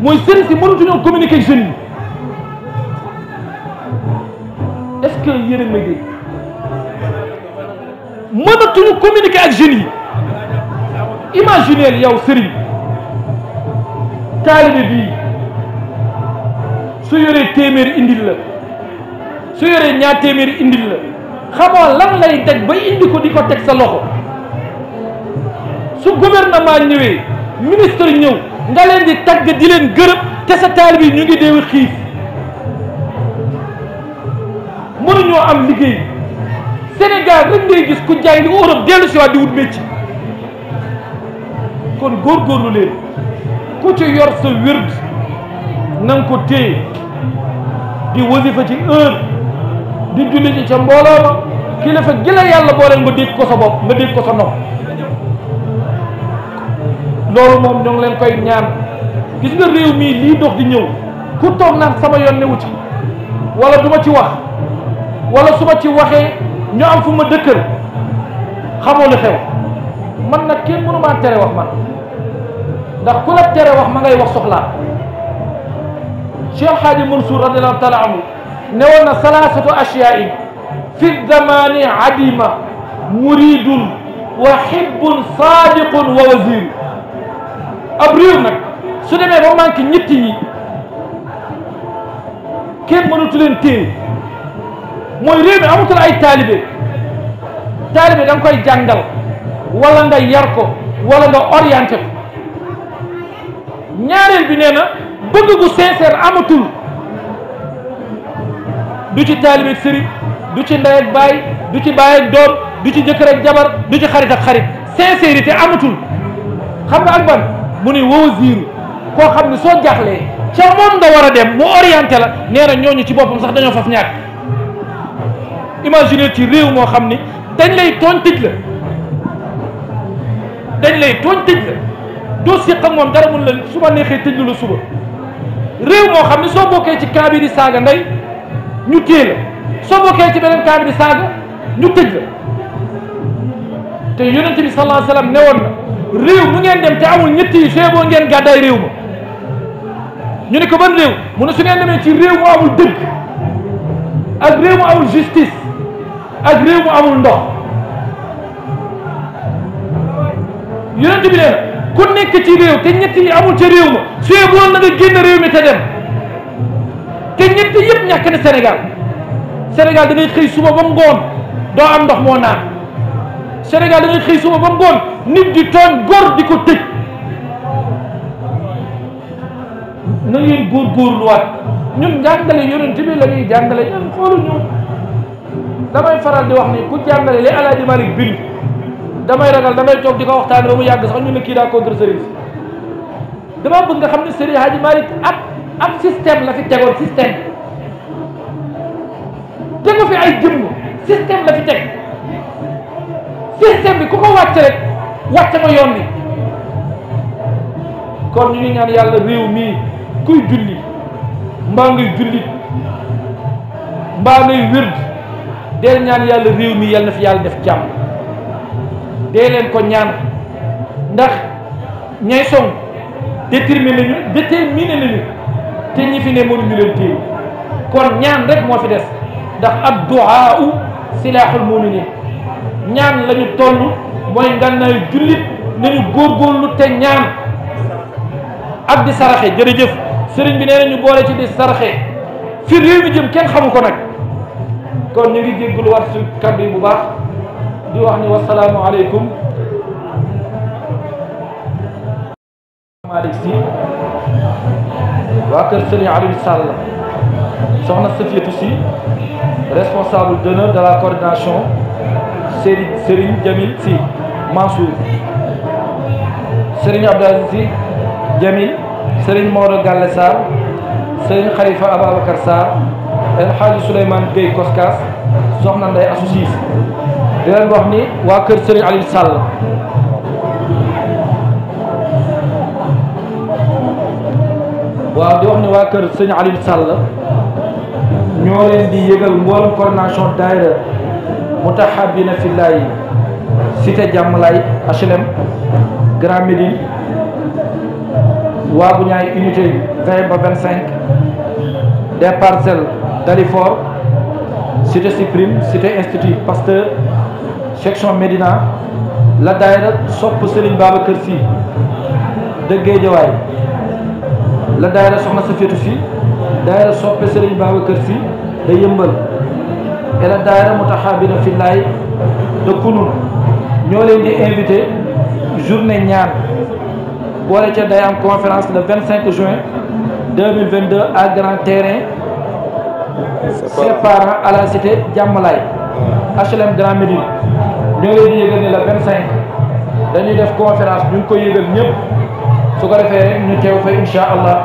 mooy sëriñ si mënatuñoo communiquer yi est-ce que yéen a ngi may dégg mënatuñu communiquer ak jeunes yi imaginez yow sëriñ taalibe bii su yoree téeméer indi la su yoree ñaar téeméeri indil la xamoo lan lay teg ba indi ko di ko teg sa loxo su gouvernement ñëwee ministre ñëw. nga leen di tagg di leen gërëm te sa taalibe yi ñu ngi deewi xiif mënuñoo am liggéey Sénégal rek ngay gis ku jaay li Europe dellu si waa di wut métier kon góorgóorlu leen ku ci yor sa wird na nga ko téye di wasifa ci heure di julli ci ca mbooloo ma kilifa gi la yàlla booleen nga dégg ko sa bopp nga dégg ko sa nopp loolu moom ñoo leen koy ñaan gis nga réew mii lii dox di ñëw ku toog naan sama yoon newu ci wala du ma ci wax wala su ma ci waxee ñu fu ma dëkkal xamoo la xew man na kenn mënu maa tere wax man ndax ku la tere wax ma ngay wax soxlaa Cheikh Hadji Mansour radiallahu taala anhu ne woon na salaasatu ashyain fi zamani adima muridun wa hibbun sadiqun wa waziru ab réew nag su demee ba manqué ñett yi kenn mënatu leen téye mooy réew mi amatul ay taalibe taalibe da nga koy jàngal walla nga yar ko nga orienté ñaareel bi nee na bëgg gu sincère amatul du ci taalibe ak sëriñ du ci ndey ak baay du ci baay ak doom du ci jëkkër ak jabar du ci xarit ak xarit sincérité amatul xam nga ak ban mu ne wow ziiru koo xam ne soo jaaxlee ca moom nga war a dem mu orienté la nee na ñooñu ci boppam sax dañoo faf ñàkk imaginer ci réew moo xam ni dañ lay tooñ tëj la dañ lay tooñ tëj la doo séq ak moom dara mun la su ma neexee tëj la suba réew moo xam ne soo bokkee ci camp bi di saaga ndey ñu téye la soo bokkee ci beneen camp bi di saaga ñu tëj la te yonente bi sallallahu alayhi wa sallam newoon réew mu ngeen dem te amul ñett yi boo ngeen gàddaay réew ma ñu ne ko ban réew mu ne su ngeen demee ci réew mu amul dëgg ak réew mu amul justice ak réew mu amul ndox yonent bi nee na ku nekk ci réew te ñett yi amul ca réew ma see boo na génn réew mi te dem te ñett yëpp ñàkk na Sénégal Sénégal da ngay xëy suba ba ngoon doo am ndox moo naan Sénégal dañuy xëy suba ba ngoon nit di tooñ góor di ko tëj na ngeen góorgóorluwaat ñun jàngale yonent bi la ñuy jàngale ñun xooluñu damay faral di wax ni ku jàngale li Alaaji Malik bind damay ragal damay toog di ko waxtaan ba mu yàgg sax ñu ne kii daa contre Serigne dama bëgg nga xam ne Serigne Hadji Malik ab ab la fi tegoon système tegu fi ay jëmm système la fi teg système bi ku ko wàcc rek wàcc ma yoon bi kon ñu ngi ñaan yàlla réew mii kuy julli mbaa ngay jullit mbaa ngay wérd dee ñaan yàlla réew mii yàlla na fi yàlla def jàmm dee ko ñaan ndax ñay song déterminé lañu déterminé lañu te ñi fi ne mënuñu leen téye kon ñaan rek moo fi des ndax ak duaa silaaxul muminin ñaan lañu ñu toll mooy ngànnaayu jullit ñu góorgóorlu te ñaan ak di saraxe jërëjëf sëriñ bi nee nañu boole ci di saraxe fi réew mi jëm kenn xamu ko kon ñu ngi jéggul war su kàddu bu baax di wax ni wasalaamu aleykum Malick Sy waa kër Serigne Aliou Sall soxna Safiatou Sy responsable d'honneur de la coordination Serigne Serigne Jamil Sy Mansour Serigne Abdou Aziz Sy Jamil Serigne Maodo Galle Sarr Serigne Khalifa Ababacar Sarr El Hadji Souleymane Koskas soxna Ndeye Assou Cissé di leen wax ni waa kër Serigne Aliou Sall waaw di wax ni waa kër mutahabina fillahi cité jàmmalaay HLM Grand waa waagu ñaay unité vingt ba vingt cinq des parcelles Dalifort cité Suprime cité institut Pasteur section Médina la daayira sopp Serigne kër Sy de Guédiawaye la daayira soxna Safiatou Sy daayira soppe Serigne Babacar Sy de Yëmbal ila daayira mutahabina fillaay de Kounoune ñoo leen di invité journée ñaan boole ca day am conférence le 25 juin 2022 à Grand Terrain séparant à la cité Diamalaye HLM Grand Médine ñoo leen di yëgal ni le dañuy def conférence ñu ngi koy yëgal ñëpp su ko defee rek ñu teew fa incha allah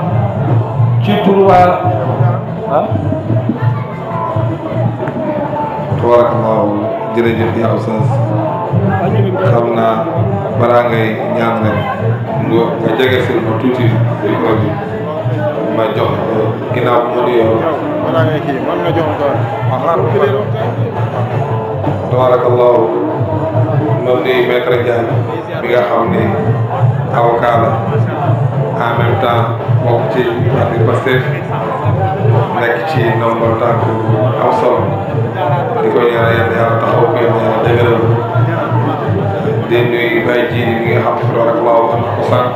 ci turuwaa ah tabaarakallaahu jërëjëf yaa oustaz xam naa balaa ngay ñaan nga jege si ma tuuti micro ma jox ginnaaw bu ma nuyoo. balaa ngay kii mën nga jox ko. tabaarakallaahu noonu nga xam ne avocat la en ci nekk ci nombre tànk am di ko ñaanal yàlla yàlla taxaw ko yàlla yàlla dëgëral di nuyu Baye Diéli mi nga xam ne loolu rek laa wax na ko sànq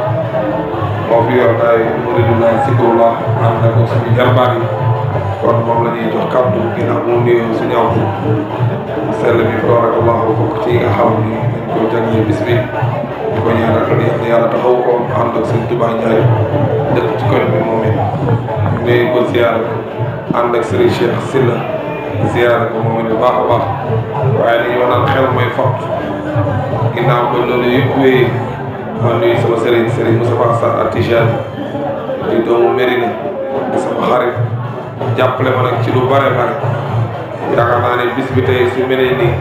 moo fi yor ay muridu laay sikurullah am na ko suñu jarbaat yi kon moom la ñuy jox kàddu ginnaaw mu nuyoo suñu am sell bi loolu rek laa bokk ci nga xam ni dañ ko jagleel bis bi di ko ñaanal yàlla yàlla taxaw ko ànd ak sëñ Tuubaa Njaay dëkk ci koñ bi moom it nuyu ko ziar ànd ak Serigne Cheikh Sylla ziyaara ko moom it baax baax waaye li ñu naan xel mooy fort ginnaaw ba loolu yëpp wéyee ma nuyu sama sëriñ sëriñ Moustapha Sall Atijani di doomu Mérina di sama xarit jàppale ma nag ci lu bare bare yaakaar naa ne su mel nii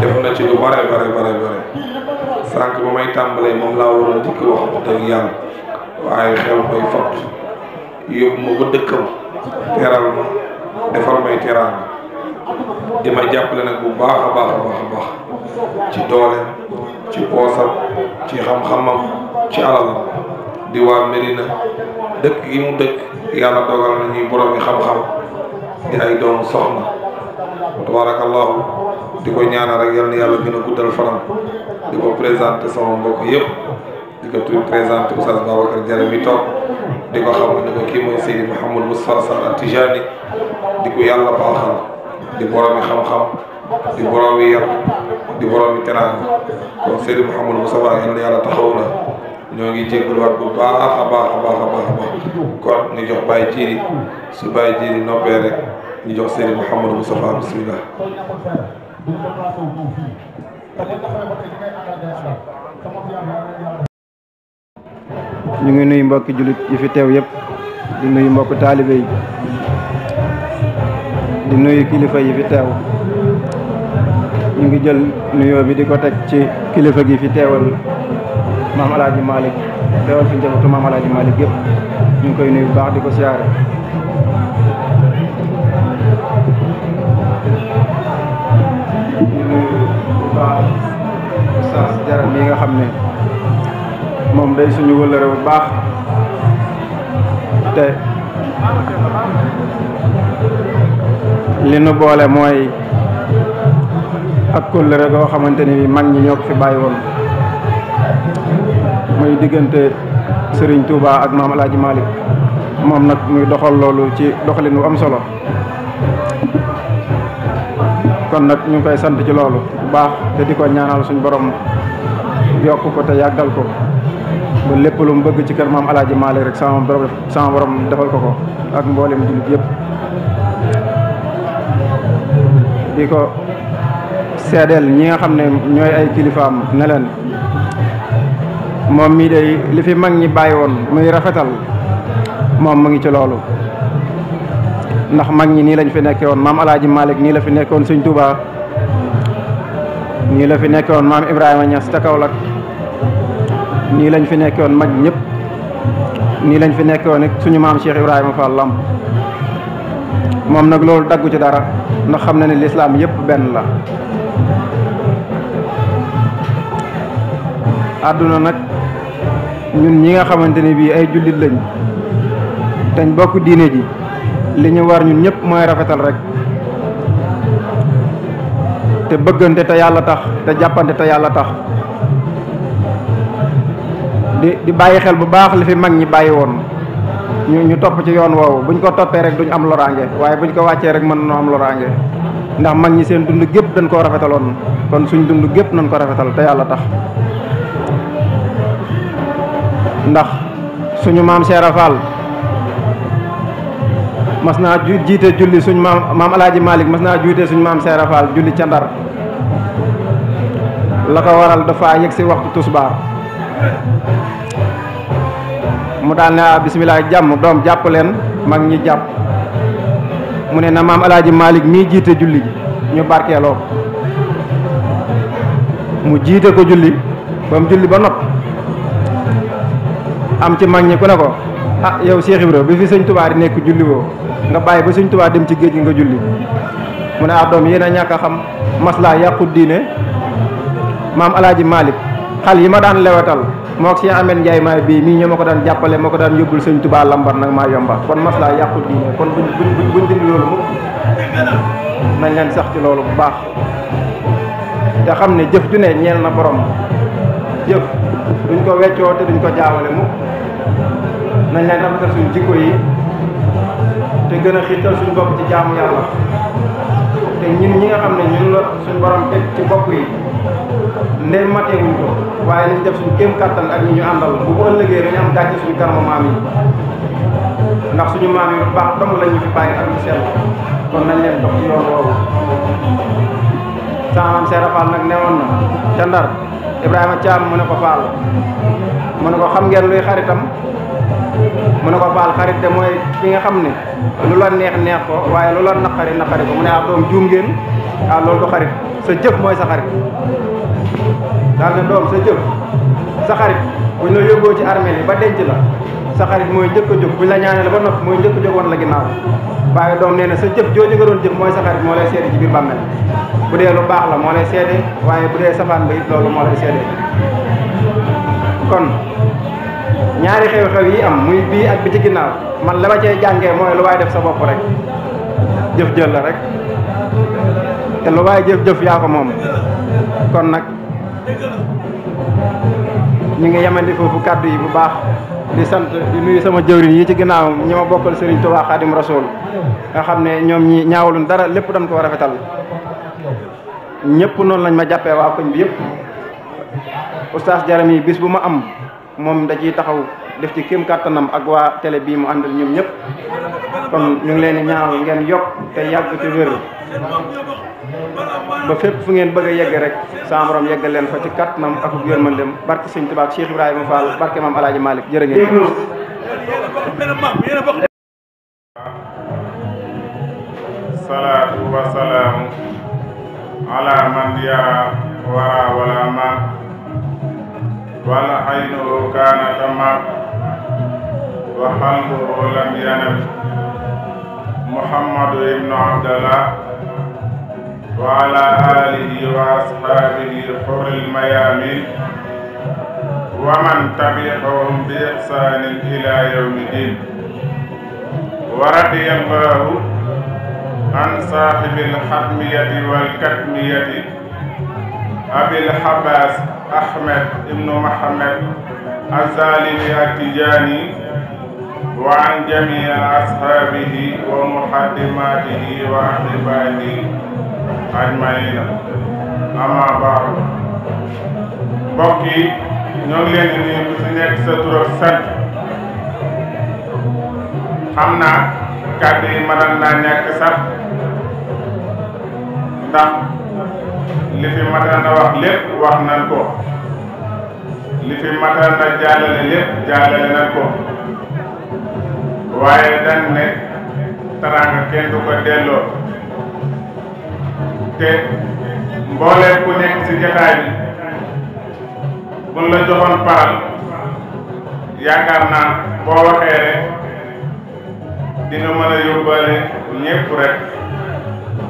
def na ci lu bare bare bare bare sànq ba may tàmbalee moom laa waroon dikk wax dëgg yàlla waaye xel mooy fort yóbbu ma ba dëkkam teral defal may teraanga di jàpp la na bu baax a baax a baax a baax ci doole ci poosam ci xam-xamam ci alalam di waa Medina dëkk yi mu dëkk yàlla dogal na ñuy borom yi xam-xam di ay doom soxna tabarakallahu di ko ñaanal rek yal na yàlla gën a guddal fanam di ko présenté sama mbokk yëpp di ko tudd présenté Oustaz Babacar Diarra mi toog di ko xam ne ko kii mooy Seydi Mouhamadou Moustapha Sall Tijani di ko yàlla baaxal di boroomi xam-xam di boroomi yar di boroomi teraanga kon Seydou Mouhamadou Moussa Ba yal na yàlla na ñoo ngi jégaluwaat bu baax a baax a baax a baax a baax kon ñu jox Baye Djily su Baye Djily noppee rek ñu jox Seydou Mouhamadou Moussa Ba ngi nuyu mbokki jullit yi fi teew di nuyu kilifa yi fi teew ñu ngi jël nuyoo bi di ko teg ci kilifa gi fi teewal maam El Hadj Malick fi njabootu maam El Hadj ñu ngi koy nuyu bu baax di ko siyaare. di nuyu nga xam ne moom day suñu wëllëre bu baax te. li nu boole mooy ak kóllëre goo xamante ni mag ñi ñoo ko fi bàyyi woon muy diggante sëriñ Touba ak maam El Hadj moom nag muy doxal loolu ci doxalin wu am solo kon nag ñu ngi koy sant ci loolu bu baax te di ko ñaanal suñu borom yokk ko te yàggal ko ba lépp mu bëgg ci kër maam El Hadj rek sama borom defal ko ko ak mboolem jullit yépp di ko seedeel ñi nga xam ne ñooy ay kilifaam neleen moom mii de li fi mag ñi bàyyi woon muy rafetal moom mu ngi ci loolu ndax mag ñi nii lañ fi nekkee woon maam alaaji Malick nii la fi nekkoon Sëñ Tuubaa nii la fi nekkee woon maam Ibrahima Niass ca Kaolack nii lañ fi nekkee woon mag ñépp nii lañ fi nekke woon suñu maam Cheikh Ibrahima Fall Lamp moom nag loolu daggu ci dara ndax xam na ne lislaam yépp benn la àdduna nag ñun ñi nga xamante ni bii ay jullit lañ dañ bokk diine ji li ñu war ñun ñëpp mooy rafetal rek te bëggante te yàlla tax te jàppante te yàlla tax di di bàyyi xel bu baax li fi mag ñi bàyyi woon ñu ñu topp ci yoon woowu buñ ko toppee rek duñu am loraange waaye buñ ko wàccee rek mën noo am loraange ndax mag ñi seen dund gépp dañ koo rafetaloon kon suñu dund gépp nañ ko rafetal te yàlla tax ndax suñu maam Cheikh Fall mas naa jiite julli suñu maam maam alaaji Malick mas naa jiite suñu maam Cheikh julli ca Ndar la ko waral dafa yegg si waxtu tusbaar mu daal ne ah, bisimilah jàmm doom jàpp leen mag ñi jàpp mu ne na maam alaaji Malick mii jiite julli ji ñu barkeeloo mu jiite ko julli ba mu julli ba nopp am ci mag ñi ku ne ko ah yow Cheikh Ibra bi fi sëñ Tuubaa di nekk julli woo nga bàyyi ba sëñ Tuubaa dem ci géej gi nga julli mu ne ah doom yéen a ñàkk a xam maslaa yàqu diine maam alaaji Malick xal yi ma daan lewetal moo Cheikh ameen Ndiaye maay bii mii ñoo ma ko daan jàppale ma ko daan yóbbul sëñ Tuubaa lambar nag maa yomba kon maslaa yàqul diine kon buñ buñ buñ dindi loolu mukk nañ leen sax ci loolu bu baax te xam ne jëf ju ne ñeel na boroom jëf duñ ko weccoo te duñ ko jaawale mukk nañ leen rafetal suñ jikko yi te gën a xiital suñ bopp ci jaamu yàlla te ñun ñi nga xam ne ñun la suñ borom ci bokk yi ndem mateewuñ ko waaye nañ def suñu kéem kattan ak ñi ñu àndal bu ko ëllëgee dañu am gàcce suñu kanamu maam yi ndax suñu maam yi baax dong la ñu fi bàyyi ak kon nañ leen dox ci yoon woowu saamam seera Fall nag newoon na ca Ndar a Thiam mu ne ko Fall mu ne ko xam ngeen luy xaritam mu ne ko Fall xarit de mooy ki nga xam ne lu la neex neex ko waaye lu la naqari naqari ko mu ne ah doom juum ngeen ah loolu du xarit sa jëf mooy sa xarit daal na doom sa jëf sa xarit buñ la yóbboo ci armée yi ba denc la sa xarit mooy njëkk a jóg buñ la ñaanale ba noppi mooy njëkk a jóg woon la ginnaaw waaye doom nee na sa jëf jooju nga doon jëf mooy sa xarit moo lay seede ci biir bàmmeel bu dee lu baax la moo lay seede waaye bu dee safaan ba it loolu moo lay seede kon ñaari xew-xew yi am muy bii ak bi ci ginnaaw man la ma cee jàngee mooy lu waay def sa bopp rek jëf jël la rek te lu waaye jëf-jëf yaa ko moom kon nag ñu ngi yemandi foofu kàddu yi bu baax di sant di nuyu sama jëwriñ yi ci ginnaaw ñi ma bokkal Serigne Touba Khadim Rasoul nga xam ne ñoom ñi ñaawluñ dara lépp dañ ko war rafetal ñëpp noonu lañ ma jàppee waa koñ bi yëpp oustaz Jaram yi bis bu ma am moom da ciy taxaw def ci kéem kàttanam ak waa télé bii mu àndal ñoom ñëpp kon ñu leen di ñaanal ngeen yokk te yàgg ci wér ba fépp fu ngeen bëgg a yegg rek sa borom leen fa ci kàttanam ak ak man dem barke sëñ Tuubaa ak Cheikh Ibrahima Fall barke maam El Hadj Malick wala ma wala kaana tamam وخلقه لم ينم محمد بن عبد الله وعلى آله وأصحابه حر الميامين ومن تبعهم بإحسان إلى يوم الدين ورضي الله عن صاحب الحتمية والكتمية أبي الحباس أحمد بن محمد الزالمي التجاني وعن جميع أصحابه ومقدماته وأحبابه أجمعين أما بعد mbokk yi ñoo ngi leen di nuyu ku si nekk sa tur ak sant xam naa kàddu yi mënal naa ñàkk sax ndax li fi matal na wax lépp wax nan ko li fi matal na lépp jàllale nan ko waaye dañ ne taraanga kenn du ko delloo te mbooleem ku nekk ci jataay bi buñ la joxoon paral yaakaar naa boo waxee rek dina mën a yóbbaale ñépp rek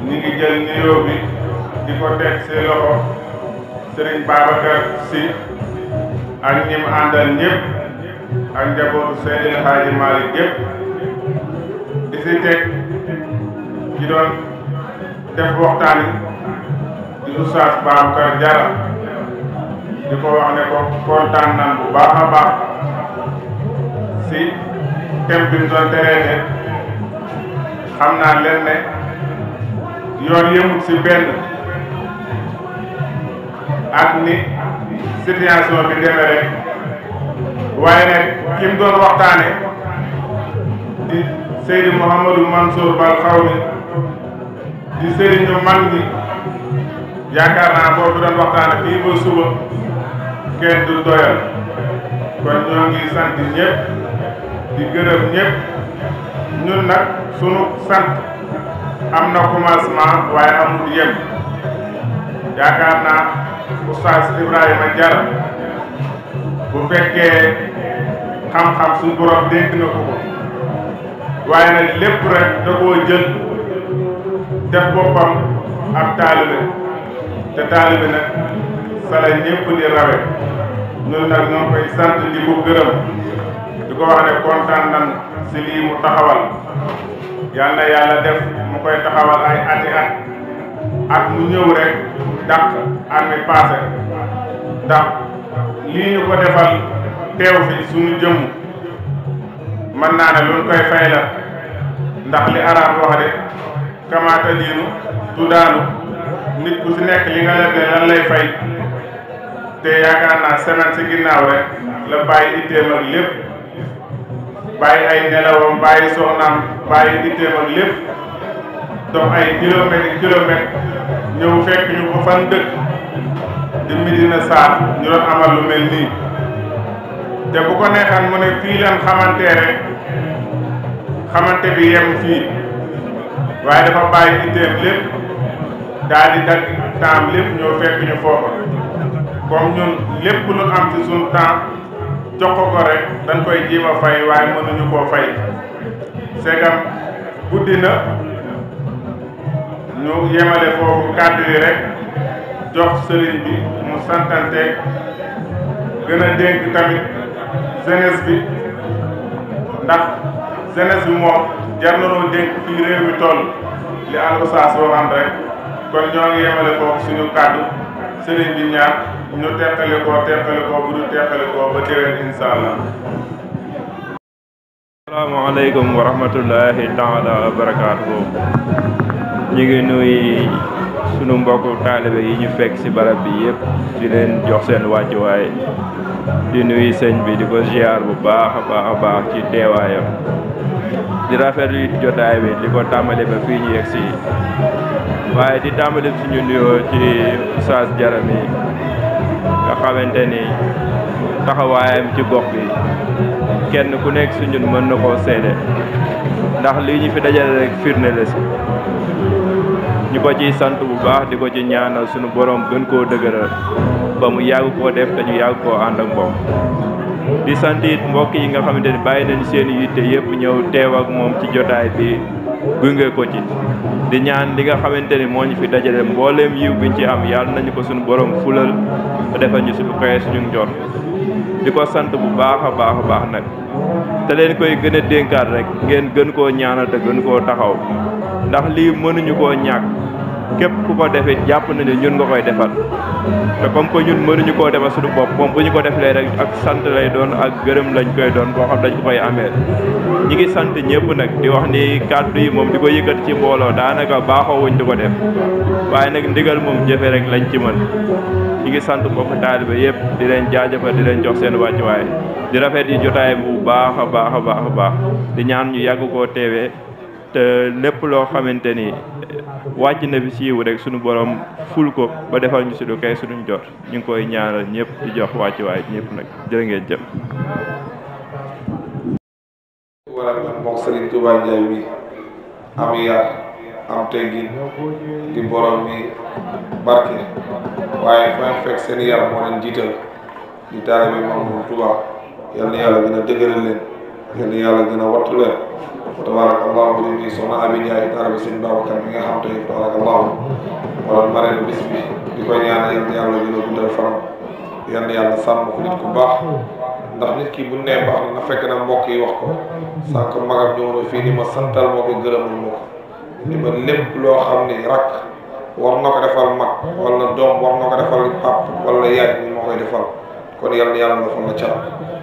ñu ngi jël nuyoo bi di ko teg ci loxo Serigne Babacar Sy ak ñi àndal ñépp ak njabootu Seydil Hadji Malick yépp di si teg ki doon def waxtaan yi di Oustaz Babacar Diarra di ko wax ne ko kontaan nan baax a baax si thème bi mu xam naa leen ne yoon yëmut si benn ak ni situation bi demee rek waaye nag ki doon waxtaane Seydi Mouhamadou Mansour Bal Xawmi di sëriñu mag ñi yaakaar naa boo fi doon waxtaane fii ba suba kenn du doyal kon ñoo ngi sant ñëpp di gërëm ñëpp ñun nag sunu sant am na commencement waaye amul yem yaakaar naa oustaz Ibrahima Diarra bu fekkee xam-xam suñu borom dénk na ko ko waaye na lépp rek da koo jël def boppam ab taalibe te taalibe nag sala ñëpp di rawe ñun nag ñoo koy sant di ko gërëm di wax ne kontaan nan si lii mu taxawal yal yàlla def mu koy taxawal ay ati ak mu ñëw rek dàq at mi passé lii ñu ko defal teew fi suñu jëmm mën naa ne lu ñu koy fay ndax li arab wax de kamaata diinu du daanu nit ku si nekk li nga leen lan lay fay te yaakaar naa semaine si ginnaaw rek la bàyyi itteem lépp bàyyi ay nelawam bàyyi soxnaam bàyyi itteem lépp dox ay kilomètre yi kilomètre fekk ñu ko fan dëkk di Medina Sarr ñu doon nii te bu ko neexan mu ne fii leen xamante bi yem fii waaye dafa bàyyi itteem lépp daal di dagg taam lépp ñoo fekk foofa comme ñun lépp lu am ci suñu temps jox ko ko rek dañ koy jéem a fay waaye mënuñu koo fay segam ñu yemale foofu kàddu yi rek jox bi mu santante gën a dénk tamit jeunesse bi ndax jeunesse bi moom jar nañoo dénk fii réew mi toll li al oustaz waxam rek kon ñoo ngi yemale foofu suñu kàddu sëriñ bi ñaan ñu teqale koo teqale koo bu du teqale koo ba déwén incha allah. asalaamaaleykum wa rahmatullahi taala ñu ngi nuyu sunu mbokku taalibe yi ñu fekk ci barab bi yëpp di leen jox seen wàccuwaay di nuyu bi di ko ziar bu baax a baax a baax ci teewaayam. di rafetlu jotaay bi di ko tàmbali ba fii ñu yegg si waaye di tàmbali suñu nuyoo ci Oustaz Diarra mi nga xamante ni taxawaayam ci gox bi kenn ku nekk si mën na koo seede ndax lii ñu fi dajale rek firnde la si ñu ko ciy sant bu baax di ko ci ñaanal suñu borom gën koo dëgëral ba mu yàgg koo def te ñu yàgg koo ànd ak moom di sant it mbokk yi nga xamante ni bàyyi nañ seen yitte yëpp ñëw teew moom ci jotaay bi gunge ko ci di ñaan li nga xamante ni moo ñu fi dajale mbooleem yiw biñ ci am yàlla nañu ko suñu borom fulal defal ñu suñu xees ñu ngi jot di ko sant bu baax a baax a baax nag te leen koy gën a dénkaat rek ngeen gën koo ñaanal te gën koo taxaw ndax lii mënuñu koo ñàkk képp ku ko defit jàpp nañu ñun nga koy defal te comme ko ñun mënuñu koo defal suñu bopp moom bu ñu ko deflee rek ak sant lay doon ak gërëm lañ koy doon koo xam dañ ko koy ameel ñi ngi sant ñëpp nag di wax ni kàddu yi moom di ko yëkkat ci mbooloo daanaka baaxoo wuñ ko def waaye nag ndigal moom jëfe rek lañ ci mën ñi ngi sant ko mbokk taaliba yëpp di leen jaajëfal di leen jox seen wàccuwaay di rafet yi jotaay bu baax a baax a baax a baax di ñaan ñu yàgg koo teewee te lépp loo xamante ni wàcc na bi siiw rek suñu borom ful ko ba defal ñu si lu kay suñu jot ñu ngi koy ñaanal ñëpp di jox wàcc waay ñëpp nag jërë ngeen jëf. wala moom moom Touba yal na yàlla gën a dëgëral leen yal na yàlla gën a fa a allahu di nuyu soxna Ami Ndiaye dara bi nga xam tey fa tabaraka allahu bis bi di ko ñaanal yéen yàlla gën a guddal faram yéen yàlla sàmm ko nit ku baax ndax nit ki bu ne baax na na mbokk yi wax ko sànq magam ñëw na fii ni ma santal moo ko gërëmul moo loo xam ni rakk war na ko defal mag wala doom war na ko defal pap wala koy defal kon yal na yàlla defal la car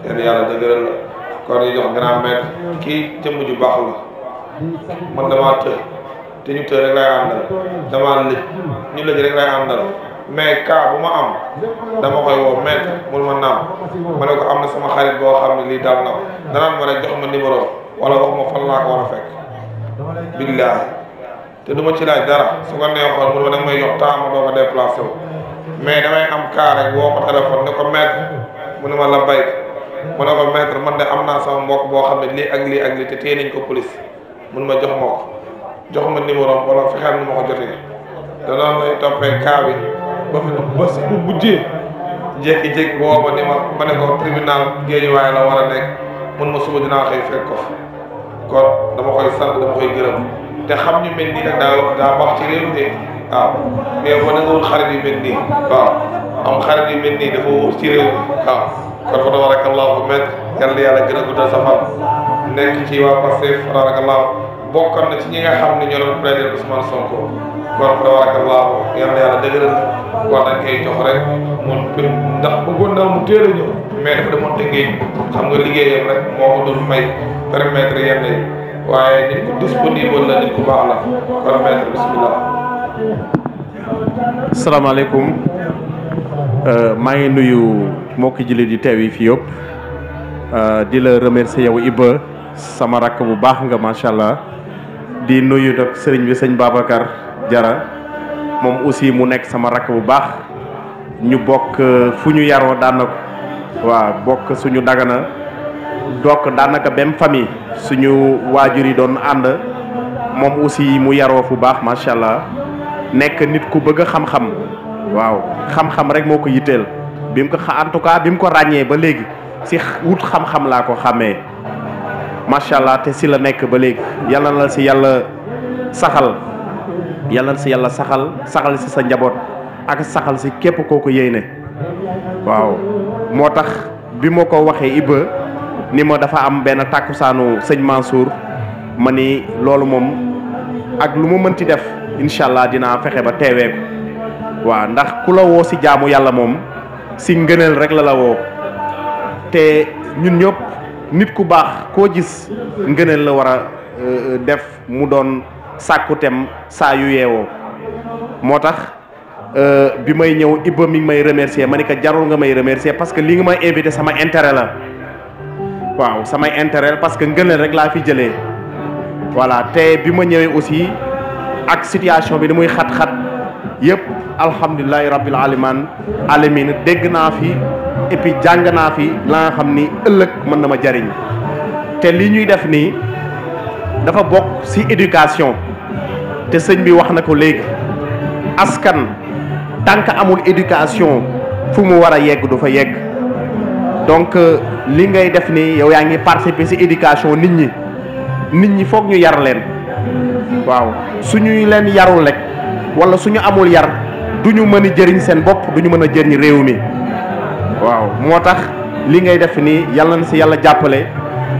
yal na yàlla dëgëral la kon ñu kii jëmm ju baax man damaa të te ñu të rek lay àndal damaa lëj ñu lëj rek lay àndal mais cas bu ma am dama koy woo maître mun ma naam ma ne ko am na sama xarit boo xam ne lii daal na ko danaan ma rek jox ma numéro wala wax ma fan fekk billaahi te du ci laaj dara su ko neexoon mun ma da may yox ma doo ko déplacé mais damay am cas rek woo ko téléphone ne ko maître mu ma la mu ne ko maître man de am naa sama mbokk boo xam ne lii ak lii te téye nañ ko police mun ma jox ma jox ma numéro wala fexeel nu ma ko jotee danoon lay toppee kaa bi ba fi bu bujjee jékki-jékki woo ma ni ma ma ne ko tribunal Guédiawaye la war a nekk mun ma suba dinaa xëy fekk ko fa kon dama koy sant dama koy gërëm te xam ñu mel nii nag daa daa wax ci réew mi waaw mais ba nanguwul xarit yu mel nii waaw am xarit yu mel nii dafa wóor ci réew mi waaw kon fa tabarakallahu met yal na yàlla gën a guddal sa fan nekk ci waa Pastef fa tabarakallahu bokkoon na ci ñi nga xam ne ñoo doon président Ousmane Sonko kon fa tabarakallahu yal na yàlla dëgëral kon jox rek mu ndax bëggoon naa mu teel a ñëw mais dafa demoon liggéey xam nga liggéeyam rek moo ko doon may permettre yenn yi waaye nit ku disponible la nit ku baax la kon maître bismillah asalaamaaleykum Euh, maa ngi nuyu mbokki jullit di teew yi fii yëpp euh, di la remercier yow Iba sama rakk bu baax nga macha allah di nuyu nag sëriñ bi sëñ Babacar Jara moom aussi mu nekk sama rakk bu baax ñu bokk euh, fu ñu yaroo daanaka waaw bokk suñu dagana dokk daanaka benn famille suñu waajur yi doon ànd moom aussi mu yaroo fu baax macha allah nekk nit ku bëgg a xam-xam. waaw xam-xam rek moo ko yitteel bi mu ko xa en tout cas bi mu ko ràññee ba léegi si wut xam-xam laa ko xàmmee macha allah te si la nekk ba léegi yàlla na si yàlla saxal yàlla si yàlla saxal saxal si sa njaboot ak saxal si képp koo ko ne waaw moo tax bi moo ko waxee Iba ni ma dafa am benn tàkkusaanu sëñ Mansour ma ni loolu moom ak lu mu mënti def incha allah dinaa fexe ba teewee waaw ndax ku la woo si jaamu yàlla moom si ngëneel rek la la woo te ñun ñëpp nit ku baax koo gis ngëneel la war a euh, euh, def mu doon sàkku tem saa yu yeewoo moo tax euh, bi may ñëw Ibba mi may remercier ma ni ko nga may remercier parce que li nga may invité sama intérêt waaw sama intérêt parce que ngëneel rek laa fi jëlee voilà te bi ma ñëwee aussi ak situation bi ni muy xat-xat yëpp alhamdulilahi rabbil aliman alamin dégg naa fi et jàng naa fi la nga xam ni ëllëg mën na ma jariñ te li ñuy def nii dafa bokk ci éducation te sëñ bi wax na ko léegi askan tànk amul éducation fu mu war a yegg du fa yegg donc euh, li ngay def nii yow yaa ngi participer ci éducation nit ñi nit ñi foog ñu yar leen waaw su ñuy leen yarul rek wala suñu amul yar du ñu mën a jëriñ seen bopp du ñu mën a jëriñ réew mi waaw moo tax li ngay def nii yàlla na si yàlla jàppale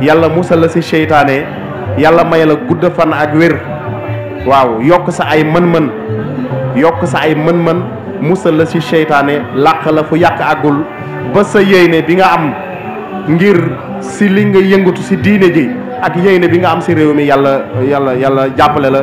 yàlla musal la si seytaane yàlla may la gudd fan ak wér waaw yokk sa ay man man yokk sa ay man man musal la si seytaane làq la fu yàq agul ba sa yéene bi nga am ngir si li nga yëngatu si diine ji ak yéene bi nga am si réew mi yàlla yàlla yàlla jàppale la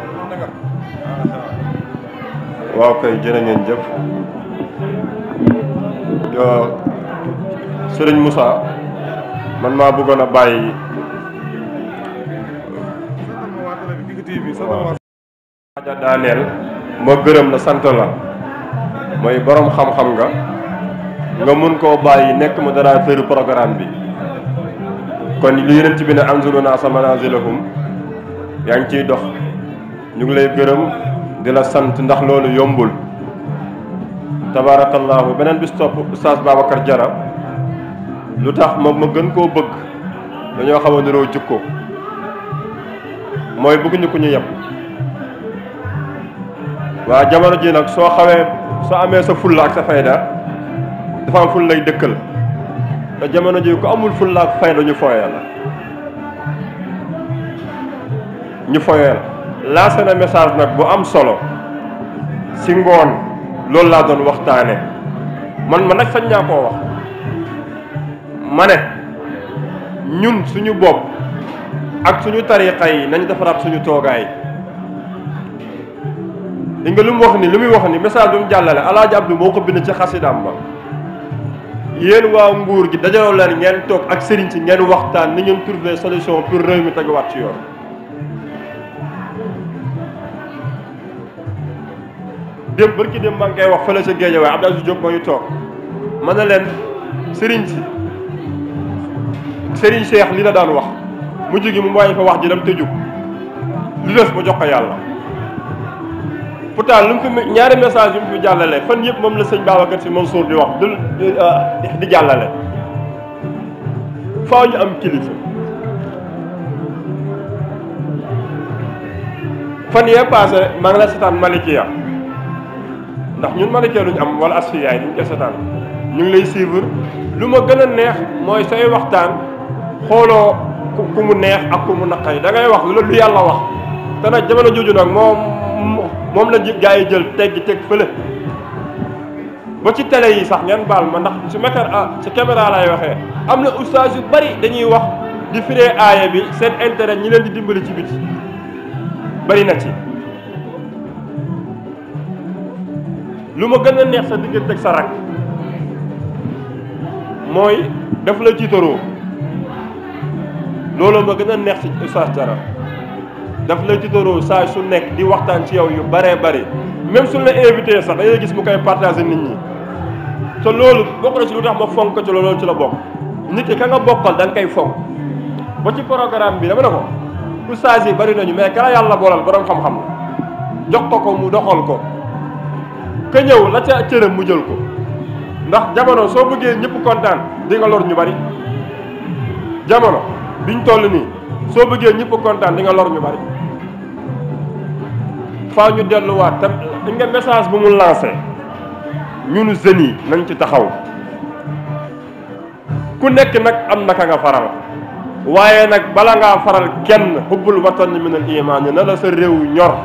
waaw kay jërë ngeen jëf sëriñ Moussa man maa bëggoon a bàyyi. waaw. waaja daaneel ma gërëm la sant la mooy boroom xam-xam nga nga mun koo bàyyi nekk ma modérateur programme bi kon lu yeneen bi ne anzuru naa sa manaazilakum yaa ngi ciy dox ñu ngi lay gërëm. di la sant ndax loolu yombul tabaarakallaahu beneen bis topp oustaz Babacar Jara lu tax moom ma gën koo bëgg dañoo xaw a niroo jikko mooy bëgguñu ko ñu yem waa jamono ji nag soo xawee soo amee sa fulla ak sa fayda dafa am ful lay dëkkal te jamono ji ku amul fulla ak fayda ñu foyee la ñu foyee la lancé na message nag bu am solo si ngoon loolu laa doon waxtaane man ma nag sañ naa koo wax ma ne ñun suñu bopp ak suñu tariqa yi nañ defaraat suñu toogaay li nga lu mu wax ni lu muy wax ni message bi mu jàllale alaaji Abdou moo ko bind ci xasidaam ba yéen waa nguur gi dajaloo leen ngeen toog ak sëriñ si ngeen waxtaan ni ngeen trouver solution pour réew mi teguwaat ci yoon démb barki ki maa ngi koy wax fële sa géej waaye Abdou Aziz Diop moo ñu toog mën na leen sëriñ si sëriñ seex li la daan wax mujj gi mu bàyyi fa wax ji dam tëju li des ba jox ko yàlla. pourtant lu mu fi ñaari message yu mu fi jàllale fan yëpp moom la sëñ si moom Mansour di wax di euh, di jàllale faaw ñu am kilifa. fan yee passé maa ngi la seetaan Malikia ndax ñun malika luñ am wala asfiyaay duñ ko setaan ñu ngi lay suivre lu ma gën a neex mooy say waxtaan xooloo ku mu neex ak ku mu naqari da ngay wax lu yàlla wax te nag jamono jooju nag moom moom la gaa yi jël teggi teg fële ba ci télé yi sax ngeen baal ma ndax su mekkar ah ci caméra lay waxee am na ustaas yu bari dañuy wax di fire aaya bi seen intérêt ñi leen di dimbali ci biti bari na ci lu ma gën a neex sa diggante ak sa rakk mooy daf la tiitaroo loolu ma gën a neex ci Oustaz Diarra daf la tiitaroo saa su nekk di waxtaan ci yow yu baree bare même su la invité sax dañuy gis mu koy partagé nit ñi te loolu bokk na ci lu tax ma fonk ko ci loolu ci la bokk nit ki ka nga bokkal da nga koy fonk ba ci programme bi dama ne ko oustaz yi bari nañu mais kala yàlla boolal borom xam-xam jox ko ko mu doxal ko ka ñëw la ca cëram mu jël ko ndax jamono soo bëggee ñëpp kontaan di nga lor ñu bari jamono biñ toll nii soo bëggee ñëpp kontaan di nga lor ñu bari faa ñu delluwaat te dañ nga message bu mu lancé ñunu jeunes yi nañ ci taxaw ku nekk nag am naka nga faral waaye nag balaa ngaa faral kenn xubbul watan minal imaan na la sa réew ñor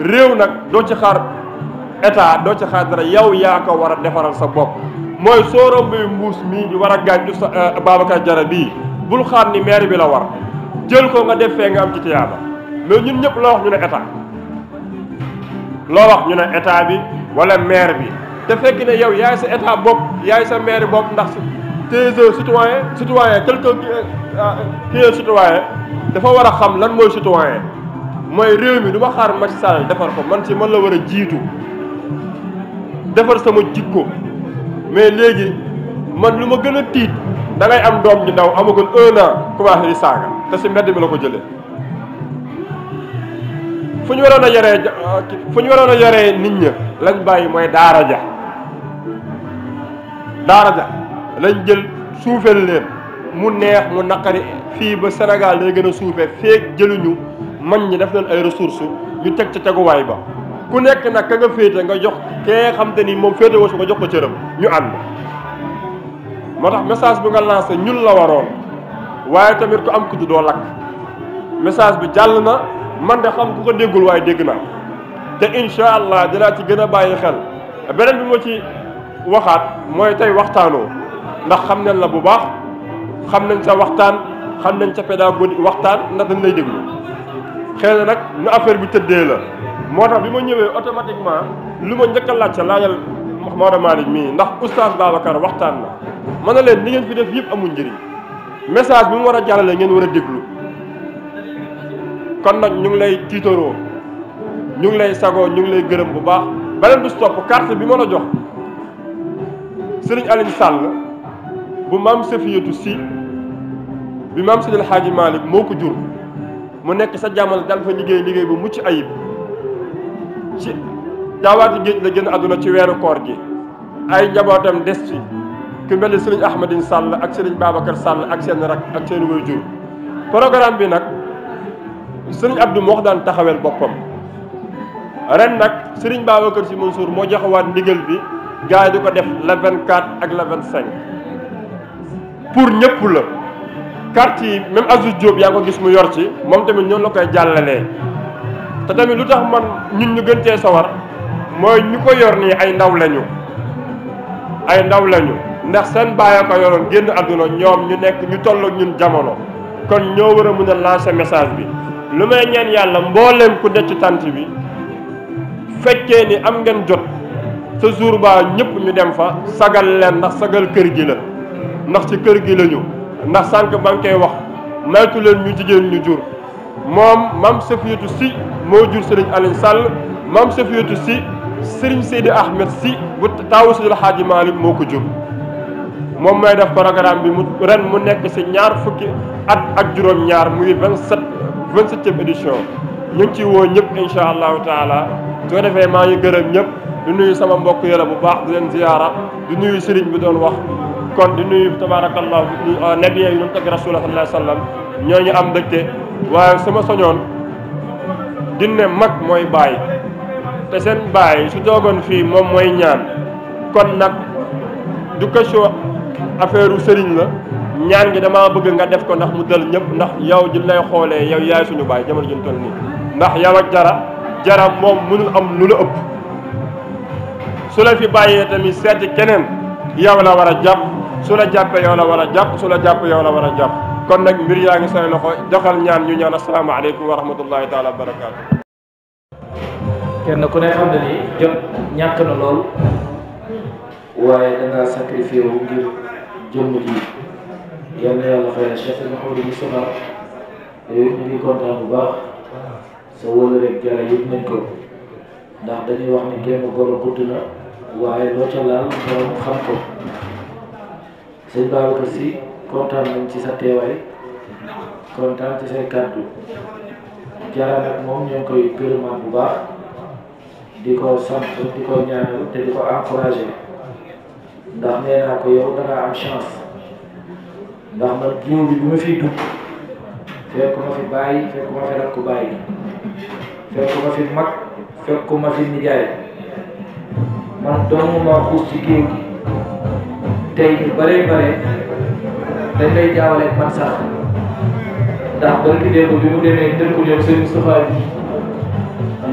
réew nag doo ci xaar état doo ca xaar dara yow yaa ko war a defaral sa bopp mooy soo rombee mbuus mii di war a gàjju sa euh, Babacar Diarra bii bul xaar ni maire bi la war jël ko nga def fee nga am ci tiyaaba mais ñun ñëpp loo wax ñu ne état loo wax ñu ne état bi walla maire bi te fekk ne yow yaay sa état bopp yaay sa maire bopp ndax tes citoyen citoyen quelqu'un euh, qui est citoyen dafa war a xam lan mooy si citoyen mooy réew mi du ma xaar Macky Sall defar ko man ci man la war a jiitu defar sama jikko mais léegi man lu ma gën a tiit da am doom ji ndaw amagoon un an commencé di saaga te si mbedd bi la ko jële fu ñu waroon a yaree ah, fu ñu waroon a yaree nit ña lañ bàyyi mooy daara ja daara ja lañ jël suufeel leen mu neex mu naqari fii ba Sénégal lay gën a suufee feeg jëluñu mag ñi def leen ay ressource ñu teg ci teguwaay ba ku nekk nag ka nga féete nga jox kee xam te ni moom féete woo su nga jox ko cëram ñu ànd moo tax message bi nga lancé ñun la waroon waaye tamit ku am kudd doo lakk message bi jàll na man de xam ku ko déggul waaye dégg naa te incha allah dinaa ci gën a bàyyi xel beneen bi moo ci waxaat mooy tey waxtaanoo ndax xam nañ la bu baax xam nañ sa waxtaan xam nañ sa pédagogie waxtaan ndax dañ lay déglu xëy na nag ñu affaire bi tëddee la moo tax bi ma ñëwee automatiquement lu ma njëkk a laajte laajal Maodo Malick mii ndax oustaz Babacar waxtaan na ma na leen li ngeen fi def yëpp amul njëriñ message bi mu war a jàllale ngeen war a déglu kon nag ñu ngi lay tiitaroo ñu ngi lay sagoo ñu ngi lay gërëm bu baax beneen bu topp carte bi ma la jox sëriñ Alioune Sall bu maam Safiyatu si bi maam Seydi El Hadji Malick moo ko jur mu nekk sa jàmmal daal fa liggéey liggéey bu mucc ayib ci daawaati géej la génn àdduna ci weeru koor gi ay njabootam des ci ku mel ni sëriñ Ahmadine Sall ak sëriñ Babacar sàll ak seen rak ak seen waajur programme bi nag sëriñ Abdou moo daan taxawel boppam ren nag sëriñ Babacar Sy Mansour moo joxewaat ndigal bi gars yi di ko def le 24 ak le 25 pour ñëpp la carte yi même Azou Diop yaa ko gis mu yor ci moom tamit ñoom la koy jàllalee. te tamit lu tax man ñun ñu gën cee sawar mooy ñu ko yor nii ay ndaw lañu ay ndaw lañu ndax seen baay a ko yoroon génn àdduna ñoom ñu nekk ñu toll ñun jamono kon ñoo war a mën a lancer message bi lu may ñaan yàlla mbooleem ku nekk ci tant bi fekkee ni am ngeen jot sa jour baa ñëpp ñu dem fa sagal leen ndax sagal kër gi la ndax ci kër gi lañu ndax sànq ba nga koy wax maytu leen ñu jigéen ñu jur moom maam Safiyatu si moo jur sëriñ Alioune Sall maam Safiyatu si sëriñ Seydi Ahmed si bu taawu Seydi El Hadji Malick moo ko jur moom may def programme bi mu ren mu nekk si ñaar fukki at ak juróom-ñaar muy vingt sept vingt septième édition ñu ngi ciy woo ñëpp incha allahu taala su ko defee maa ngi gërëm ñëpp di nuyu sama mbokk yële bu baax di leen ziyaara di nuyu sëriñ bi doon wax kon di nuyu tabaarakallahu eh, nabiyen yi ñoom teg rasulullah sallallahu alayhi ñoo ñu am mbégte waaye su ma soñoon dinne mag mooy baay te seen bàyyi su toogoon fii moom mooy ñaan kon nag du question affaire sëriñ la ñaan gi damaa bëgg nga def ko ndax mu dal ñëpp ndax yow ji lay xoolee yow yaay suñu baay jamono jun toll nii ndax yow ak jara jara moom mënul am lu la ëpp su la fi bàyyee tamit seeti keneen yow la war a jàpp su la jàppee yow la war a jàpp su la jàpp yow la war a jàpp kon nag mbir yaa ngi say loxo joxal ñaan ñu ñaan asalaamaaleykum wa rahmatullahi taala wa barakaatu. kenn ku ne xam ne ni jot ñàkk na lool waaye dangaa sacrifié wu ngir jëmm ji yal na yàlla xëy na Cheikh Mouhamadou Moustapha yooyu ñu ngi kontaan bu baax sa wóolu rek jara yëpp nañ ko ndax dañuy wax ni génn goro gudd na waaye loo ca laal borom xam ko sëñ Babacar Si kontaan nañ ci sa teewaay kontaan ci say bu baax ko sant di ko ñaanal te di ko encouragé ndax nee naa ko bi bu ma fiy dugg fi bàyyi fekk fi rakk bàyyi fekk fi mag fekk fi nijaay man doomu maa xuus ci géew gi tey bare bare dañ lay jaawaleeg man sax ndax barki démb bi mu demee dëkku ñoom sëñ Moustapha bi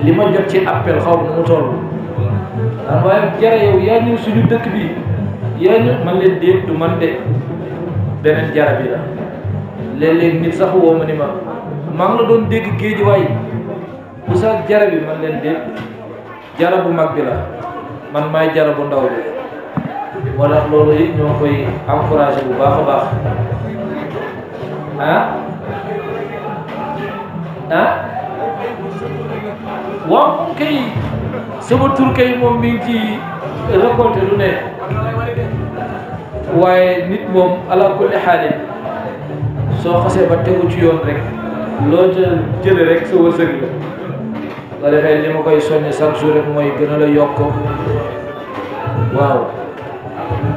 li ma jot ci appel xaw ma mu toll daan jara yow yaa ñëw suñu dëkk bi yaa ñëw man leen déet du man de beneen jara bi la léeg-léeg nit sax woo ma ni ma maa la doon dégg géej waay bu sax jara bi man leen déet jara bu mag bi la man maay jara bu ndaw bi moo tax loolu ñoo koy encouragé bu baax a baax ah ah waaw moom kay sama tur kay moom mi ngi ci récolté lu waaye nit moom ala kulli xaalim soo xasee ba tegu ci yoon rek loo jël jële rek sa wërsëg la nga defee li ma koy soññ chaque jour rek mooy gën a la yokk waaw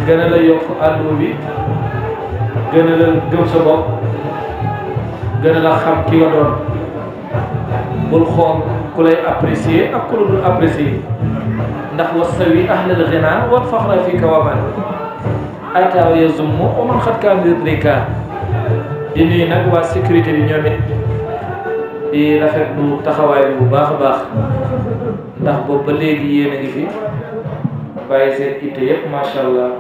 gën a la yokk àdduna bi gën a la gëm sa bopp gën a la xam ki nga doon bul xool ku lay apprécier ak ku la dul apprécier ndax wasawi ahlal ghina wal faxra fi kawaman ataaw ya zumm wa man xat kaa mbir rika di nuyu nag waa sécurité bi ñoom it rafet rafetlu taxawaay bi bu baax a baax ndax boobu ba léegi yéen a fi bàyyi seen itte yëpp macha allah.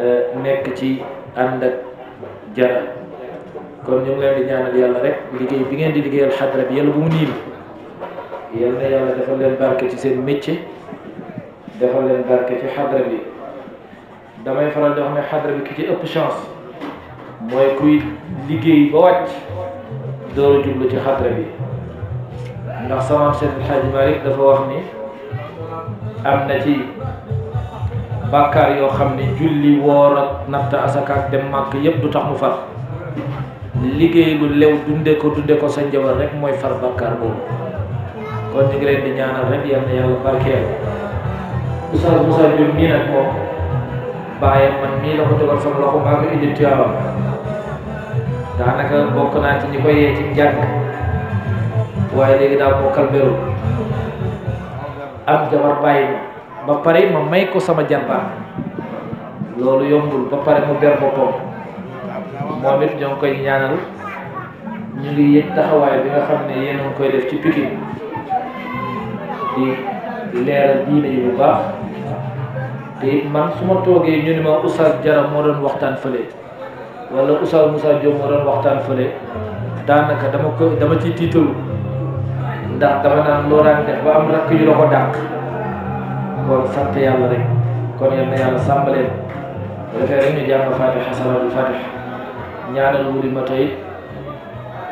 Eh, nekk ci ànd ak kon ñu ngi leen di ñaanal yàlla rek liggéey bi ngeen di liggéeyal xadra bi yàlla bu mu niim yal na leen barke ci seen métier defal leen barke ci xadra damay faral di ne xadra bi ki ci ëpp chance mooy kuy liggéey ba wàcc door a ci xadra bi ndax sama Cheikh El dafa wax am na ci bàkkaar yoo xam ne julli woor ak natt asakaak dem màkk yépp du tax mu far liggéey lu lew dunde ko dunde ko sa njaboot rek mooy far bàkkaar boobu kon ñu ngi ñaanal rek yal na yàlla barkeel Oustaz Moussa Diouf mii nag moom bàyyam man mii la ko dogal sama loxo maa ngi indi tuyaabam daanaka bokk naa ci ñi ko yee ci njàng waaye léegi daa bokkal beru am jabar bàyyi ma ba pare ma may ko sama jarbaat loolu yombul ba pare mu ber boppam moom it ñoo koy ñaanal ñu ngi yëg taxawaay bi nga xam ne yéen a koy def ci Pikine di leeral diine yi bu baax di it man su ma toogee ñu ni ma Oustaz Diarra moo doon waxtaan fële wala Oustaz Moussa Diop moo doon waxtaan fële daanaka dama ko dama ci tiitalu ndax dama naan looraan def ba am rakk yu la ko dàq loolu sant yàlla rek kon yal na yàlla sàmbaleen bu defee rek ñu jàng fatiha salaatul fatiha ñaanal wuri ma tey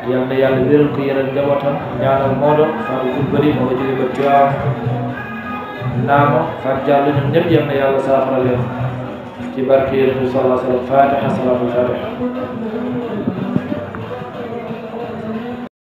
yal na yàlla wéral ko yëral njabootam ñaanal moodo faatu fut bëri moo ko jóge ba tuwaam naama faat jàll ñun ñëpp yal na yàlla saafara leen ci barke yéen bi salaa sallam fatiha